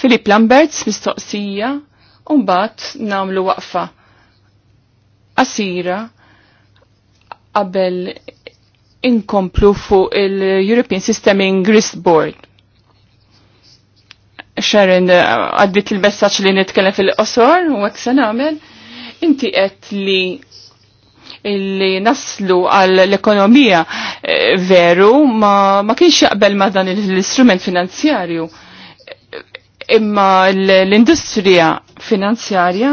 Filip Lamberts mistoqsija u mbagħad nagħmlu waqfa qasira qabel inkomplu fuq il-European Systeming Grist Board. Sharon, eh, għaddit il-messaċ li nitkellem fil-qosor, u għek se nagħmel, inti qed li illi naslu għal l-ekonomija eh, veru ma, ma kienx jaqbel ma dan l-istrument finanzjarju. Imma l-industrija finanzjarja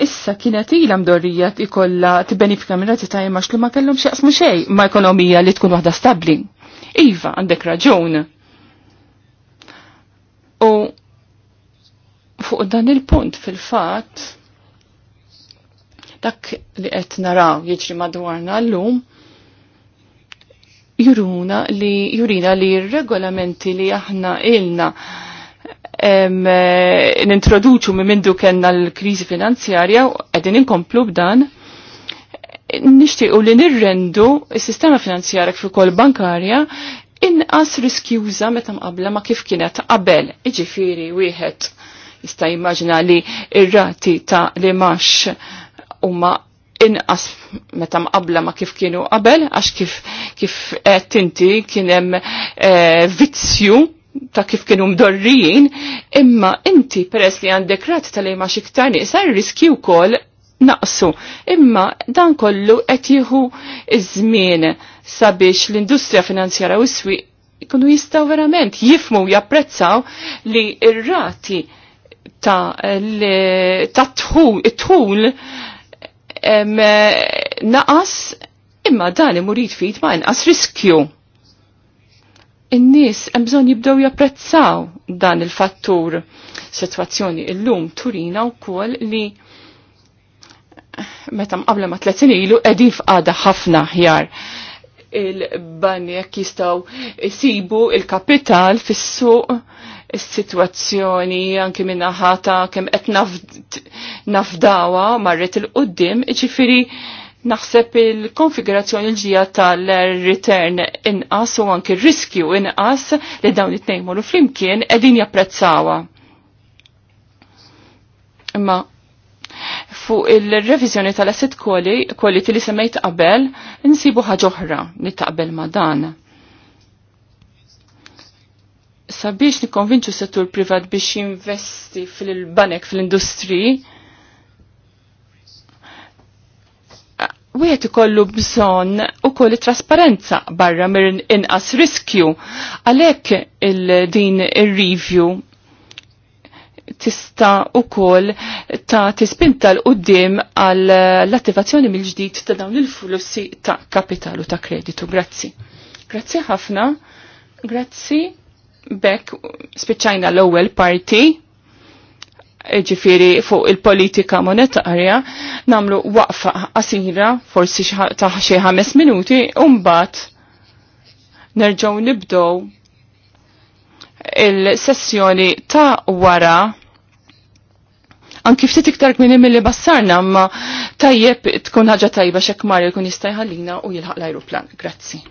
issa kienet ila mdorrija ikolla t-benifika minn rati ta' li ma kellum xaqsmu xej ma' ekonomija li tkun waħda stabli. Iva, għandek raġun. U fuq dan il-punt fil-fat, Dak li qed naraw jiġri madwarna llum juruna li jurina li regolamenti li aħna ilna nintroduċu minn mindu kena l-krizi finanzjarja u għedin inkomplu b'dan nishtiqu li nirrendu il-sistema finanzjarja kif kol bankarja inqas riskjuża meta mqabla ma kif kienet qabel. Iġifieri wieħed jista' jimmaġina li ir-rati ta' li max huma inqas meta mqabla ma kif kienu qabel għax kif kif tinti inti kien hemm eh, vizzju ta' kif kienu mdorrijin, imma inti peress li għandek rat tal ma xiktani, sar riski wkoll naqsu. Imma dan kollu qed jieħu iż-żmien sabiex l-industrija finanzjara u swi swieq jistaw verament jifmu japprezzaw li r rati ta' tħul Eh, naqas imma dan imur jitfit ma' inqas riskju. In-nies hemm bżonn jibdew japprezzaw dan il-fattur. Sitwazzjoni illum turina wkoll li meta mqabla ma' tletin ilu qegħdin f'qada ħafna ħjar il-banjek jistaw isibu il-kapital fis-suq is-sitwazzjoni anki minna ħata kemm qed nafdawa marret il qoddim iċifiri naħseb il-konfigurazzjoni l-ġija tal-return inqas u anki riskju inqas li dawn it-tnejn moru flimkien qegħdin japprezzawa. Imma fuq il-revizjoni tal-asset quality li semmejt qabel, nsibu ħaġa oħra li taqbel ma' dan sabiex nikonvinċu settur privat biex jinvesti fil-banek fil-industri, wieħed ikollu bżonn ukoll trasparenza barra mir inqas riskju. Għalhekk il-din ir-review tista ukoll ta' tispinta l-qoddim għall-attivazzjoni mill-ġdid ta' dawn il-flussi ta' kapitalu ta' kreditu. Grazzi. Grazzi ħafna. Grazzi Bekk spiċċajna l-ewwel parti ġifiri fuq il-politika monetarja, namlu waqfa qasira, forsi ta' xi ħames minuti, u mbagħad nerġgħu nibdow il-sessjoni ta' wara anki ftit iktar kmini mill-li bassarna, ma tajjeb tkun ħaġa tajba xekk Mario jkun jista' jħallina u jilħaq l-ajruplan. Grazzi.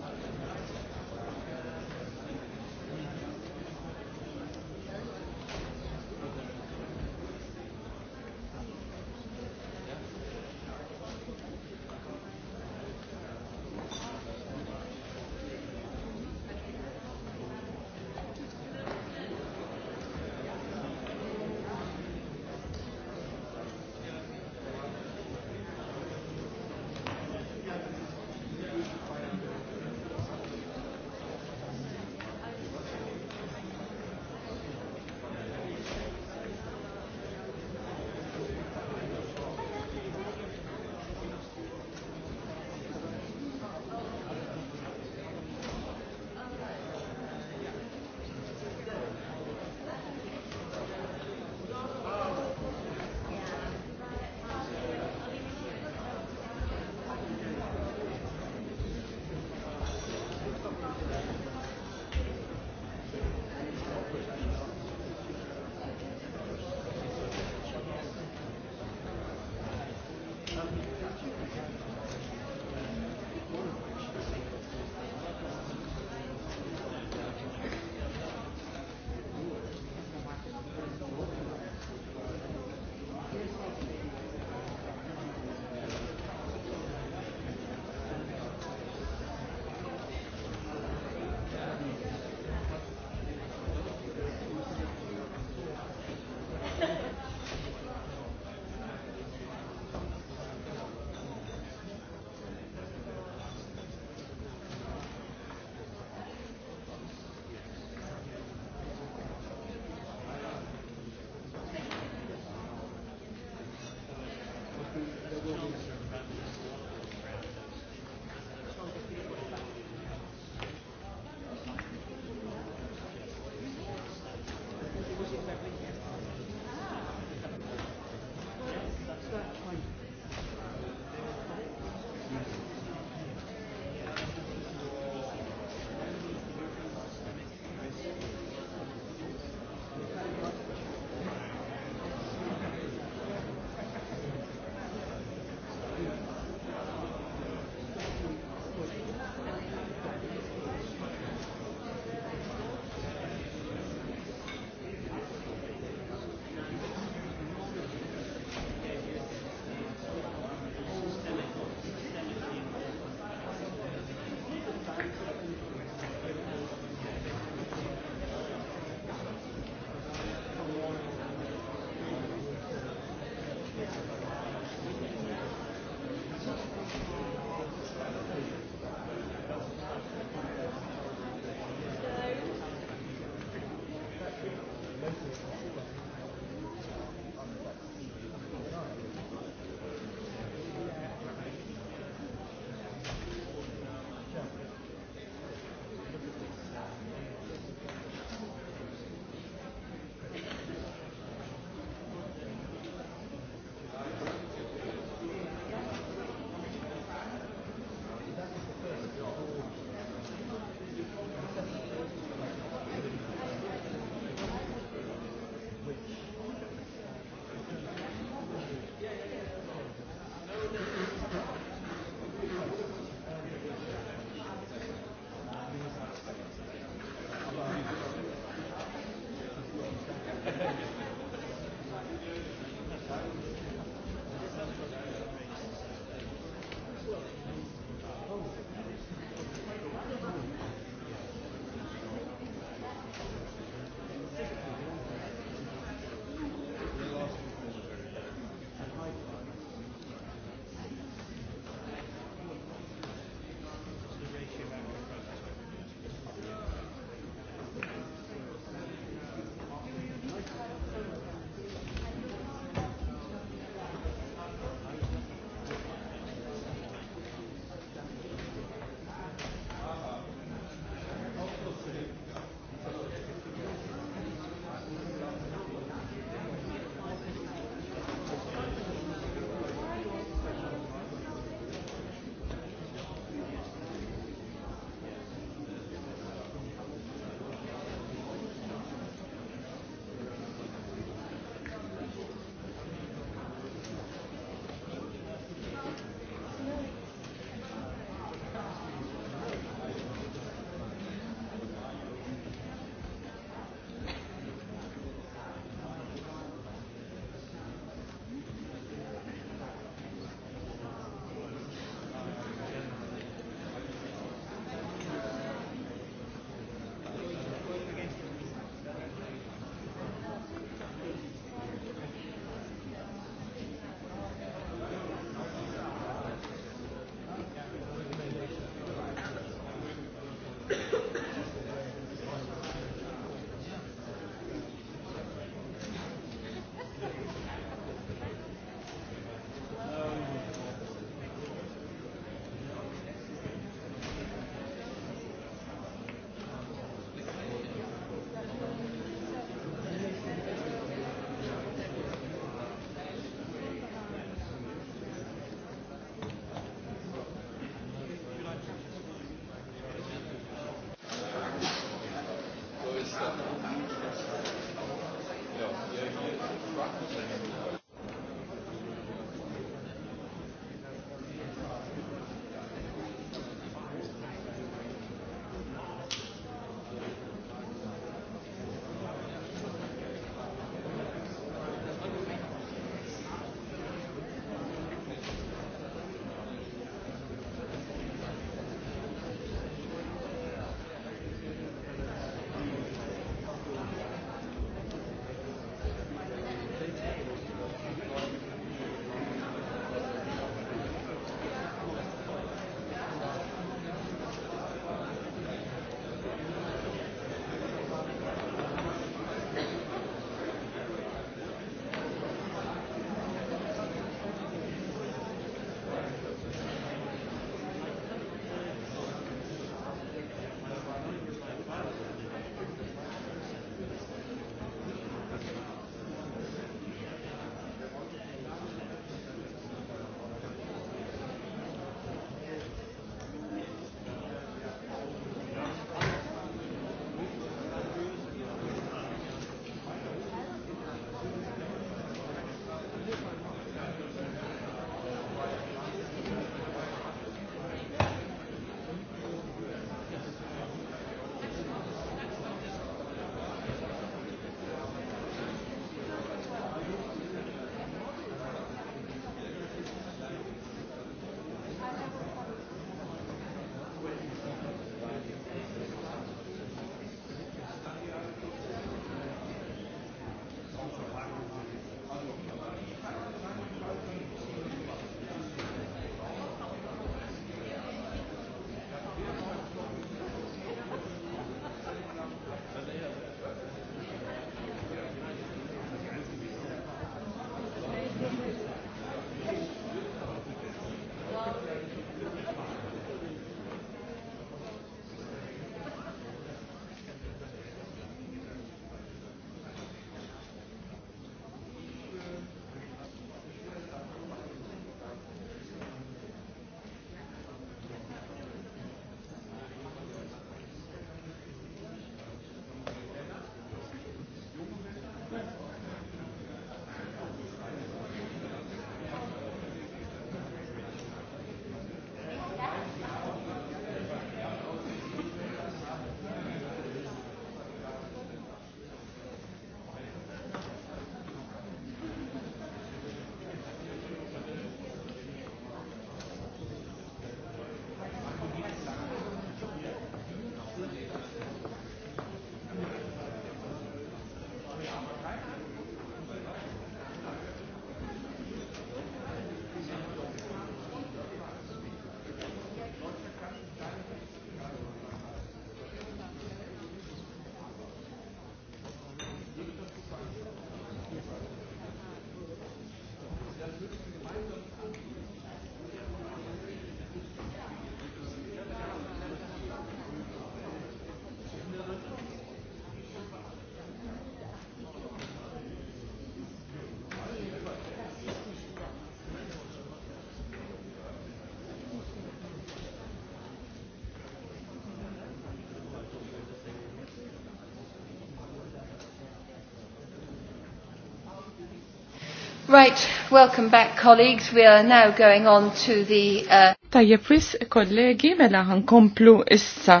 Right, welcome back colleagues. We are now going on to the uh... Tajjeb wis kollegi mela ħankomplu issa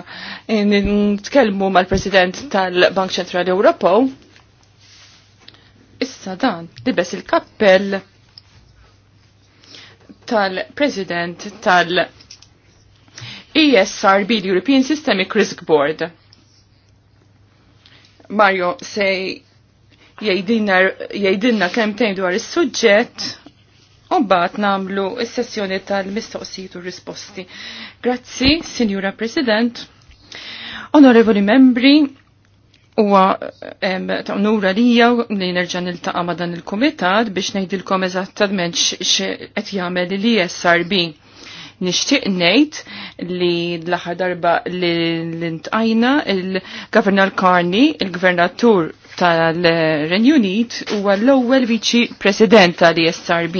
nitkellmu mal-President tal-Bank Ċentrali Ewropew. Issa dan libes il-kappell tal-President tal ESRB, european Systemic Risk Board. Mario, say jgħidilna kemtejn dwar is-suġġett u mbagħad nagħmlu s-sessjoni tal-mistoqsijiet u risposti. Grazzi, Signora President. Onorevoli membri, huwa ta' onura jaw li nerġa' niltaqa' ma' dan il-kumitat biex ngħidilkom eżattament x'qed jagħmel li SRB. Nixtieq ngħid li l-aħħar darba l-intajna il-Governor Carney, il-Gvernatur tal-Renju Unit huwa l-ewwel viċi president tal-ISRB.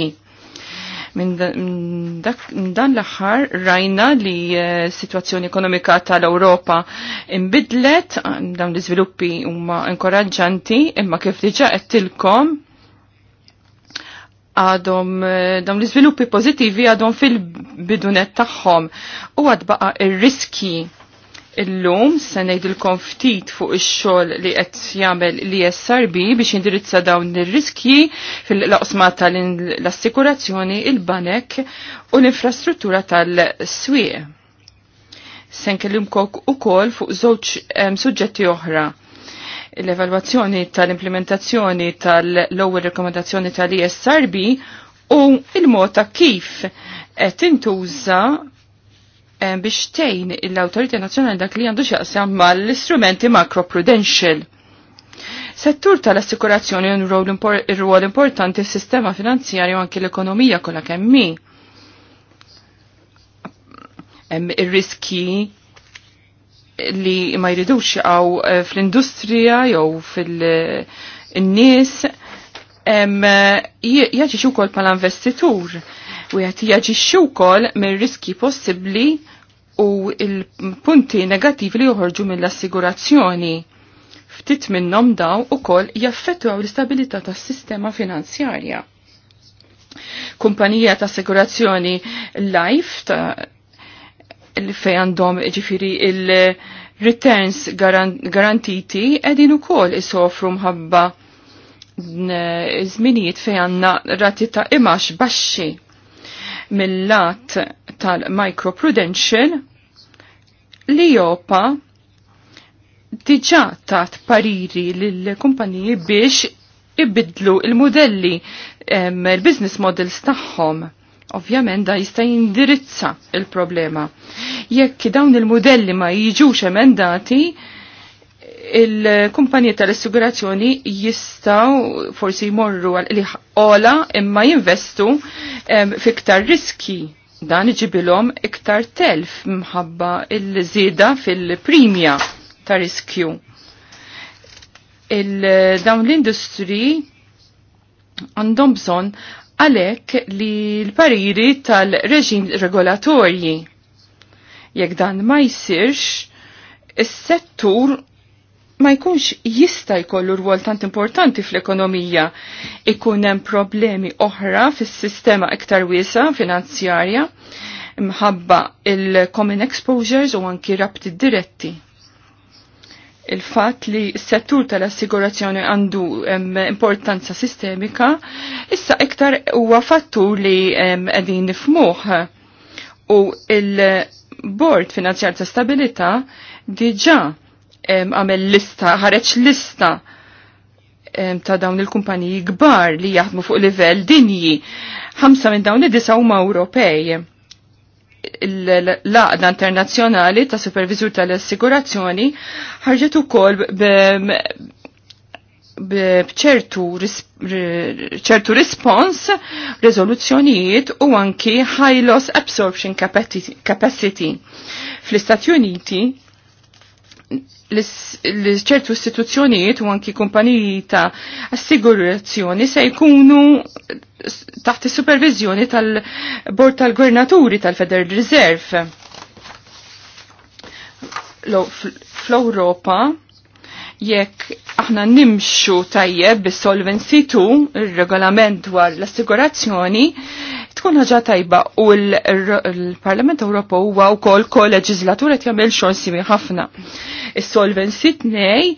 Minn dan l-aħħar rajna li eh, situazzjoni ekonomika tal-Ewropa imbidlet, dawn l-iżviluppi huma inkoraġġanti, imma kif diġà qedtilkom għadhom eh, dawn l-iżviluppi pożittivi għadhom fil-bidunet tagħhom u għad baqa ir-riski Illum se ngħidilkom ftit fuq ix-xogħol li qed jagħmel l-ISRB biex indirizza dawn ir-riskji fil-laqsma tal-assikurazzjoni, il-banek u l-infrastruttura tal-swieq. Se nkellimkok ukoll fuq żewġ suġġetti oħra l-evalwazzjoni tal-implementazzjoni tal lower rekomendazzjoni tal-ISRB u il-mod ta' kif qed intuża Eh, biex tejn l autorita Nazzjonali dak li għandu xaqsam mal-istrumenti macroprudential. Settur tal-assikurazzjoni un rol importanti s-sistema finanzjarju anki l-ekonomija kolla kemmi. Ir-riski li ma jridux għaw eh, fl-industrija jew fil-nies eh, jieċi xukol pal-investitur u qed jaġixxu wkoll minn riski possibbli u il-punti negativi li joħorġu mill-assigurazzjoni. Ftit minnhom daw ukoll għaw l istabilita tas-sistema finanzjarja. Kumpanija ta' assigurazzjoni Life ta' fej għandhom ġifiri il-returns garantiti edin u kol isofru mħabba zminijiet fej għanna rati ta' imax baxxi mill-lat tal-microprudential li jopa diġa tat pariri lill-kumpaniji biex ibidlu il-modelli il-business models tagħhom. Ovvjament da jista' jindirizza il-problema. Jekk dawn il-modelli ma jiġux emendati, il-kumpanji tal-assigurazzjoni jistaw forsi jmorru għal ola imma jinvestu fiktar riski dan iġibilhom iktar telf mħabba il-żieda fil-primja ta' riskju. Il-dawn l-industri għandhom bżonn għalhekk li l-pariri tal-reġim regolatorji. Jekk dan ma jsirx, is-settur ma jkunx jista jkollu rwol tant importanti fl-ekonomija. Ikun hemm problemi oħra fis-sistema iktar wiesa finanzjarja mħabba il-common exposures u anki rabti diretti. Il-fat li s-settur tal-assigurazzjoni għandu importanza sistemika, issa iktar huwa fattur li qegħdin nifmuħ u il-Bord Finanzjar ta' Stabilita diġa' għamel lista, ħareċ lista ta' dawn il-kumpaniji gbar li jaħdmu fuq livell dinji. Ħamsa minn dawn id-disa huma Ewropej. L-laqda internazzjonali ta' supervizur tal-assigurazzjoni ħarġet ukoll bċertu ċertu respons, rezoluzzjonijiet u anki high loss absorption capacity. Fl-Istati Uniti l-ċertu istituzzjonijiet u anki kumpaniji ta' assigurazzjoni se jkunu taħt is-supervizjoni tal-Bord tal-Gvernaturi tal-Federal Reserve. Fl-Europa jekk aħna nimxu tajjeb bis-Solvency 2, il regolament dwar l-assigurazzjoni, tkun ħaġa tajba u l-Parlament Ewropew huwa wkoll koleġislatur qed jagħmel xogħol simi ħafna. Is-Solvency tnej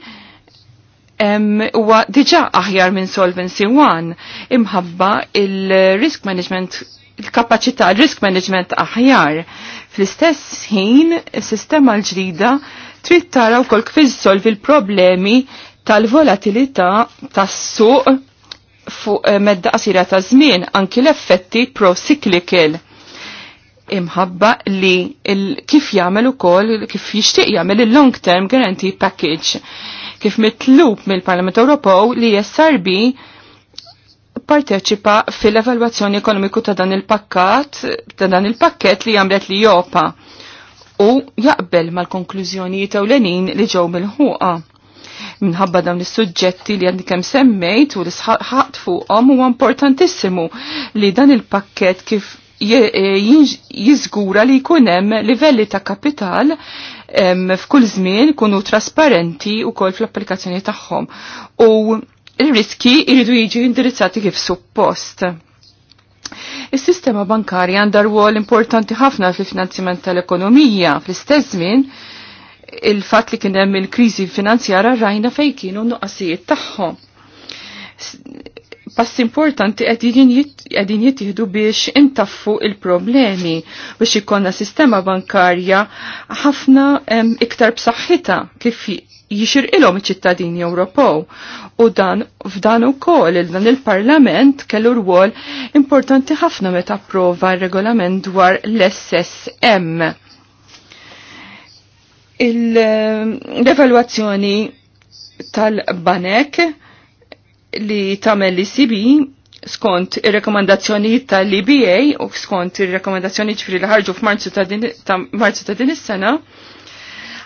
huwa diġà aħjar minn Solvency 1 imħabba il-risk management il-kapacità risk management aħjar. Fl-istess ħin, is-sistema l-ġdida trid tara wkoll kif solvi l-problemi tal-volatilità tas-suq fuq eh, medda qasira ta' żmien anki l-effetti pro-cyclical imħabba li kif jagħmel ukoll kif jixtieq jagħmel il-long term guarantee package kif mitlub mill-Parlament Ewropew li SRB parteċipa fil-evalwazzjoni ekonomiku ta' dan il-pakkat, ta' dan il-pakket li jagħmlet li jopa u jaqbel mal-konklużjonijiet ewlenin li ġew mill-ħuqa minħabba dawn is-suġġetti li għandi kemm semmejt u l-isħaqt fuqhom huwa importantissimu li dan il-pakkett kif e, jiżgura li jkun hemm livelli ta' kapital f'kull żmien kunu trasparenti wkoll fl-applikazzjoni tagħhom. U il-riski jridu jiġu indirizzati kif suppost. Is-sistema bankarja għandha rwol importanti ħafna fil-finanzjament tal-ekonomija fl-istess żmien il-fat li kien hemm il-kriżi finanzjara rajna fejn kienu nuqqasijiet tagħhom. Pass importanti qegħdin jittieħdu biex intaffu il-problemi biex ikonna sistema bankarja ħafna iktar b'saħħitha kif jixirqilhom iċ-ċittadini Ewropew u dan f'dan ukoll il dan il-Parlament kellu rwol importanti ħafna meta approva r-regolament dwar l-SSM l-evaluazzjoni tal-banek li tamel li sibi skont il-rekomendazzjoni tal-IBA u skont il-rekomendazzjoni ġifri li ħarġu f'Marzu ta' din is-sena,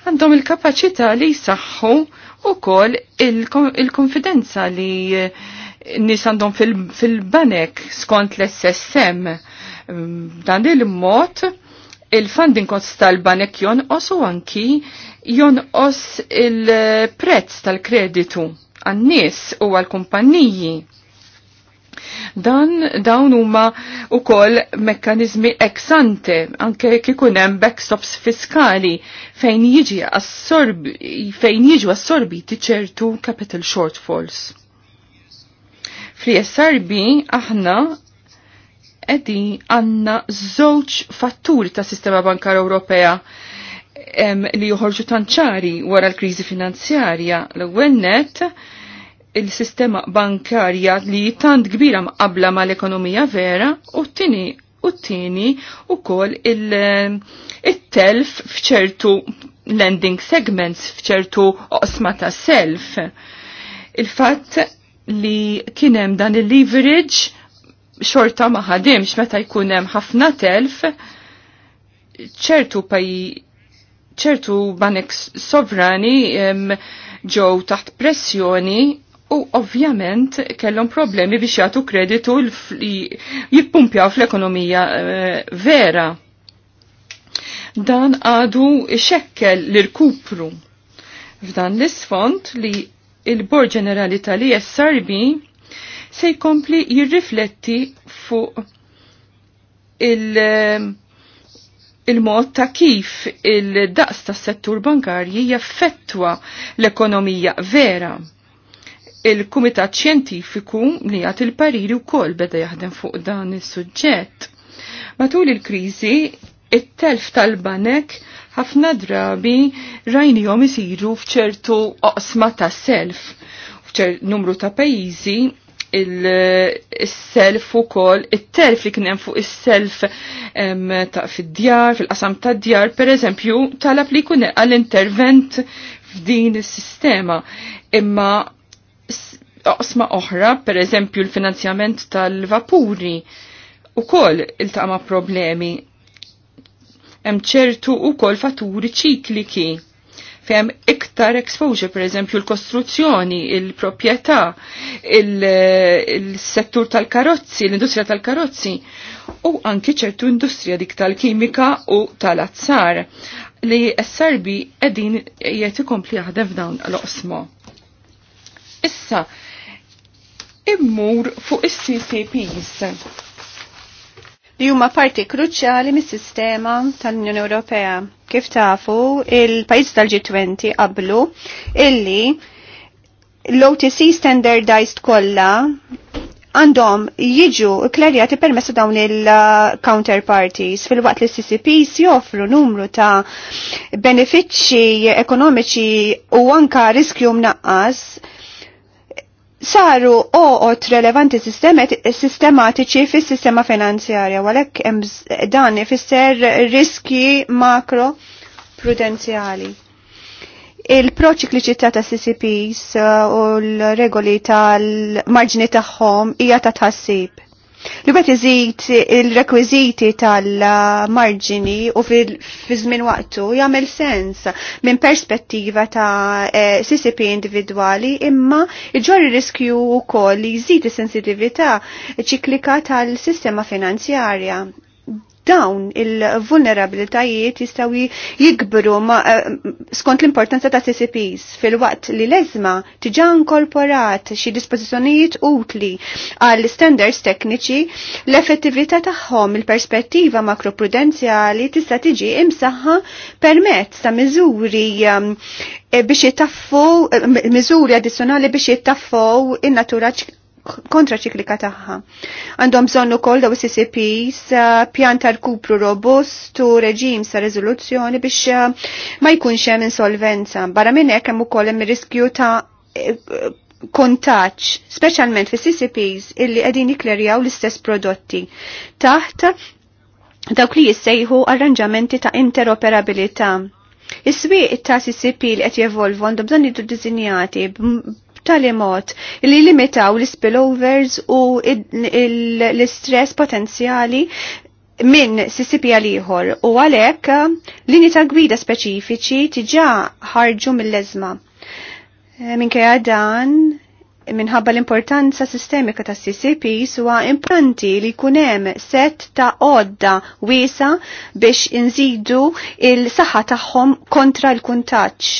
għandhom il-kapacità li jsaħħu u kol il-konfidenza li eh, nis għandhom fil-banek skont l-SSM. Mm, dan il-mod il-funding cost tal-banek jonqos u anki jonqos il-prezz tal-kreditu għannis nies u għal-kumpanniji. Dan dawn huma wkoll mekkaniżmi eksante anke kikun hemm backstops fiskali fejn jiġi assorbi fejn jiġu assorbiti ċertu capital shortfalls. Fl-SRB aħna edi għanna zoċ fatturi ta' sistema bankar Ewropea em, li joħorġu tanċari wara l-krizi finanzjarja l-ewwel net il-sistema bankarja li tant kbira mqabla ma l-ekonomija vera u t-tini u t-tini u kol il-telf il fċertu lending segments fċertu oqsma ta' self. Il-fatt li kienem dan il-leverage xorta ma ħadimx meta jkun hemm ħafna telf ċertu paj ċertu banek sovrani ġew taħt pressjoni u ovvjament kellhom problemi biex jagħtu kreditu jippumpjaw fl-ekonomija eh, vera. Dan għadu xekkel l-irkupru. F'dan l-isfond li il bor Ġenerali tal-ISRB se jkompli jirrifletti fuq il- ehm, il-mod ta' kif il-daqs tas settur bankarji jaffettwa l-ekonomija vera. Il-Kumitat Xjentifiku li għat il-pariri wkoll beda jaħdem fuq dan is-suġġett. Matul il-kriżi, it-telf tal-banek ħafna drabi rajnijom isiru fċertu oqsma ta' self. Fċer numru ta' pajizi il-self u kol, il-telf li kienem fuq il-self ta' fid-djar, fil-qasam ta' djar, per eżempju, talab li kune għall-intervent f'din il-sistema. Imma oqsma oħra, per eżempju, l-finanzjament tal-vapuri, u kol il-tama problemi. Hemm ċertu u kol fatturi ċikliki fem iktar exposure, per eżempju, l-kostruzzjoni, il-propieta, il-settur tal-karozzi, l-industrija tal-karozzi, u anki ċertu industrija dik tal-kimika u tal-azzar li s-sarbi edin jiet ikompli jaħdem f'dawn l-osmo. Issa, immur fuq is-CCPs li huma parti kruċjali mis-sistema tal-Unjoni Ewropea. Kif tafu, il-pajjiż tal-G20 qablu illi l-OTC standardized kollha għandhom jiġu klerjati permessa dawn il-counterparties fil-waqt li CCPs joffru numru ta' benefiċċji ekonomiċi u anka riskju mnaqqas saru oqot relevanti sistematiċi fis sistema finanzjarja, għalek dan ifisser riski makro prudenzjali. Il-proċikliċità ta' CCPs uh, u l-regoli tal-marġni tagħhom hija ta' tħassib. Li iżid il-rekwiżiti tal-marġini u fi żmien waqtu jagħmel sens minn perspettiva ta' eh, CCP individwali imma iġorri riskju wkoll li jżid is-sensitività ċiklika tal-sistema finanzjarja dawn il-vulnerabilitajiet jistaw jikbru eh, skont l-importanza ta' CCPs fil-waqt li leżma tiġa inkorporat xi dispożizzjonijiet utli għal standards tekniċi l-effettività tagħhom il-perspettiva makroprudenzjali tista' tiġi imsaħħa permezz ta' miżuri ehm, eh, biex jittaffu, eh, miżuri addizzjonali biex jittaffu in-natura Kontra ċiklika tagħha. Għandhom bżonn ukoll daw CCPs uh, pjan tal-kupru robust u reġim sa' rezoluzzjoni biex uh, ma jkunx hemm insolvenza. Barra minn hekk hemm ukoll hemm riskju ta' kontaċ, speċjalment fis CCPs illi qegħdin jiklerjaw l-istess prodotti taħt dawk li jissejħu arranġamenti ta' interoperabilità. Is-swieq ta' CCP li qed jevolvu għandhom bżonn jiddu dizinjati Tali mod li limitaw l-spillovers u l-istress potenzjali minn sissipi għalijħor u għalhekk eh, linji ta' gwida speċifiċi tiġa ħarġu mill-leżma. Eh, minn dan minħabba l-importanza sistemika ta' CCP suwa impranti li kunem set ta' odda wisa biex inżidu il-saħħa tagħhom kontra l-kuntaċ.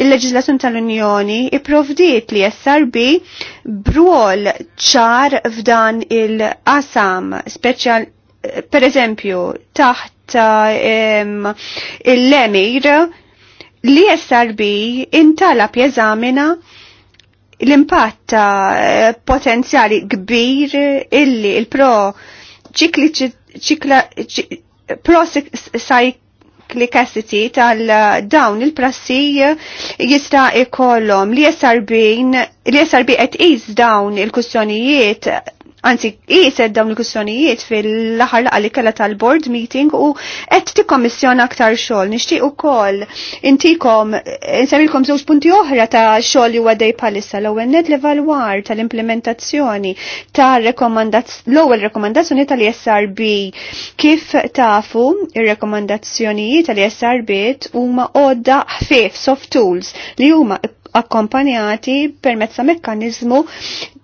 Il-leġislazzjoni tal-Unjoni ipprovdiet li SRB brol ċar f'dan il-qasam speċjal per eżempju taħt ehm, il-lemir li SRB intalab jeżamina l-impatt potenzjali kbir illi il-pro pro-cyclicity tal-dawn il-prassi jista' ikollhom li jesarbin li jesarbi qed dawn il-kustjonijiet anzi qiset dawn il-kussjonijiet fil-aħħar laqali kalla tal-board meeting u qed tikkommissjona aktar xogħol. Nixtieq ukoll intikom insamilkom żewġ punti oħra ta' xogħol li huwa dej palissa l-ewwel ned l evaluar tal-implementazzjoni tal-ewwel rekomandazzjoni tal-ISRB kif tafu il rekomandazzjonijiet tal-ISRB huma odda ħfief soft tools li huma akkompanjati permezz ta' mekkanizmu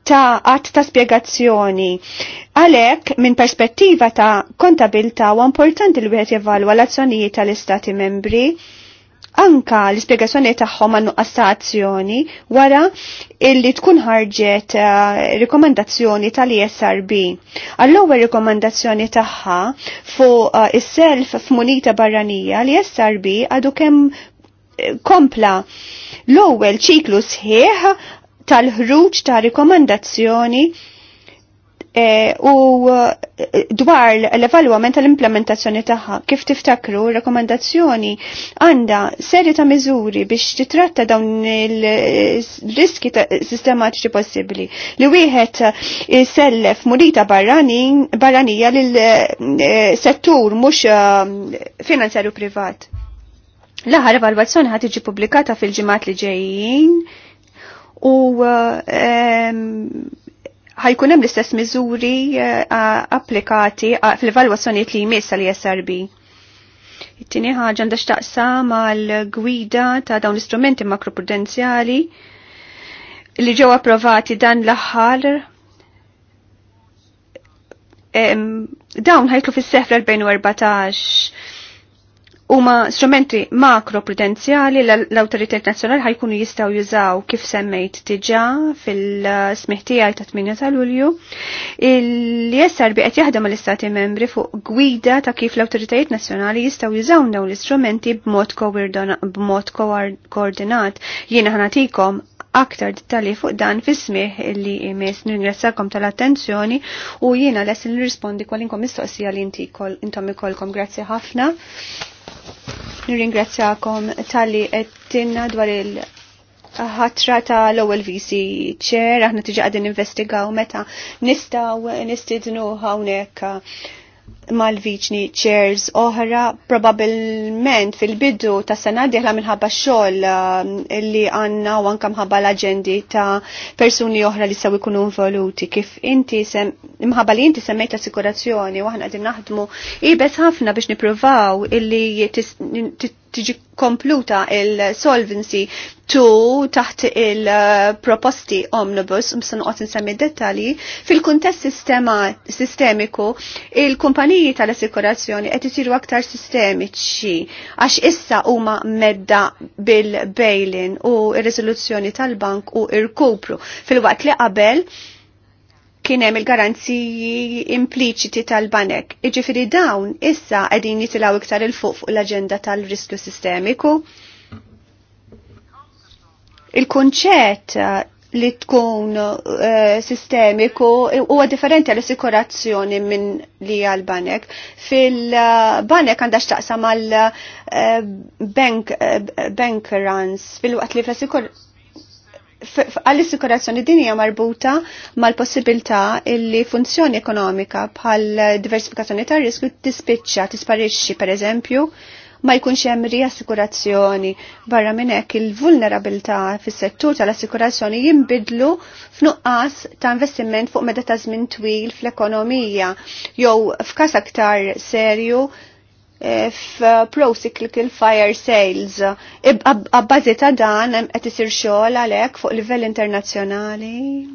ta' għat ta' spiegazzjoni. Għalek, minn perspettiva ta' kontabilta u importanti li wieħed jevalwa l-azzjonijiet tal-Istati membri, anka l-ispiegazzjoni tagħhom għannu assazzjoni wara illi tkun ħarġet uh, rikomandazzjoni tal isrb Għall-ewwel rikomandazzjoni tagħha fuq uh, is-self f'munita barranija li SRB għadu kemm eh, kompla l-ewwel ċiklu sħiħ tal-ħruġ ta' rikomandazzjoni E, u e, dwar l-evaluament tal-implementazzjoni tagħha, kif tiftakru rekomendazzjoni għandha serje ta' miżuri biex titratta dawn il-riski sistematiċi possibbli. Li wieħed sellef murita barranija lill e, settur mhux e, finanzjarju privat. L-aħħar evalwazzjoni ħad tiġi pubblikata fil-ġimgħat li ġejjin u ehm, ħajkun hemm l-istess miżuri eh, applikati fl-evalwazzjonijiet li jmiss għal ISRB. It-tieni ħaġa għandha xtaqsam għall gwida ta' dawn l-istrumenti makroprudenzjali li ġew approvati dan l-aħħar ehm, dawn ħajklu fis sefra l-2014 huma strumenti makro makroprudenzjali l-autoritet nazzjonali ħajkunu jistaw jużaw kif semmejt diġà fil-smiħtijaj ta' 8 ta' Lulju. Il-jessar bi qed jaħdem l-istati membri fuq gwida ta' kif l-autoritet nazzjonali jistaw jużaw dawn l-istrumenti b'mod koordinat. Jiena ħanatikom aktar dettali fuq dan fis-smih li imis ningrazzakom tal-attenzjoni u jiena lesin nirrispondi kwalinkom mistoqsija li intom ikolkom. Grazzi ħafna. Nirringrazzjakom tal-li għettinna dwar il- ħatra ta' l-ewwel VC chair aħna tiġi qegħdin investigaw meta nistgħu nistidnu hawnhekk mal-viċni chairs oħra probabilment fil-bidu ta' sena diħla minħabba xogħol eh, li għanna u anka mħabba l agendi ta' persuni oħra li saw kunu involuti. Kif inti sem mħabba li inti semmejt assikurazzjoni u aħna għadin naħdmu ibes ħafna biex nippruvaw illi tiġi kompluta il-solvency tu taħt il-proposti omnibus, msan uqot nsemmi dettali, fil-kuntest sistemiku, il-kumpaniji tal-assikurazzjoni qed isiru aktar sistemiċi, għax issa huma medda bil-bailin u ir-riżoluzzjoni tal-bank u ir-kupru. Fil-waqt li qabel, kien hemm il-garanziji impliċiti tal-banek. Iġifieri dawn issa qegħdin jitilgħu iktar il fuq fuq l-aġenda tal-riskju sistemiku. Il-kunċett eh, li tkun uh, sistemiku huwa differenti għal assikurazzjoni minn li għal banek. Fil-banek għandax taqsam għal eh, bank, bank runs fil-waqt li fl-assikurazzjoni għall-assikurazzjoni din hija marbuta mal-possibilità li funzjoni ekonomika bħal diversifikazzjoni tar riskju tispiċċa, tisparixxi pereżempju, ma jkunx hemm riassikurazzjoni barra minn hekk il-vulnerabilità fis-settur tal-assikurazzjoni jinbidlu f'nuqqas ta' investiment fuq meta ta' żmien twil fl-ekonomija jew f'każ aktar serju f uh, Cyclical fire sales. Abbażi ta' dan qed isir xogħol għalhekk fuq livell internazzjonali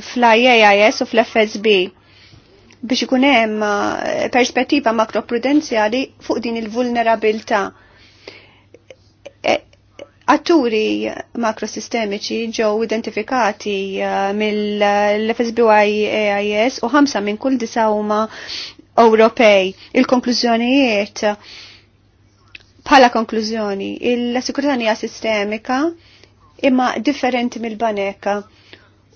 fl-IAIS e u fl-FSB biex ikun hemm uh, perspettiva makroprudenzjali fuq din il-vulnerabilità. E, atturi makrosistemiċi ġew identifikati uh, mill-FSBY AIS e u ħamsa minn kull disa huma Ewropej. Il-konklużjonijiet bħala konklużjoni, il-sikurità sistemika imma differenti mill-baneka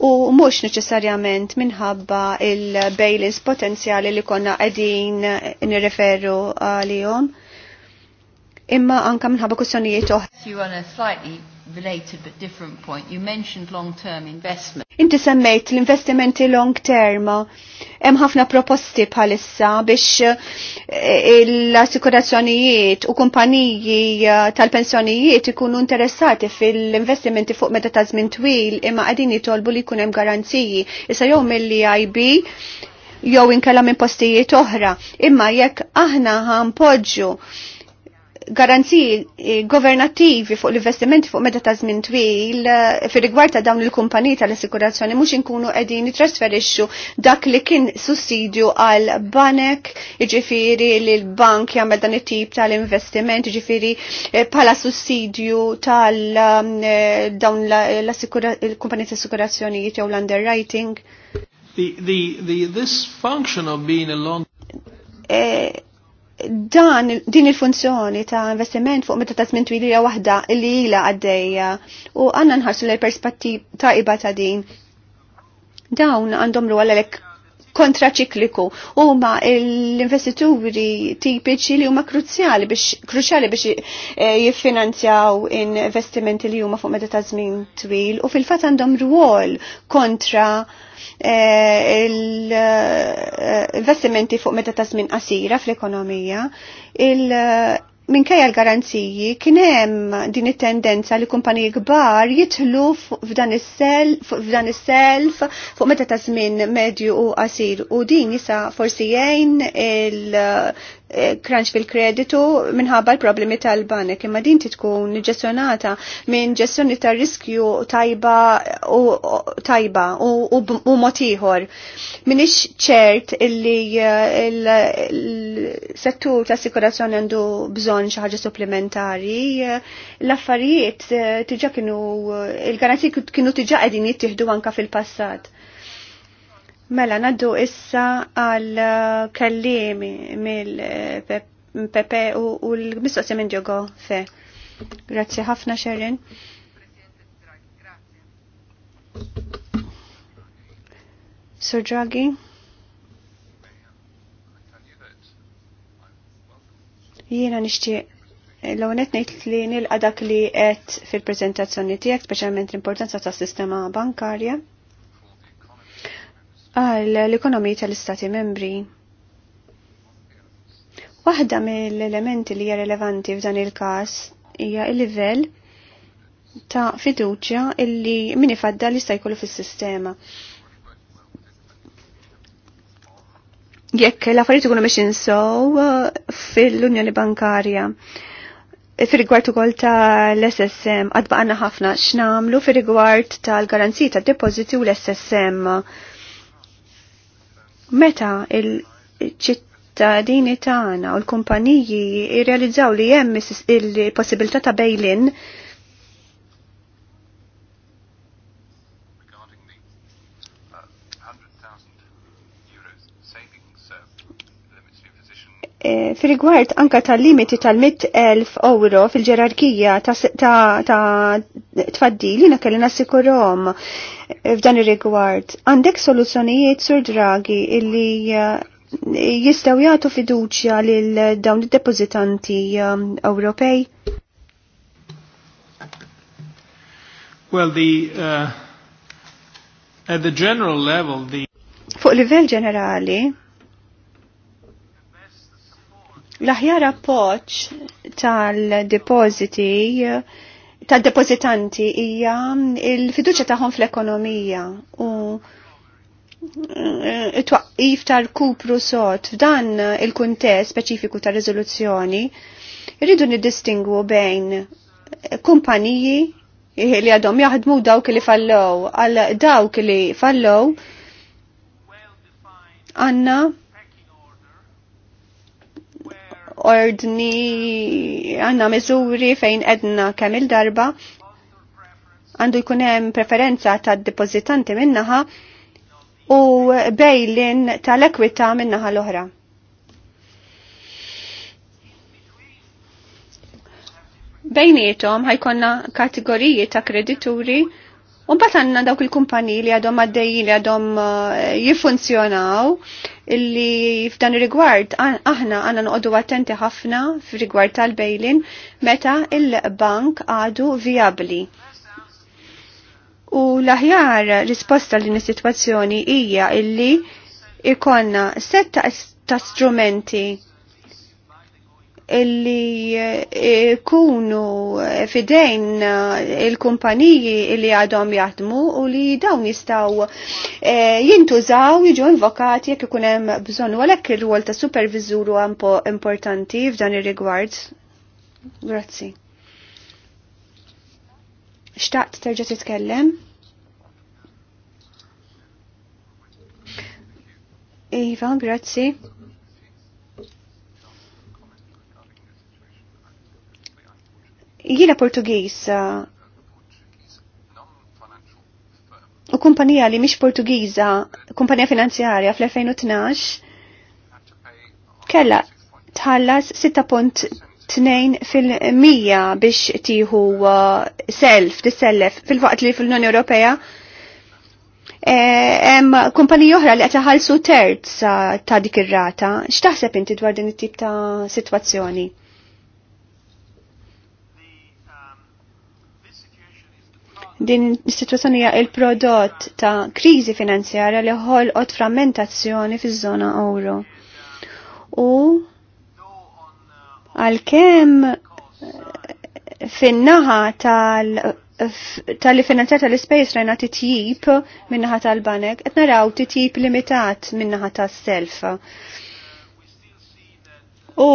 u mhux neċessarjament minħabba il-bailins potenzjali li konna qegħdin nirreferru għalihom imma anka minħabba kussjonijiet oħra related but different point. You mentioned long-term investment. Inti semmejt l-investimenti long-term. Hemm ħafna proposti bħalissa biex eh, l-assikurazzjonijiet u kumpaniji eh, tal-pensjonijiet ikunu interessati fil-investimenti fuq meta ta' żmien twil imma qegħdin jitolbu li jkun hemm garanziji. Issa jew mill-IB jew inkella minn postijiet oħra. Imma jekk aħna ħanpoġġu garanziji eh, governattivi fuq l-investimenti fuq meta ta' żmien twil eh, fir rigward ta' dawn il-kumpaniji tal-assikurazzjoni mhux inkunu qegħdin jitrasferixxu dak li kien sussidju għal banek, jiġifieri li l-bank jagħmel dan it-tip tal-investiment, jiġifieri eh, bħala sussidju tal dawn l-kumpaniji tal-assikurazzjonijiet jew l-underwriting. The, the, the, this function of being a long dan din il-funzjoni ta' investiment fuq meta ta' twilija waħda li ila għaddejja u għandna nħarsu l perspettiv ta' iba ta' din. Dawn għandhom l għalek kontraċikliku huma l-investituri tipiċi li huma kruċjali biex kruċjali biex eh, jiffinanzjaw investimenti li huma fuq meta ta' żmien twil u fil-fatt għandhom rwol kontra eh, l-investimenti eh, fuq meta ta' żmien qasira fl-ekonomija minkejja l-garanziji kien hemm din it-tendenza li kumpaniji kbar jitħlu f'dan is-self fuq meta ta' żmien medju u qasir u din jisa forsi jgħin Eh, crunch fil-kreditu minħabba l-problemi tal-banek imma din titkun ġessjonata minn ġestjoni tar riskju tajba u tajba u, u, u motiħor. Minix ċert illi eh, l settur ta' assikurazzjoni għandu bżon xaħġa supplementari l-affarijiet tiġa eh, kienu il-garanzi kienu tiġa għedin jittihdu anka fil-passat Mela, naddu issa għal uh, kallimi mill-Pepe uh, u l-mistoqsi minn Diogo fe. Grazzi ħafna, Sherin. Sir Draghi. Jiena nixtieq l-għonet nejt li nil dak li għet fil-prezentazzjoni tijek, specialment l-importanza ta' sistema bankarja għal l-ekonomija tal-Istati membri. Waħda mill-elementi li hija rilevanti f'dan il-każ hija il-livell ta' fiduċja illi min ifadda li sta' jkollu fis-sistema. Jekk l-affarijiet ikunu biex insow uh, fil-Unjoni Bankarja eh, fil-rigward ukoll ta' l-SSM, għadbaqna ħafna x'namlu fil-rigward tal-garanziji tad-depożiti u l-SSM. Meta il-ċittadini tagħna u l-kumpaniji jirrealizzaw li hemm il-possibilità ta' bejlin eh, fi rigward anka tal-limiti tal-100.000 euro fil-ġerarkija ta', ta, ta tfaddil, kelli f'dan ir-rigward. Għandek soluzzjonijiet sur dragi illi eh, jistaw jagħtu fiduċja lil dawn id-depożitanti eh, Ewropej? Well, the uh, at the general level, the fuq livell ġenerali l-aħjar appoġġ tal-depositi uh, tal-depozitanti hija il-fiduċa tagħhom fl-ekonomija u eh, it-twaqqif tal-kupru sot f'dan il-kuntest speċifiku ta' riżoluzzjoni irridu niddistingwu bejn kumpaniji li għadhom jaħdmu dawk li fallow għal dawk li fallow għanna ordni għanna miżuri fejn edna kemm il-darba għandu jkun hemm preferenza tad depozitanti minnaħa u bejlin tal-ekwita minnaħa l-oħra. Bejnietom ħajkonna kategoriji ta' kredituri bat għanna dawk il-kumpani li għadhom għaddejjin li għadhom uh, jifunzjonaw illi f'dan rigward aħna għanna noqdu attenti ħafna f'rigward tal-bejlin meta il-bank għadu viabli. U l-aħjar risposta l din is-sitwazzjoni hija illi ikonna setta ta' strumenti illi eh, kunu fidejn il-kumpaniji illi għadhom jaħdmu u li dawn jistaw eh, jintużaw jiġu invokati jekk ikun hemm bżonn u għalhekk ir-rwol ta' supervizur huwa importanti f'dan ir-rigward. Grazzi. Xtaqt terġa' titkellem? Iva, grazzi. Jiena Portugiż uh, u kumpanija li mhix Portugiża, kumpanija finanzjarja fl-2012 kella tħallas 6.2 fil-mija biex tiħu uh, self, tisellef fil-waqt li fil-Unjoni Ewropea e, hemm kumpaniji oħra li qed iħallsu terz uh, ta' dik ir-rata. X'taħseb inti dwar din it-tip ta' sitwazzjoni? Din is-sitwazzjoni hija il-prodott ta' kriżi finanzjarja li ħolqot frammentazzjoni fiż-żona euro. U għalkemm eh, fin-naħa tal tal-li finanzjata l-space rajna titjib minnaħa tal-banek, etna naraw titjib limitat minnaħa tal-self. U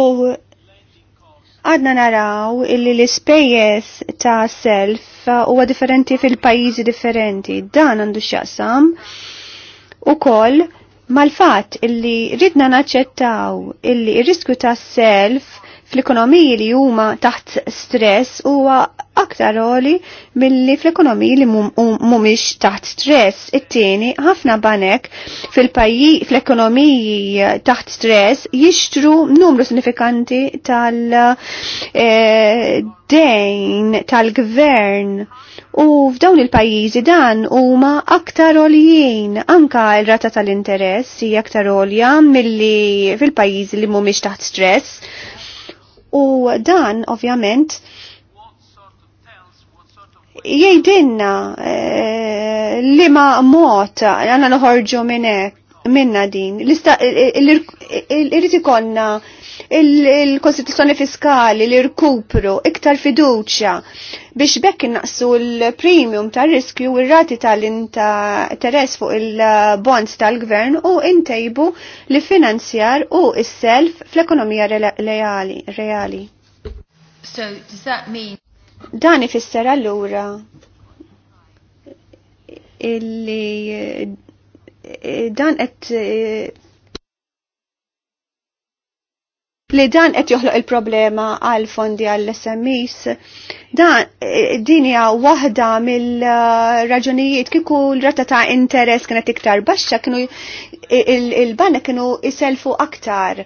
għadna naraw illi l-ispejjeż ta' self huwa differenti fil-pajjiżi differenti. Dan għandu x'jaqsam ukoll mal-fatt illi ridna naċċettaw illi r-riskju ta' self fl-ekonomiji li huma taħt stress huwa aktar roli milli fl-ekonomiji li mhumiex um, taħt stress. It-tieni ħafna banek fil-pajji fl-ekonomiji taħt stress jixtru numru sinifikanti tal-dejn eh, tal-gvern u f'dawn il-pajjiżi dan huma aktar rolijin anka l-rata tal-interess hija aktar rolja milli fil-pajjiżi li mhumiex taħt stress U dan, ovvjament, jgħidinna eh, li ma mot għanna noħorġu minna din. Irrit ikonna il-Kostituzzjoni Fiskali, l-irkupru, iktar fiduċja biex bekk naqsu l-premium tar riskju u r-rati tal-interess fuq il-bonds tal-gvern u intejbu li finanzjar u s-self fl-ekonomija reali. So, does that mean... Dan ifisser allura illi eh, dan qed eh, li dan qed joħloq il-problema għal fondi għall smis dan eh, dinja waħda mill-raġunijiet kieku l-rata ta' interess kienet iktar baxxa kienu il-banek kienu iselfu aktar.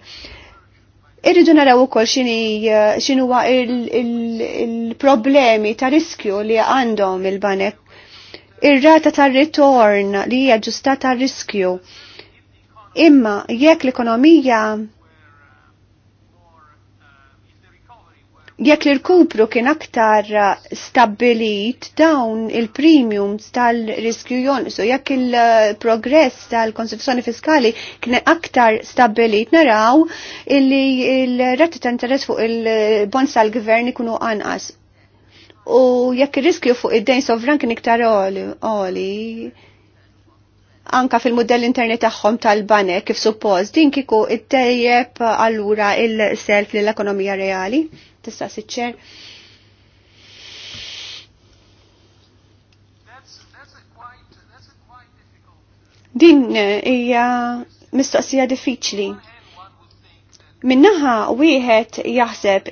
Irridu naraw ukoll x'inhi eh, x'inhuwa il-problemi ta' riskju li għandhom il-banek. Ir-rata ta' ritorn li hija ġustata riskju. Imma jekk l-ekonomija jekk l-kupru kien aktar eh, stabilit dawn il-premiums tal-riskju so jekk il-progress tal-konstituzzjoni fiskali kien aktar stabilit, naraw illi il-rati ta' interess fuq il-bonds tal-gvern ikunu anqas. U jekk il-riskju fuq id-dejn sovran kien iktar oli, anka fil-modell interni tagħhom tal-banek kif suppost din kiku it-tejjeb allura il-self lill-ekonomija reali? tista' siċċer. Din eh, hija mistoqsija diffiċli. Minnaħa wieħed jaħseb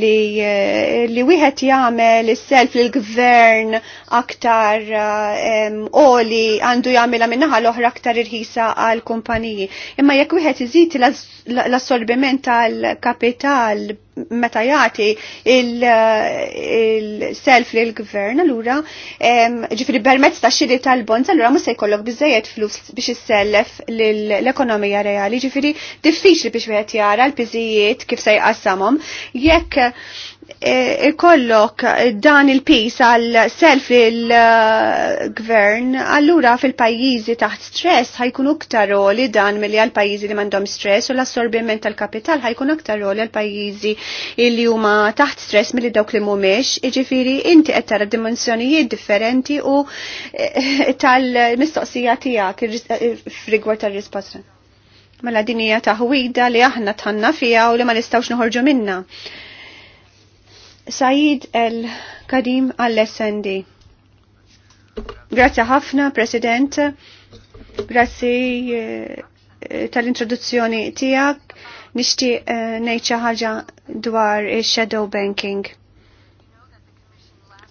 li eh, li wieħed jagħmel is-self lil gvern aktar eh, oli għandu jagħmilha minnaħa l-oħra aktar irħisa għal kumpaniji. Imma jekk wieħed iżid l-assorbiment tal-kapital meta jagħti il-self il lil gvern allura ġifri permezz ta' xiri tal-bonds allura mhux se jkollok biżejjed flus biex issellef l-ekonomija reali ġifri diffiċli biex wieħed jara l-piżijiet kif se jqassamhom jekk E, ikollok dan il-pis għal self il-gvern, allura fil-pajjiżi taħt stress ħajkun uktar roli dan milli għal pajjiżi li m'għandhom stress u l-assorbiment tal-kapital ħajkun uktar roli għal pajjiżi li huma taħt stress milli dawk li mhumiex, jiġifieri inti qed tara dimensjonijiet differenti u e, tal-mistoqsija tiegħek f'rigwar tar-risposta. Mela din hija taħwida li aħna tħanna fiha u li ma nistgħux noħorġu minnha Said El-Kadim għall-SND. Grazie ħafna, President. Grazie eh, tal-introduzzjoni tijak. Nishti eh, nejċa ħaġa dwar shadow banking.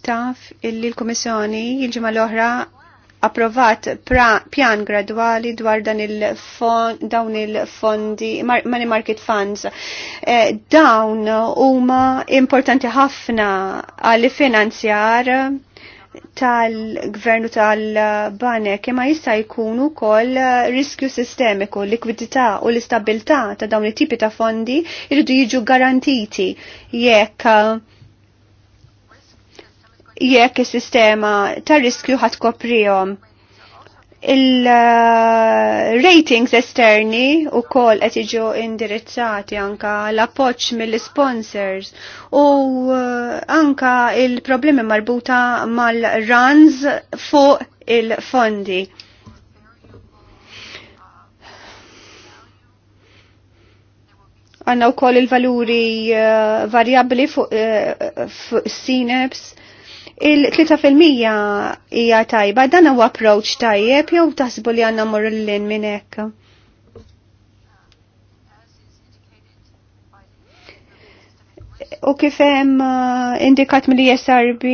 Taf li l-Komissjoni il-ġimma l-oħra approvat pjan gradwali dwar dan il dawn il-fondi, money market funds. E, dawn huma importanti ħafna għal finanzjar tal-gvernu tal-banek imma jista' jkunu kol riskju sistemiku, likwidità u l-istabilità ta' dawn it-tipi ta' fondi jridu jiġu garantiti jekk jekk is-sistema tar riskju ħat koprijom. Il-ratings uh, esterni u kol qed jiġu indirizzati anka l-appoġġ mill-sponsors u uh, anka il-problemi marbuta mal-runs fuq il-fondi. Għanna u kol il-valuri uh, variabli fuq uh, fu Il-3% hija tajba, dan huwa approach tajjeb jew taħsbu li għandna mmur lil minn hekk. U kif hemm uh, indikat mill ISRB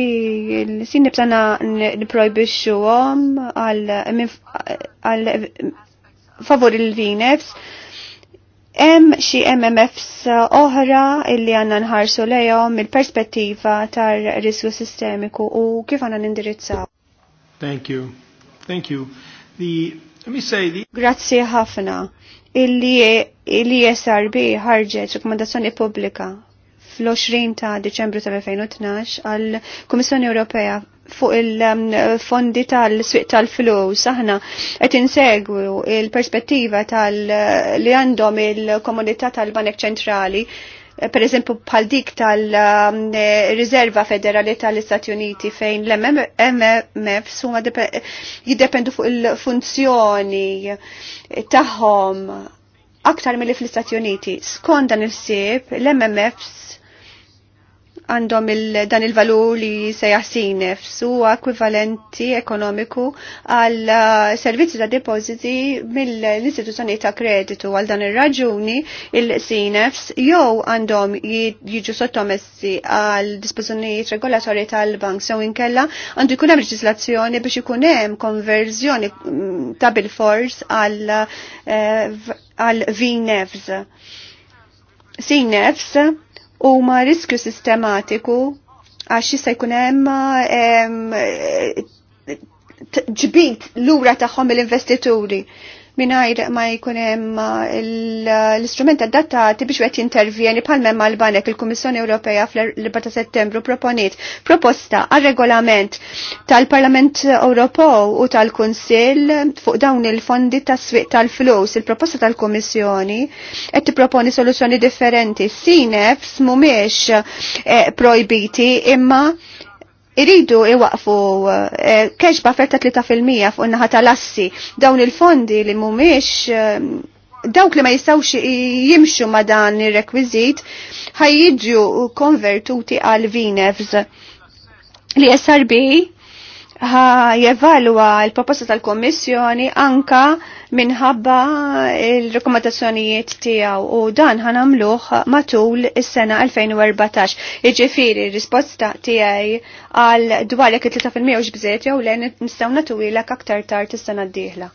sin nibsana niprojbixxuhom għal favur il-vinefs Hemm xi MMFs oħra illi għandna nħarsu lejhom mill-perspettiva tar-riskju sistemiku u kif għandna nindirizzaw. Thank you. Thank you. The, let me say the... Grazzi ħafna illi illi e SRB ħarġet rekomendazzjoni pubblika fl-20 ta' Deċembru tal-2012 għal Kummissjoni Ewropea fuq il-fondi tal-swiq tal-flus. Aħna qed insegwu il-perspettiva tal li għandhom il-komunità tal-Banek Ċentrali per eżempju bħal dik tal-Riserva Federali tal-Istati Uniti fejn l-MMF suma jiddependu fuq il-funzjoni tagħhom aktar mill fl-Istati Uniti. Skont dan il-sib, l-MMFs għandhom il, dan il-valur li se jaħsin nefsu ekwivalenti ekonomiku għal uh, servizzi ta' depositi mill-istituzzjoni ta' kreditu għal dan ir-raġuni il-CNFs jew għandhom jiġu sottomessi għal dispożizzjonijiet regolatorji tal-bank sew inkella għandu jkun hemm leġislazzjoni biex ikun hemm konverżjoni mm, ta' bil-fors għal eh, għal VNFs huma riskju sistematiku għax jista' jkun hemm ġbit lura tagħhom mill investituri minajr ma jkunem l-istrument adattati biex għet intervjeni palmem mal-banek il komissjoni Ewropea fl-4 settembru proponiet proposta għal regolament tal-Parlament Ewropew u tal konsil fuq dawn il-fondi ta' sviq tal-flus. Il-proposta tal komissjoni qed tipproponi soluzzjoni differenti. Sinef mhumiex eh, projbiti imma iridu iwaqfu keġba ferta 3% fuq naħa tal-assi dawn il-fondi li mumiex eh, dawk li ma jistawx jimxu ma dan il-rekwizit ħajjiġu konvertuti għal VNEVs li SRB jevalwa l-proposta tal-Kommissjoni anka minħabba il-rekomendazzjonijiet tiegħu u dan ħanamluħ matul is-sena 2014. Iġifieri risposta tiegħi għal dwar jekk 3% u x'bżejt jew lejn nistgħu natwilek aktar tard is-sena d-dieħla.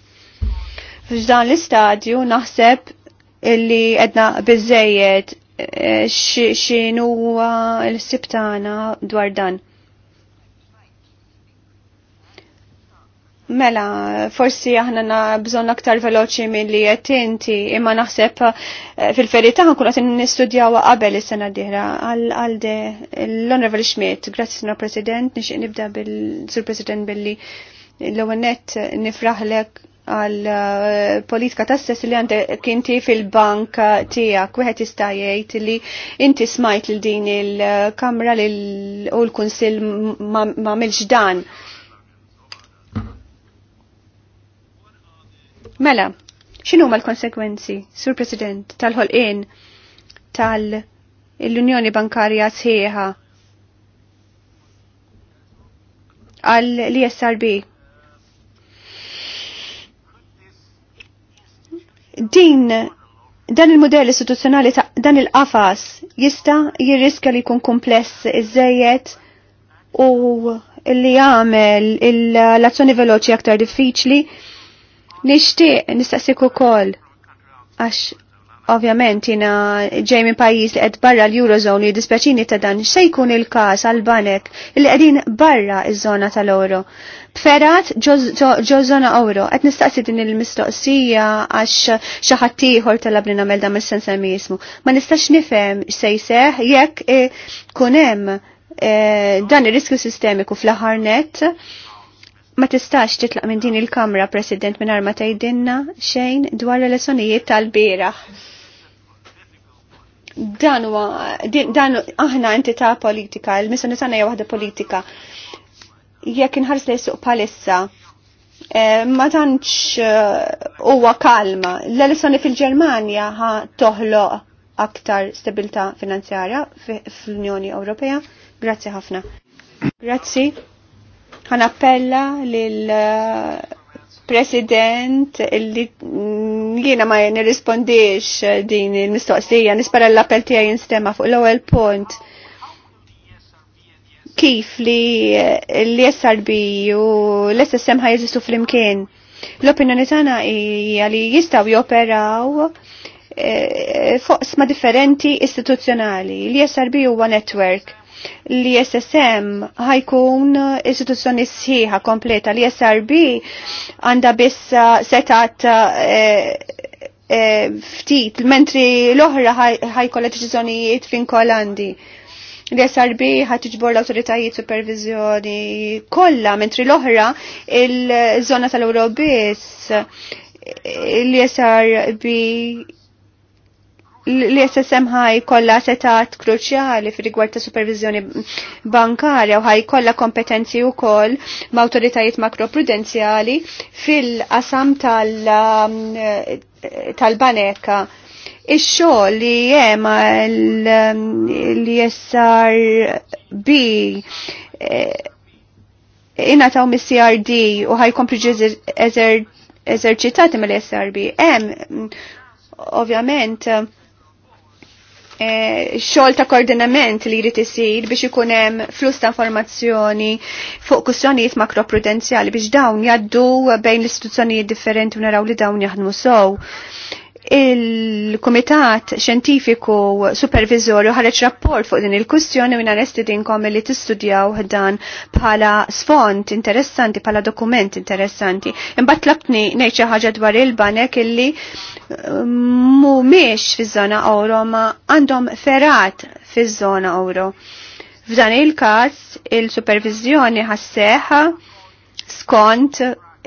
F'dan l-istadju naħseb illi edna biżejjed eh, xinu l-sibtana dwar dan Mela, forsi aħna na bżon aktar veloċi mill-li inti, imma naħseb eh, fil-ferita ħan kulat nistudjawa qabel is-sena diħra għal-għalde l-Honorable Schmidt. Grazzi, Sr. President, nix nibda bil-Sur President billi l-għonet nifraħlek għal-politika eh, tassess li għandek kinti fil-bank tiegħek Wieħed jista' jgħid li inti smajt l din il-Kamra u l-Kunsill ma' dan Mela, xinu ma l-konsekwenzi, Sur President, tal-ħolqin tal-Unjoni Bankarja sħiħa għal-ISRB? Din dan il-modell istituzzjonali ta' dan il-qafas jista' jirriska li jkun kompless iżejjed u li jagħmel l-azzjoni veloċi aktar diffiċli Nishtiq nistaqsik ukoll għax ovvjament jina ġej minn pajjiż li qed barra l-Eurozone li ta' dan se jkun il-każ għal banek li qegħdin barra iż-żona tal-euro. Pferat ġo żona euro qed nistaqsi din il-mistoqsija għax xi ħadd ieħor talab li nagħmel dan mis-sens jismu. Ma nistax nifhem se jseħ jekk eh, kun hemm eh, dan ir-riskju sistemiku fl-aħar net ma tistax titlaq minn din il-kamra, President, minn arma tajdinna xejn dwar l-elezzjonijiet tal-beraħ. Dan huwa dan aħna entità politika, il-missjoni tagħna hija waħda politika. Jekk inħares li suq palissa, eh, ma tantx eh, huwa kalma. L-elezzjoni fil-Ġermanja ħa toħloq aktar stabilità finanzjarja fl-Unjoni Ewropea. Grazzi ħafna. Grazzi appella lil uh, President li mm, jiena ma nirrispondiex uh, din il-mistoqsija, nispara l-appell tiegħi jinstema fuq l-ewwel punt kif li uh, l-SRB u l-SSM ħajżistu fl-imkien. L-opinjoni tagħna hija li jistgħu joperaw fuq sma differenti istituzzjonali. L-SRB huwa network li SSM ħajkun istituzzjoni sħiħa kompleta li SRB għanda biss uh, setat uh, eh, eh, ftit, mentri l-oħra ħajkolla deċiżjonijiet kolandi. Li SRB ħatġbor l-autoritajiet supervizjoni kollha, mentri l-oħra il-żona tal-Eurobis li SRB l-SSM ħaj kolla setat kruċjali fi rigward ta' supervizjoni bankarja u ħaj kolla kompetenzi u koll ma' autoritajiet makroprudenzjali fil-qasam um, tal-baneka. Tal Ix-xogħol li hemm l-SRB eh, ingħataw mis-CRD u ħajkompli eżerċitati mill-SRB hemm mm, ovvjament Eh, xogħol ta' koordinament li jrid isir biex ikun hemm flus ta' informazzjoni fuq kwistjonijiet makroprudenzjali biex dawn jaddu bejn l-istituzzjonijiet differenti u naraw li dawn jaħdmu sow il-Komitat Xentifiku Supervizorju ħareġ rapport fuq din il-kustjoni u nalesti dinkom li tistudjaw dan bħala sfond interessanti, bħala dokument interessanti. Imbat tlabtni ngħid xi ħaġa dwar il-banek illi um, mhumiex fiż-żona euro ma għandhom ferat fiż-żona euro. F'dan il-każ il-supervizjoni ħasseħ skont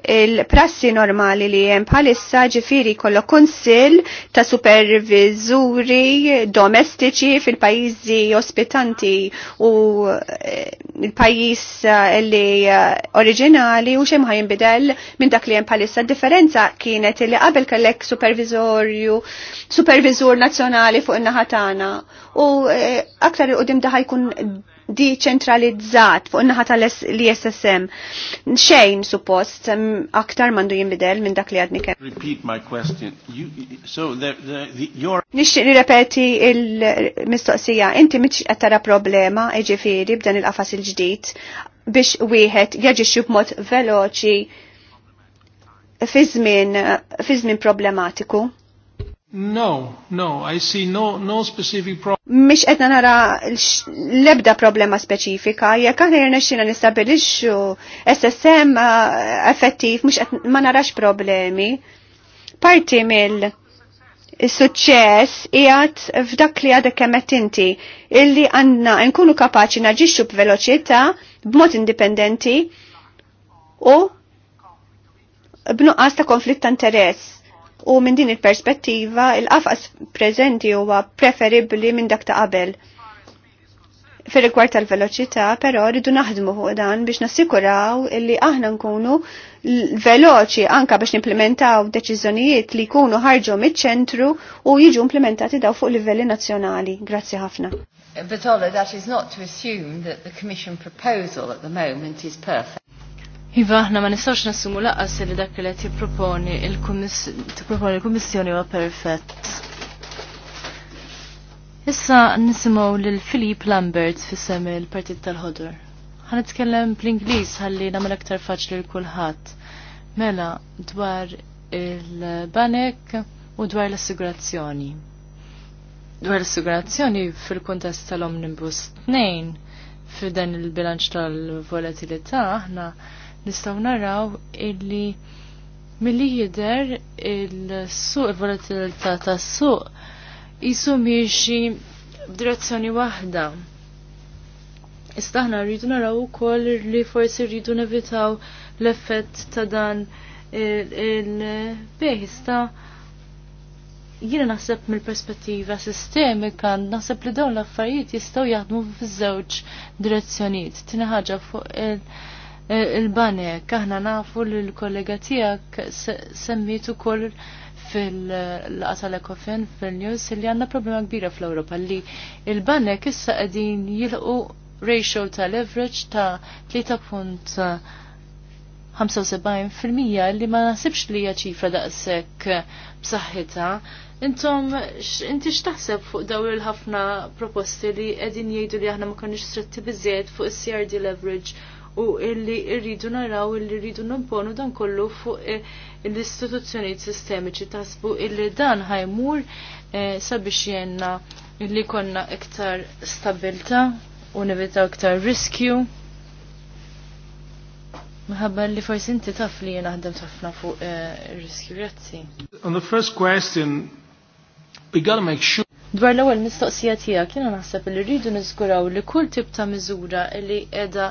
il-prassi normali li jem bħalissa ġifiri kollo konsil ta' supervizuri domestiċi fil-pajizi ospitanti u eh, il-pajis eh, li eh, oriġinali u xemħaj jimbidel minn dak li jem bħalissa differenza kienet li qabel kellek supervizorju supervizur nazjonali fuq in-naħatana u aktar u dim daħa jkun deċentralizzat fuq naħa tal-ISSM. Xejn suppost aktar mandu jinbidel minn dak li għadni kemm. Repeat my question. You, so the, the, the, your... Nixtieq nirrepeti il-mistoqsija. Inti mitx qed tara problema eġifiri b'dan il-qafas il-ġdid biex wieħed jaġixxi b'mod veloċi fi żmien problematiku. No, no, I see no, no specific problem. Mish etna nara lebda problema specifika, jek aħna xina nistabilixxu SSM uh, effettiv, mux ma narax problemi. Parti mill suċċess jgħat f'dak li għadek kemmet inti, illi għanna nkunu kapaċi naġiċu b'veloċità, b'mod indipendenti u b'nuqqas ta' konflitt ta' interess u minn din il-perspettiva il-qafqas preżenti huwa preferibbli minn dak ta' qabel. Fir-rigward tal-veloċità, però rridu naħdmu fuq dan biex nassikuraw illi aħna nkunu veloċi anka biex nimplementaw deċiżjonijiet li jkunu ħarġu miċ-ċentru u jiġu implementati daw fuq livelli nazzjonali. Grazzi ħafna. But Ola, that is not to assume that the Commission proposal at the moment is perfect. Iva, aħna ma nistax nassumu laqqas li dak li qed jipproponi il-Kummissjoni huwa perfett. Issa nisimgħu lil Filip Lambert fisem il-Partit tal-Ħodur. Ħa nitkellem bl-Ingliż ħalli nagħmel aktar faċli l kulħadd. Mela dwar il-banek u dwar l-assigurazzjoni. Dwar l-assigurazzjoni fil-kuntest tal-Omnibus 2 f'dan il-bilanċ tal-volatilità aħna nistaw naraw illi milli jider il-suq, il-volatilità ta' suq jisu miexi b'direzzjoni wahda. Istaħna aħna rridu naraw ukoll li forsi rridu nevitaw l-effett ta' dan il behista jiena naħseb mill-perspettiva sistemika naħseb li dawn l-affarijiet jistgħu jaħdmu fiż-żewġ direzzjonijiet. Tina ħaġa fuq il- il-banek. Aħna nafu li l-kollega tijak semmitu kol fil-laqta l-ekofen fil-news li għanna problema kbira fl-Europa li il-banek issa għedin jilqu ratio ta' leverage ta' 3.75% li ma nasibx li hija ċifra daqshekk b'saħħitha. Intom, inti x'taħseb fuq daw il-ħafna proposti li qegħdin jgħidu li aħna ma konniex stretti biżjed fuq is-CRD leverage u illi rridu naraw illi rridu nimponu dan kollu fuq eh, l istituzzjoni sistemiċi tasbu illi dan ħajmur eh, sabiex jenna illi konna iktar stabilta u nivita iktar riskju. Mħabba li forsi inti taf li jena ħdem tafna fuq eh, riskju grazzi. On the first question, we gotta make sure Dwar l-ewwel mistoqsija tiegħek jiena naħseb li rridu niżguraw li kull tip ta' miżura li qiegħda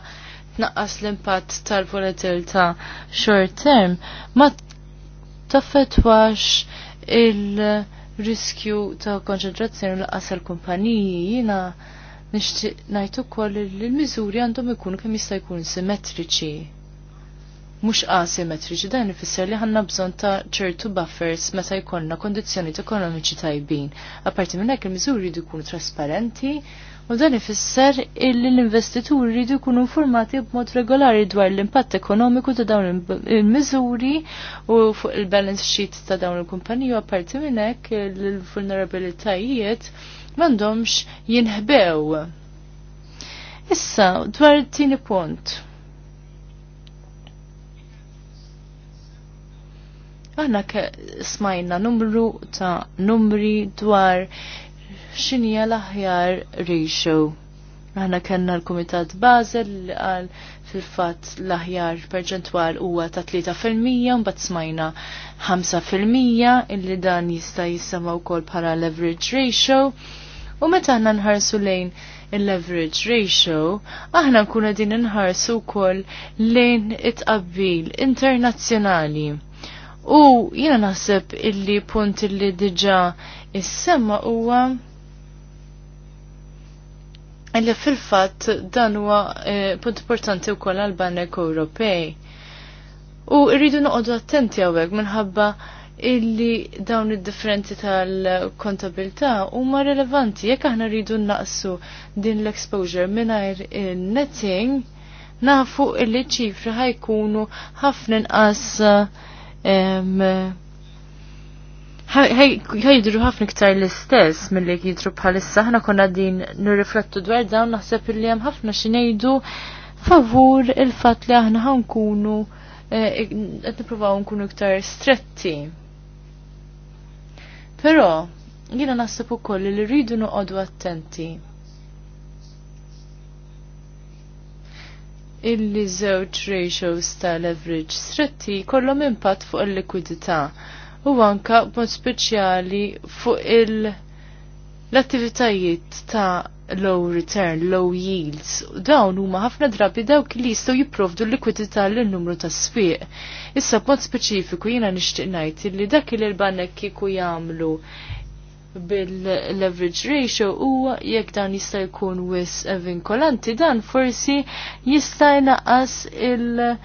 tnaqqas l-impatt tal-volatilità short term ma taffetwax il-riskju ta' konċentrazzjoni l għal-kumpaniji jina nishtiq najtu koll li l-mizuri għandhom ikunu kemm jista' jkun simmetriċi. Mhux asimetriċi dan ifisser li ħanna bżonn ta' ċertu buffers meta jkollna kondizzjonijiet ekonomiċi tajbin. Apparti minn hekk il-miżuri jridu jkunu trasparenti, U dan ifisser illi l-investituri jridu jkunu informati b'mod regolari dwar l-impatt ekonomiku ta' dawn il-miżuri u fuq il-balance sheet ta' dawn il-kumpaniju apparti minn hekk il-vulnerabilitajiet m'għandhomx jinħbew. Issa dwar it-tieni punt. Aħna smajna numru ta' numri dwar xinija l-aħjar ratio. Aħna kellna l-Kumitat Basel li qal fil-fatt l-aħjar perċentwal huwa ta' 3% mbagħad smajna 5% illi dan jista' jisema wkoll bħala leverage ratio. U meta aħna nħarsu lejn il-leverage ratio, aħna nkun din nħarsu wkoll lejn it-qabbil internazzjonali. U jiena naħseb illi punt illi diġa' is-semma huwa Illi fil-fat dan huwa eh, punt importanti wkoll għal banek Ewropej. U rridu noqogħdu attenti hawnhekk minħabba illi dawn id-differenti tal-kontabilta huma relevanti jekk aħna rridu naqsu din l-exposure mingħajr il-netting nafu illi ċifri ħajkunu ħafna inqas ħajdru ħafna iktar l-istess mill-li jidru bħalissa ħna konna din nirriflettu dwar dawn naħseb li hemm ħafna xi ngħidu favur il-fatt li aħna ħankunu eh, qed nippruvaw nkunu iktar stretti. Però jiena naħseb ukoll li rridu noqogħdu attenti. Illi żewġ ratios tal leverage stretti kollhom impatt fuq il-likwidità u anka mod speċjali fuq il- l-attivitajiet ta' low return, low yields, dawn huma ħafna drabi dawk li jistgħu jipprovdu l-likwidità lil numru ta' swieq. Issa b'mod speċifiku jiena nixtieq ngħid li dak li l-banek kieku jagħmlu bil-leverage ratio huwa jekk dan jista' jkun wis vinkolanti dan forsi jista' jnaqqas il-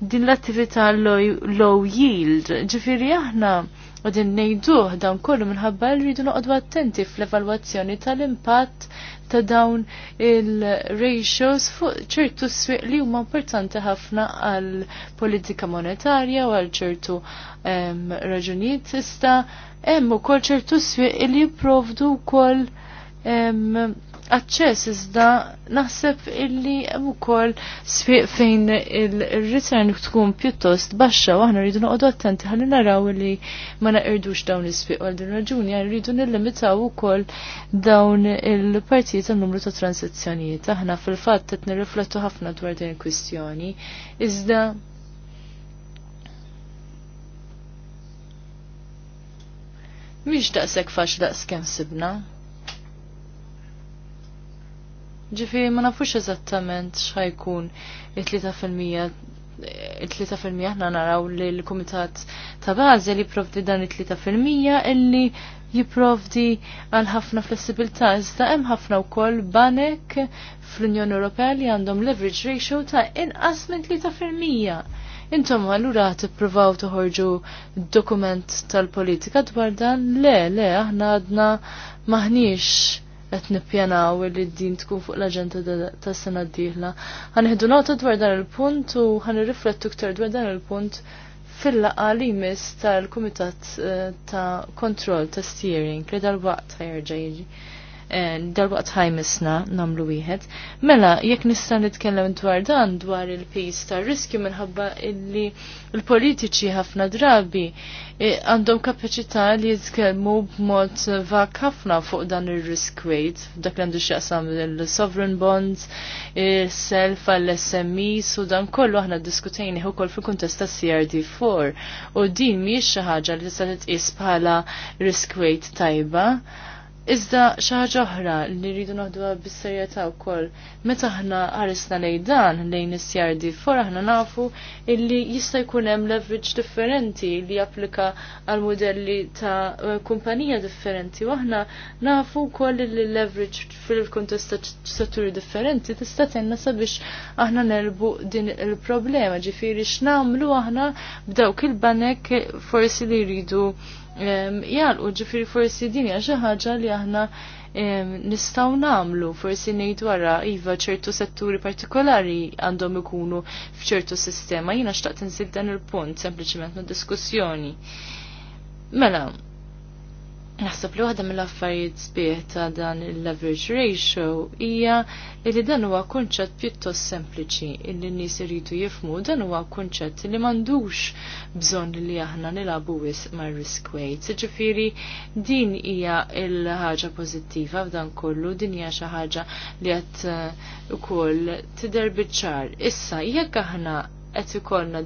din l-attività low yield. Ġifiri aħna u din nejduh dan kollu minħabba l rridu noqogħdu attenti fl-evalwazzjoni tal-impatt ta' dawn il-ratios fuq ċertu swieq li huma importanti ħafna għal politika monetarja u għal ċertu raġunijiet issa hemm ukoll ċertu swiq li jipprovdu wkoll aċċess iżda naħseb illi hemm ukoll sfiq fejn il-return tkun pjuttost baxxa u aħna rridu noqogħdu attenti ħalli naraw li ma naqirdux dawn is-sfiq għal din raġuni għal rridu nillimitaw ukoll dawn il-partijiet għan numru ta' transizzjonijiet. Aħna fil-fatt qed nirriflettu ħafna dwar din il-kwistjoni iżda Mhix daqshekk faċ da skem sibna. Ġifiri ma nafux eżattament xħajkun il-3% il-3% ħna naraw li l-Kumitat ta' Bażi li provdi dan il-3% illi jiprovdi għal ħafna flessibilità iżda hemm ħafna wkoll banek fl-Unjoni Ewropea li għandhom leverage ratio ta' inqas minn 3%. Intom allura tippruvaw toħorġu dokument tal-politika dwar dan le le aħna għadna maħniex qed nippjanaw li din tkun fuq l-aġenda tas sena d-dieħla. Ħanieħdu nota dwar dan il-punt u riflettu iktar dwar dan il-punt fil-laqa li mis tal-Kumitat eh, ta' Kontroll ta' Steering li dal-waqt ħajerġa' jiġi. Eh, darba tħajmisna namlu wieħed. Mela, jekk nista' nitkellem dwar dan dwar il-pis ta' riskju minħabba illi l-politiċi ħafna drabi eh, għandhom kapaċità li jitkellmu b'mod vak ħafna fuq dan ir-risk weight, dak li għandu x'jaqsam il-sovereign bonds, il-self għall smi u dan kollu aħna diskutejni ukoll fil-kuntest ta' CRD4 u din mhijiex xi ħaġa li tista' titqis bħala risk weight tajba Iżda xaħġa oħra li rridu naħdu bis-serjetà wkoll. Meta aħna ħarisna lejn dan lejn is-CRD for aħna nafu illi jista' jkun hemm leverage differenti li japplika għal modelli ta' kumpanija differenti u aħna nafu wkoll li leverage fil-kuntest ta' setturi differenti tista' tenna sabiex aħna nelbu din il-problema ġifieri x'nagħmlu aħna b'dawk il-banek forsi li jridu u ġifiri forsi din hija xi ħaġa li aħna nistaw namlu, forsi ngħid wara, iva ċertu setturi partikolari għandhom ikunu fċertu sistema, Jiena xtaqt nsib dan il-punt, sempliciment ma' diskussjoni. Mela, Naħseb li waħda mill-affarijiet sbieħ ta' dan il-leverage ratio hija li dan huwa kunċett pjuttost sempliċi illi n-nies iridu jifmu dan huwa kunċett li m'għandux bżonn li aħna nilabu wisq mar-risk weight. Ġifieri din hija l-ħaġa pożittiva f'dan kollu, din hija xi ħaġa li qed eh, ukoll tidher biċ-ċar. Issa jekk aħna qed ikollna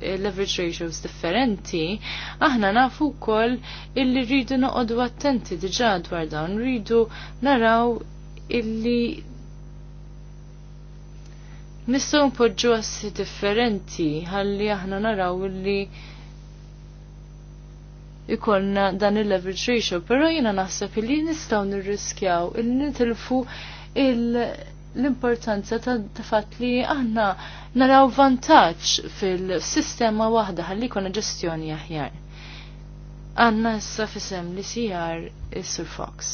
eh, leverage ratios differenti, aħna nafu wkoll illi rridu noqogħdu attenti diġà dwar dawn, rridu naraw illi nistgħu npoġġu assi differenti ħalli aħna naraw illi ikollna dan il-leverage ratio, però jiena naħseb illi nistgħu nirriskjaw illi nitilfu il-, -il l-importanza ta' fatt li aħna naraw vantaġġ fil-sistema waħda ħalli jkollna ġestjoni aħjar. Għanna issa fisem li sijar is-Sur Fox.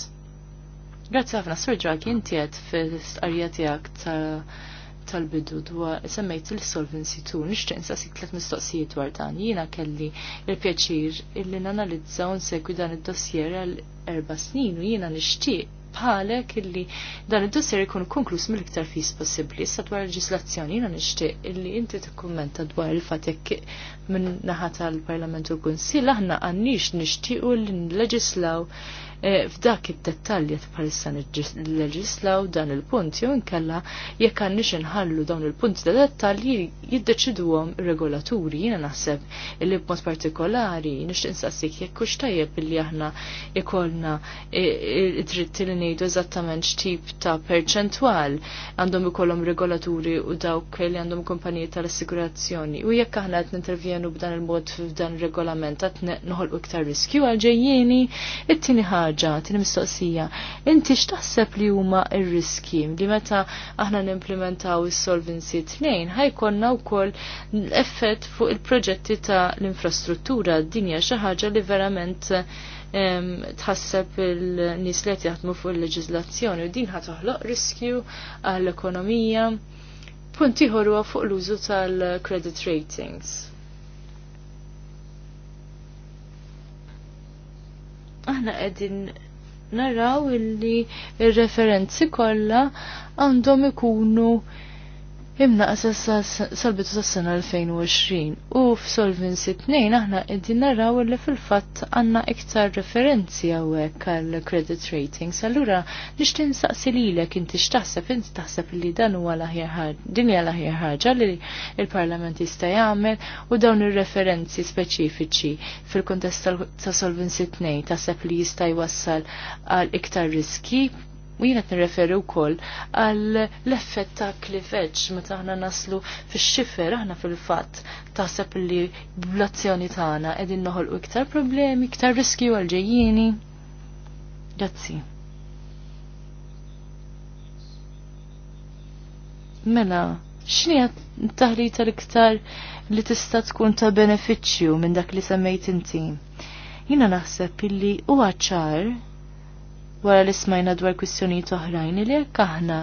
Grazzi ħafna Sur Draghi intiet fil-istqarrija tiegħek ta' tal-bidu dwar semmejt il-solvency tu nixtieq insaqsik tliet mistoqsijiet dwar dan. Jiena kelli il-pjaċir illi nanalizza u nsegwi dan id-dossier għal erba' snin u jiena nixtieq Palek illi dan id-dossier ikun konklus mill-iktar fis possibbli. Issa dwar leġislazzjoni jiena nixtieq illi inti tikkummenta dwar il-fatt jekk minn naħa tal-Parlament u l-Kunsill aħna għandniex nixtiequ li nleġislaw E, f'dak id-dettalji bħalissa nilleġislaw dan il-punt jew inkella jekk għandniex inħallu dawn il-punti ta' dettalji jiddeċiduhom regolaturi jiena naħseb li b'mod partikolari nixtieq insassik jekk hux tajjeb billi aħna ikollna id-dritt e, e, li ngħidu eżattament x'tip ta' perċentwal għandhom ikollhom regolaturi u dawk li għandhom kumpaniji tal-assigurazzjoni u jekk aħna qed nintervjenu b'dan il-mod f'dan ir-regolament qed noħolqu iktar riskju għal ġejjieni, it-tieni ħaġa ħaġa, tin mistoqsija. Inti x'taħseb li huma r-riski li meta aħna nimplementaw is-solvency tnejn ħajkonna wkoll effett fuq il-proġetti ta' l-infrastruttura d-dinja xi ħaġa li verament tħasseb il nies li qed jaħdmu fuq il leġiżlazzjoni u din toħloq riskju għall-ekonomija. Punti ħorwa fuq l-użu tal-credit ratings. aħna qegħdin naraw illi ir-referenzi kollha għandhom ikunu Imna sal salbitu tas-sena 2020 u f'Solvency 2 aħna qegħdin naraw li fil-fatt għandna iktar referenzi għawek għal credit ratings. Allura nixtieq li lilek inti x'taħseb inti taħseb li dan huwa l-aħjar din hija l-aħjar ħaġa li l-Parlament jista' jagħmel u dawn ir-referenzi speċifiċi fil-kontest ta' Solvency 2 taħseb li jista' jwassal għal iktar riski U jiena nirreferi wkoll għal l-effett ta' ma meta aħna naslu fix-xifer aħna fil-fatt taħseb li ta' azzjoni tagħna qegħdin u iktar problemi, iktar riskju għal ġejjieni. Grazzi. Mela, x'nija t-taħlita l-iktar li tista' tkun ta' benefiċċju minn dak li semmejt inti? Jina naħseb illi huwa ċar wara li smajna dwar kwistjonijiet oħrajn li jekk aħna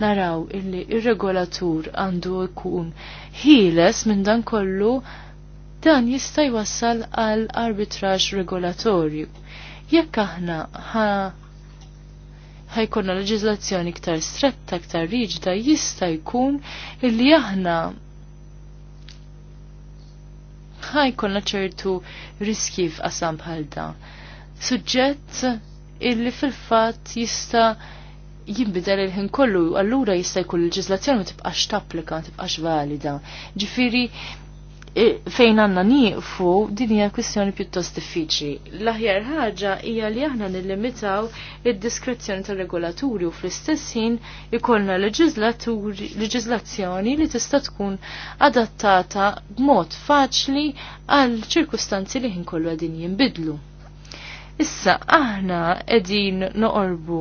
naraw illi ir-regolatur għandu jkun ħieles minn dan kollu dan jista' jwassal għal arbitraġġ regolatorju. Jekk aħna ħa ħajkonna leġiżlazzjoni iktar stretta, iktar riġda, jista' jkun illi aħna ħajkonna ċertu riskif f'qasam bħal dan. Suġġett illi fil-fatt jista' jimbidel il-ħin kollu, allura jista' jkun l-leġislazzjoni ma tibqax tapplika, ma tibqax valida. Ġifieri e, fejn għandna nieqfu din hija kwistjoni pjuttost diffiċli. L-aħjar ħaġa hija li aħna nillimitaw id-diskrezzjoni tar-regolaturi u fl-istess ħin ikollna leġislazzjoni li tista' tkun adattata b'mod faċli għal ċirkustanzi li ħin kollu għadin jinbidlu. Issa aħna qegħdin noqorbu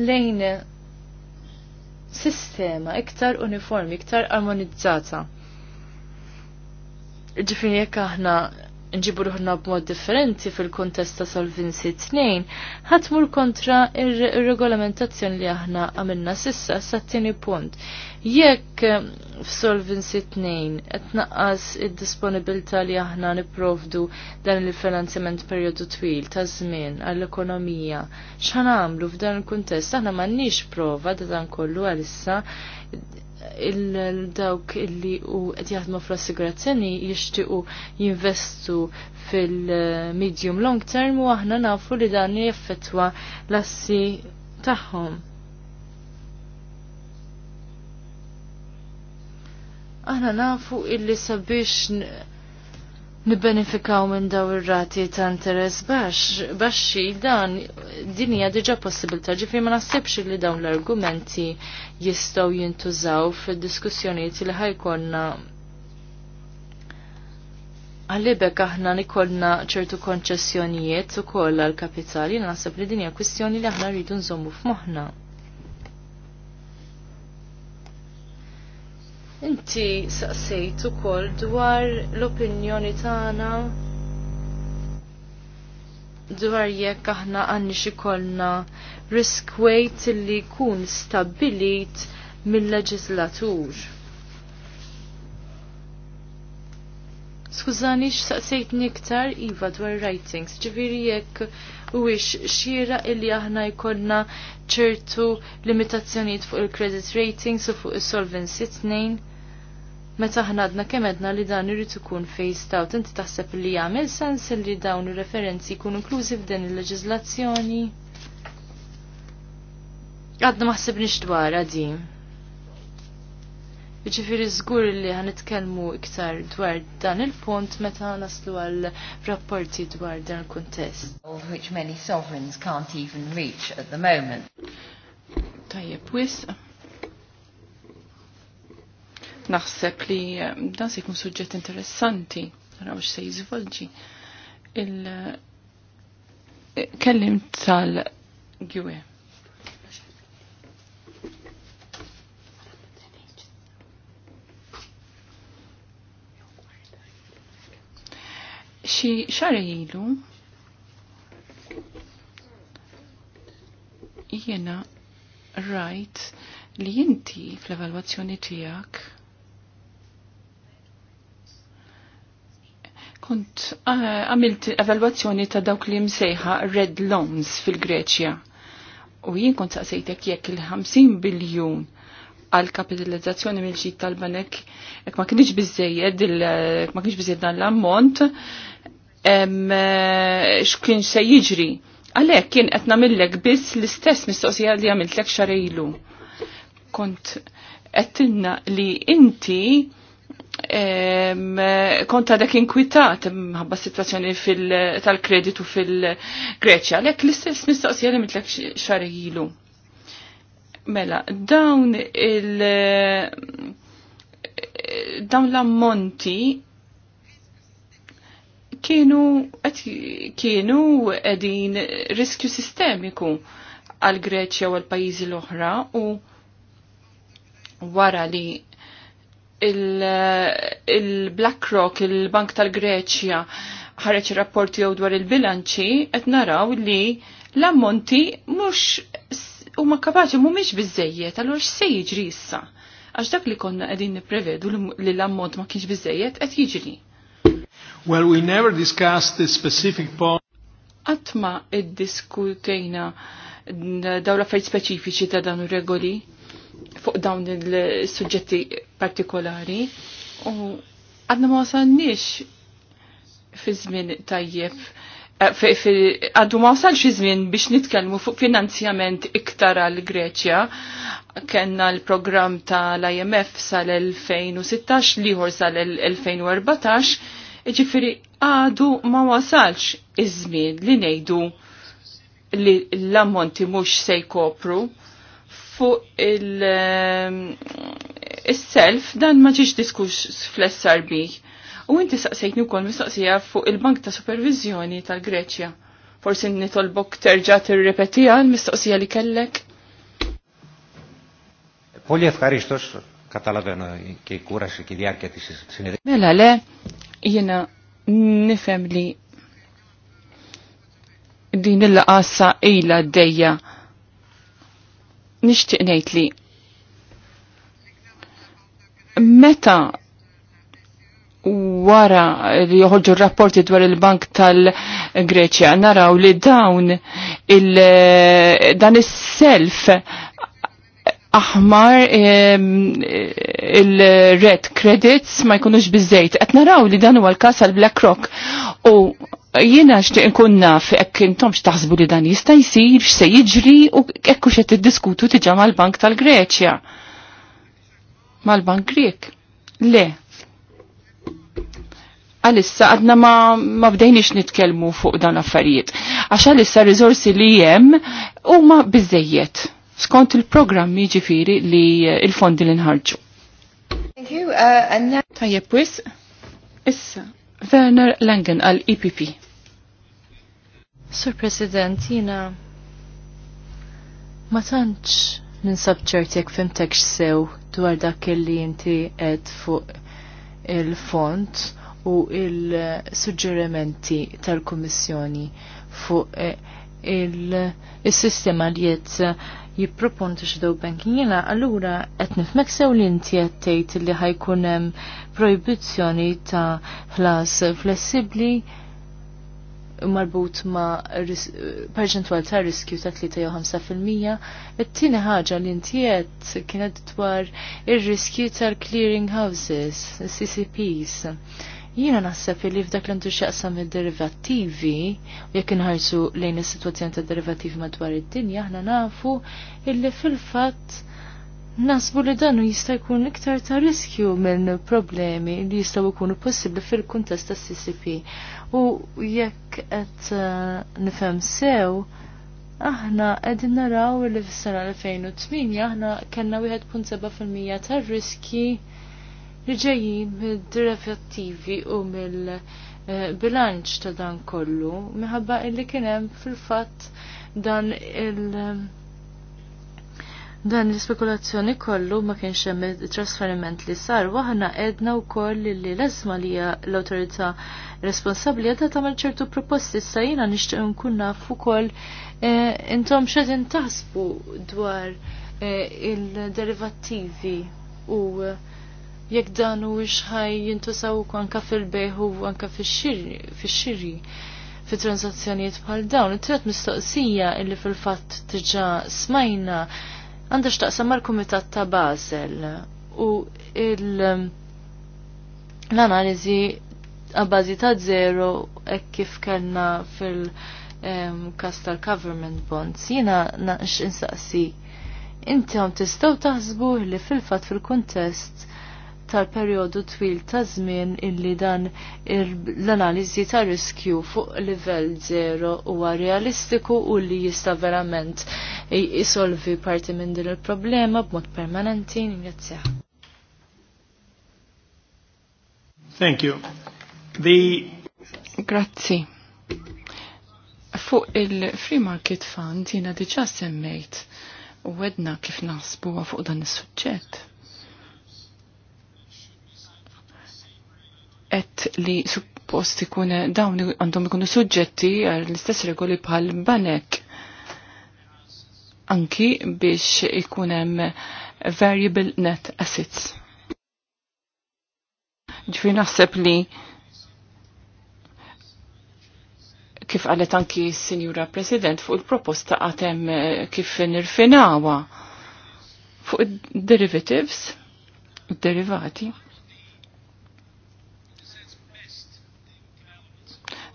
lejn sistema iktar uniformi, iktar armonizzata. Ġifiri jekk aħna nġibu ruħna b'mod differenti fil-kontest ta' Solvency 2, ħatmur kontra ir-regolamentazzjoni li aħna għamilna sissa sa' tieni punt. Jekk eh, f'Solvency 2 qed naqqas id-disponibilità li aħna nipprovdu dan il-finanzjament perjodu twil ta' żmien għall-ekonomija, x'ħan għamlu f'dan il-kuntest aħna m'għandniex prova da dan kollu għalissa il-dawk illi u qed jaħdmu fl-assigurazzjoni jixtiequ jinvestu fil-medium long term u aħna nafu li dan jaffettwa l-assi tagħhom. aħna nafu illi sabiex nibbenefikaw minn daw ir-rati ta' interess baxx xi dan din hija diġà possibilità ġifieri ma nasibx li dawn l-argumenti jistgħu jintużaw fid-diskussjonijiet li ħajkonna għalibek aħna nikolna ċertu konċessjonijiet u koll għal-kapitali, nasab li dinja kwistjoni li aħna rridu nżommu f'moħna. Inti saqsejt ukoll dwar l-opinjoni tagħna dwar jekk aħna għandni xikolna risk weight li jkun stabbilit mill-leġislatur. Skużani x'saqsejtni niktar iva dwar writings, ġifieri jekk huwiex xira illi aħna jkollna ċertu limitazzjonijiet fuq il-credit ratings u fuq is-solvency tnejn meta ħnadna kemm edna li dan irid ikun phased out, inti taħseb li jagħmel sens li dawn ir-referenzi jkunu inklużi f'din il-leġiżlazzjoni? Għadna maħseb nix dwar għadi. Ġifiri zgur li ħanitkellmu iktar dwar dan il-punt meta naslu għal rapporti dwar dan il-kontest. Which many sovereigns can't even reach at the moment. Tajjeb, wisq. Naħseb li eh, dan se jkun suġġett interessanti, naraw se jiżvolġi. Il eh, kellim tal-gwe. Xi xara ilu jiena rajt li inti fl-evalwazzjoni tiegħek kont eh, għamilt evalwazzjoni ta' dawk li msejħa red loans fil-Greċja. U jien kont saqsejtek jekk il-50 biljun għal kapitalizzazzjoni mill ġid tal-banek, jekk ma kienx biżejjed, ma kienx biżejjed dan l-ammont, eh, x'kienx se jiġri. Għalhekk kien qed nagħmilek biss l-istess mistoqsija li għamiltlek xarejlu. Kont qed li inti konta dak inkwitat mħabba situazzjoni tal-kreditu fil-Greċja. Lek l-istess mistoqsija li mitlek xarijilu. Mela, dawn il- dawn l-ammonti kienu kienu edin riskju sistemiku għal Greċja u għal pajizi l-oħra u wara li il-BlackRock, il il-Bank tal-Greċja, ħareċ rapporti jew dwar il-bilanċi, qed naraw li l-ammonti mhux huma kapaċi mhumiex biżejjed, allura x'se jiġri issa? Għax dak li konna qegħdin nipprevedu li l-ammont ma kienx biżejjed qed jiġri. Well, we never discussed the specific point. Għatma id-diskutejna daw l-affarijiet speċifiċi ta' dan regoli fuq dawn il-suġġetti partikolari u għadna ma wasalniex fi żmien tajjeb eh, għaddu ma wasalx iż-żmien biex nitkellmu fuq finanzjament iktar għal Greċja. Kenna l-programm l imf sal-2016 liħor sal-2014, ġifiri għadu ma wasalx iż-żmien li nejdu li l-ammonti mhux se jkopru fuq ehm, il-self dan ma ġiex diskuss fl-SRB. U inti saqsejtni wkoll mistaqsija fuq il-Bank ta' Supervizjoni tal-Greċja. Forsi nitolbok terġa' tirrepetija l-mistoqsija li kellek. Πολύ ευχαρίστως, καταλαβαίνω και η κούραση και η διάρκεια της συνεδρίας. jena nifem li din il laqasa ila dejja nixtieq ngħid li meta wara li joħolġu rapporti dwar il-Bank tal-Greċja naraw li dawn il dan is-self aħmar il-red credits ma jkunux bizzejt. Qed naraw li dan huwa l-każ għal BlackRock u Jiena xtiq nkun naf hekk intom x'taħsbu li dan jista' jsir, x'se jiġri u hekk hux qed tiddiskutu diġà mal-Bank tal-Greċja. Mal-Bank Grek. Le. Għalissa għadna ma, ma bdejniex nitkellmu fuq dan affarijiet. Għax għalissa r-rizorsi li hemm huma bizzejiet. skont il-programmi ġifiri li eh, il-fondi li nħarġu. Thank you, uh, Tajjeb wis, issa Werner Langen għal EPP. Sur President, jina ma tantx ninsab ċertek fimtek sew dwar dak li inti qed fuq il-font u il-suġġerimenti tal-Kummissjoni fuq eh, il-sistema li jett jipproponti x'dow banking jiena allura qed nifmeksew sew li inti qed tgħid li ħajkun hemm proibizzjoni ta' ħlas flessibbli marbut ma' perċentwal ta' riskju ta' 3 jew 5%. It-tieni ħaġa li intiet kienet dwar ir-riskju tal-clearing houses, CCPs. Jiena naħseb li f'dak li ntu xaqsam id-derivattivi, u jekk inħarsu lejn is-sitwazzjoni tad derivativi madwar id-dinja, aħna nafu illi fil-fatt Nasbu li danu jista' jkun iktar ta' riskju minn problemi li jistgħu jkunu possibbli fil-kuntest tas CCP. U jekk qed eh, nifhem sew, aħna qegħdin naraw li fis-sena 2008 aħna kellna 1.7% tar-riski li ġejjin mid-derivativi u mill-bilanċ ta' dan kollu, minħabba illi kienem fil-fat dan il- Dan l-spekulazzjoni kollu ma kienx hemm trasferiment li sar waħna edna wkoll li l-ezma li hija l-awtorità responsabbli qed tagħmel ċertu proposti sa jiena nixtieq nkun naf ukoll eh, intom x'qegħdin taħsbu dwar eh, il-derivattivi u eh, jekk dan u ħaj jintużaw anka fil beħu u anka fix-xiri fi transazzjonijiet bħal dawn. It-tret mistoqsija illi fil-fatt diġà smajna għandax x'taqsam mal-Kumitat ta' Basel u l-analiżi għabbażi ta' zero hekk kif kellna fil-kas tal-government bonds. Jiena naqx insaqsi intom tistaw taħsbu li fil-fat fil-kontest tal-perjodu twil ta' żmien illi dan l-analiżi ta' riskju fuq livell zero huwa realistiku u li jista' verament jisolvi parti minn din il-problema b'mod permanenti. Ningrazzjah. Thank you. The... Grazzi. Fuq il-Free Market Fund jina diġa semmejt u wedna kif nasbu fuq dan is-suġġett et li suppost ikun dawn għandhom ikunu suġġetti għall-istess regoli bħal banek anki biex ikun hemm variable net assets. Ġifi naħseb li kif għalet anki Sinjura President fuq il-proposta għatem kif nirfinawa fuq derivatives, derivati.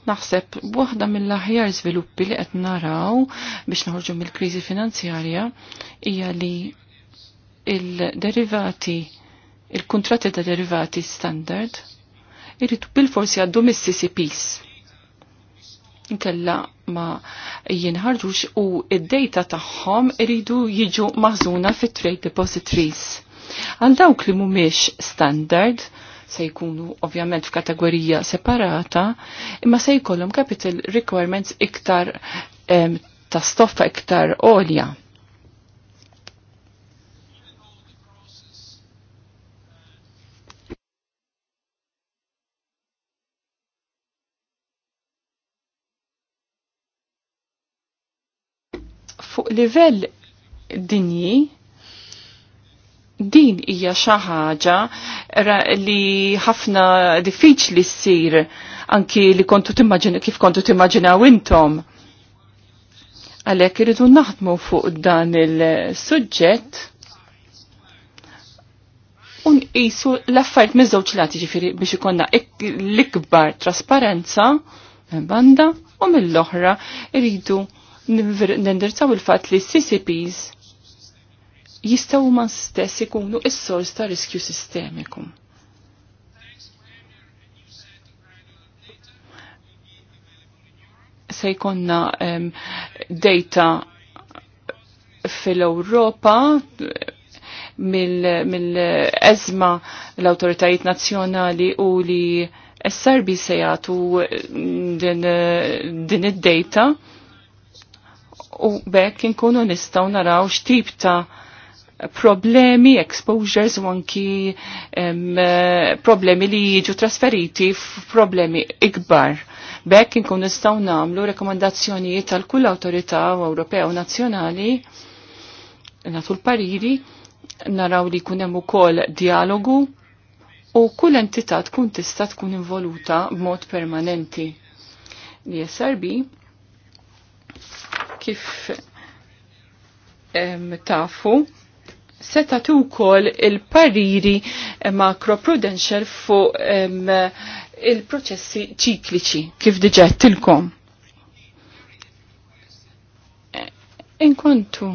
Naħseb waħda mill-aħjar żviluppi li qed naraw biex naħorġu mill-kriżi finanzjarja hija li il-derivati il-kontratti ta' derivati standard irridu bil-forsi għaddu mis-CCPs. Inkella ma jinħarġux u id-data tagħhom iridu jiġu maħżuna fit trade depositories. Għal dawk li mhumiex standard, se jkunu ovvjament f'kategorija separata, imma se jkollhom capital requirements iktar um, ta' stoffa iktar olja. Fuq livell dinji, din hija xi ħaġa li ħafna diffiċli ssir anki li kontu timmaġina kif kontu timmaġinaw intom. Għalhekk irridu naħdmu fuq dan il-suġġett u nqisu l-affarijiet miż-żewġ lati ġifieri biex ikonna l-ikbar trasparenza minn banda u mill-oħra iridu nindirizzaw il-fatt li CCPs jistaw ma stess ikunu is-sors ta' riskju sistemiku. Se jkonna um, data fil-Europa mill-ezma mil l-autoritajiet nazjonali u li s-sarbi se jgħatu din, din id-data u bekk inkunu nistaw naraw x'tip ta' problemi, exposures u anki eh, problemi li jiġu trasferiti f'problemi ikbar. Bekk inkun nistgħu nagħmlu rekomandazzjonijiet tal kull awtorità Ewropea u nazzjonali nagħtu l-pariri naraw li jkun hemm ukoll dialogu u kull entità tkun tista' tkun involuta b'mod permanenti. Li SRB kif tafu seta kol il-pariri macroprudential fuq il-proċessi ċikliċi kif diġettilkom. Inkontu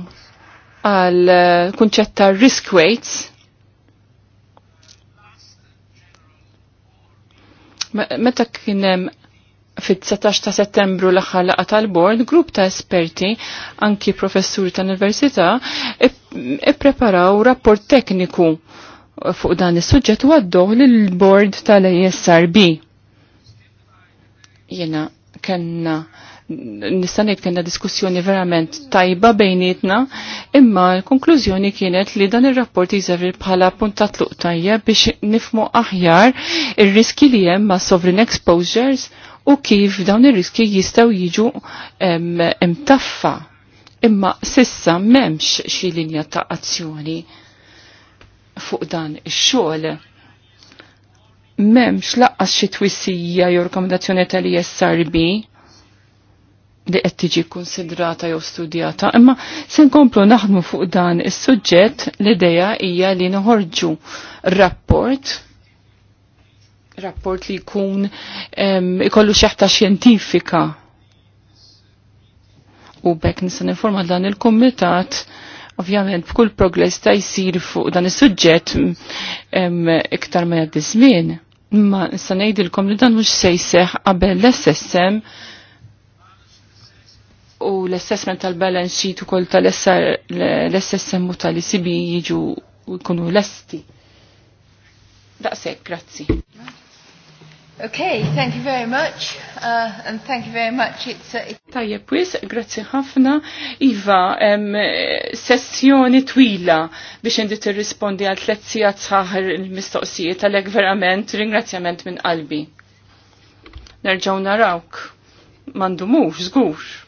għal kunċetta risk weights meta kienem fit 17 ta' settembru l-aħħar laqa tal-bord, grupp ta' esperti, anki professuri ta' università, ippreparaw rapport tekniku fuq dan is-suġġett u għaddoħ lill-bord tal-ISRB. Jena kenna nistanejt kena diskussjoni verament tajba bejnietna, imma l-konklużjoni kienet li dan il-rapport jiżavir bħala punta tluq tajja biex nifmu aħjar ir-riski li hemm ma' sovereign exposures u kif dawn ir-riski jistgħu jiġu imtaffa. Imma sissa m'hemmx xi linja ta' azzjoni fuq dan ix-xogħol. M'hemmx laqqas xi twissija jew rekomendazzjoni tal-ISRB li qed tiġi konsidrata jew studjata, imma se nkomplu naħdmu fuq dan is-suġġett l-idea hija li noħorġu rapport rapport li jkun ikollu xeħta xjentifika. U bekk nisan informa dan il-komitat ovvjament b'kull progress ta' jisir fuq dan is-suġġett iktar ma jgħaddi żmien. Ma nista' ngħidilkom li dan mhux se jseħħ qabel l-SSM u l-assessment tal-balance sheet ukoll tal-SSM u tal-ICB jiġu jkunu lesti. Daqshekk, grazzi. Okay, thank you very much, uh, and thank you very much. It's uh, Tajjeb wis, grazzi ħafna. Iva, um, sessjoni twila biex inti tirrispondi għal tliet sigħat sħaħar il-mistoqsijiet għalhekk verament ringrazzjament minn qalbi. Nerġgħu narawk. mhux, żgur.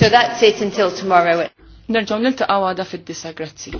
So that's it until tomorrow. Nerġgħu niltaqgħu għada fid-disa, grazzi.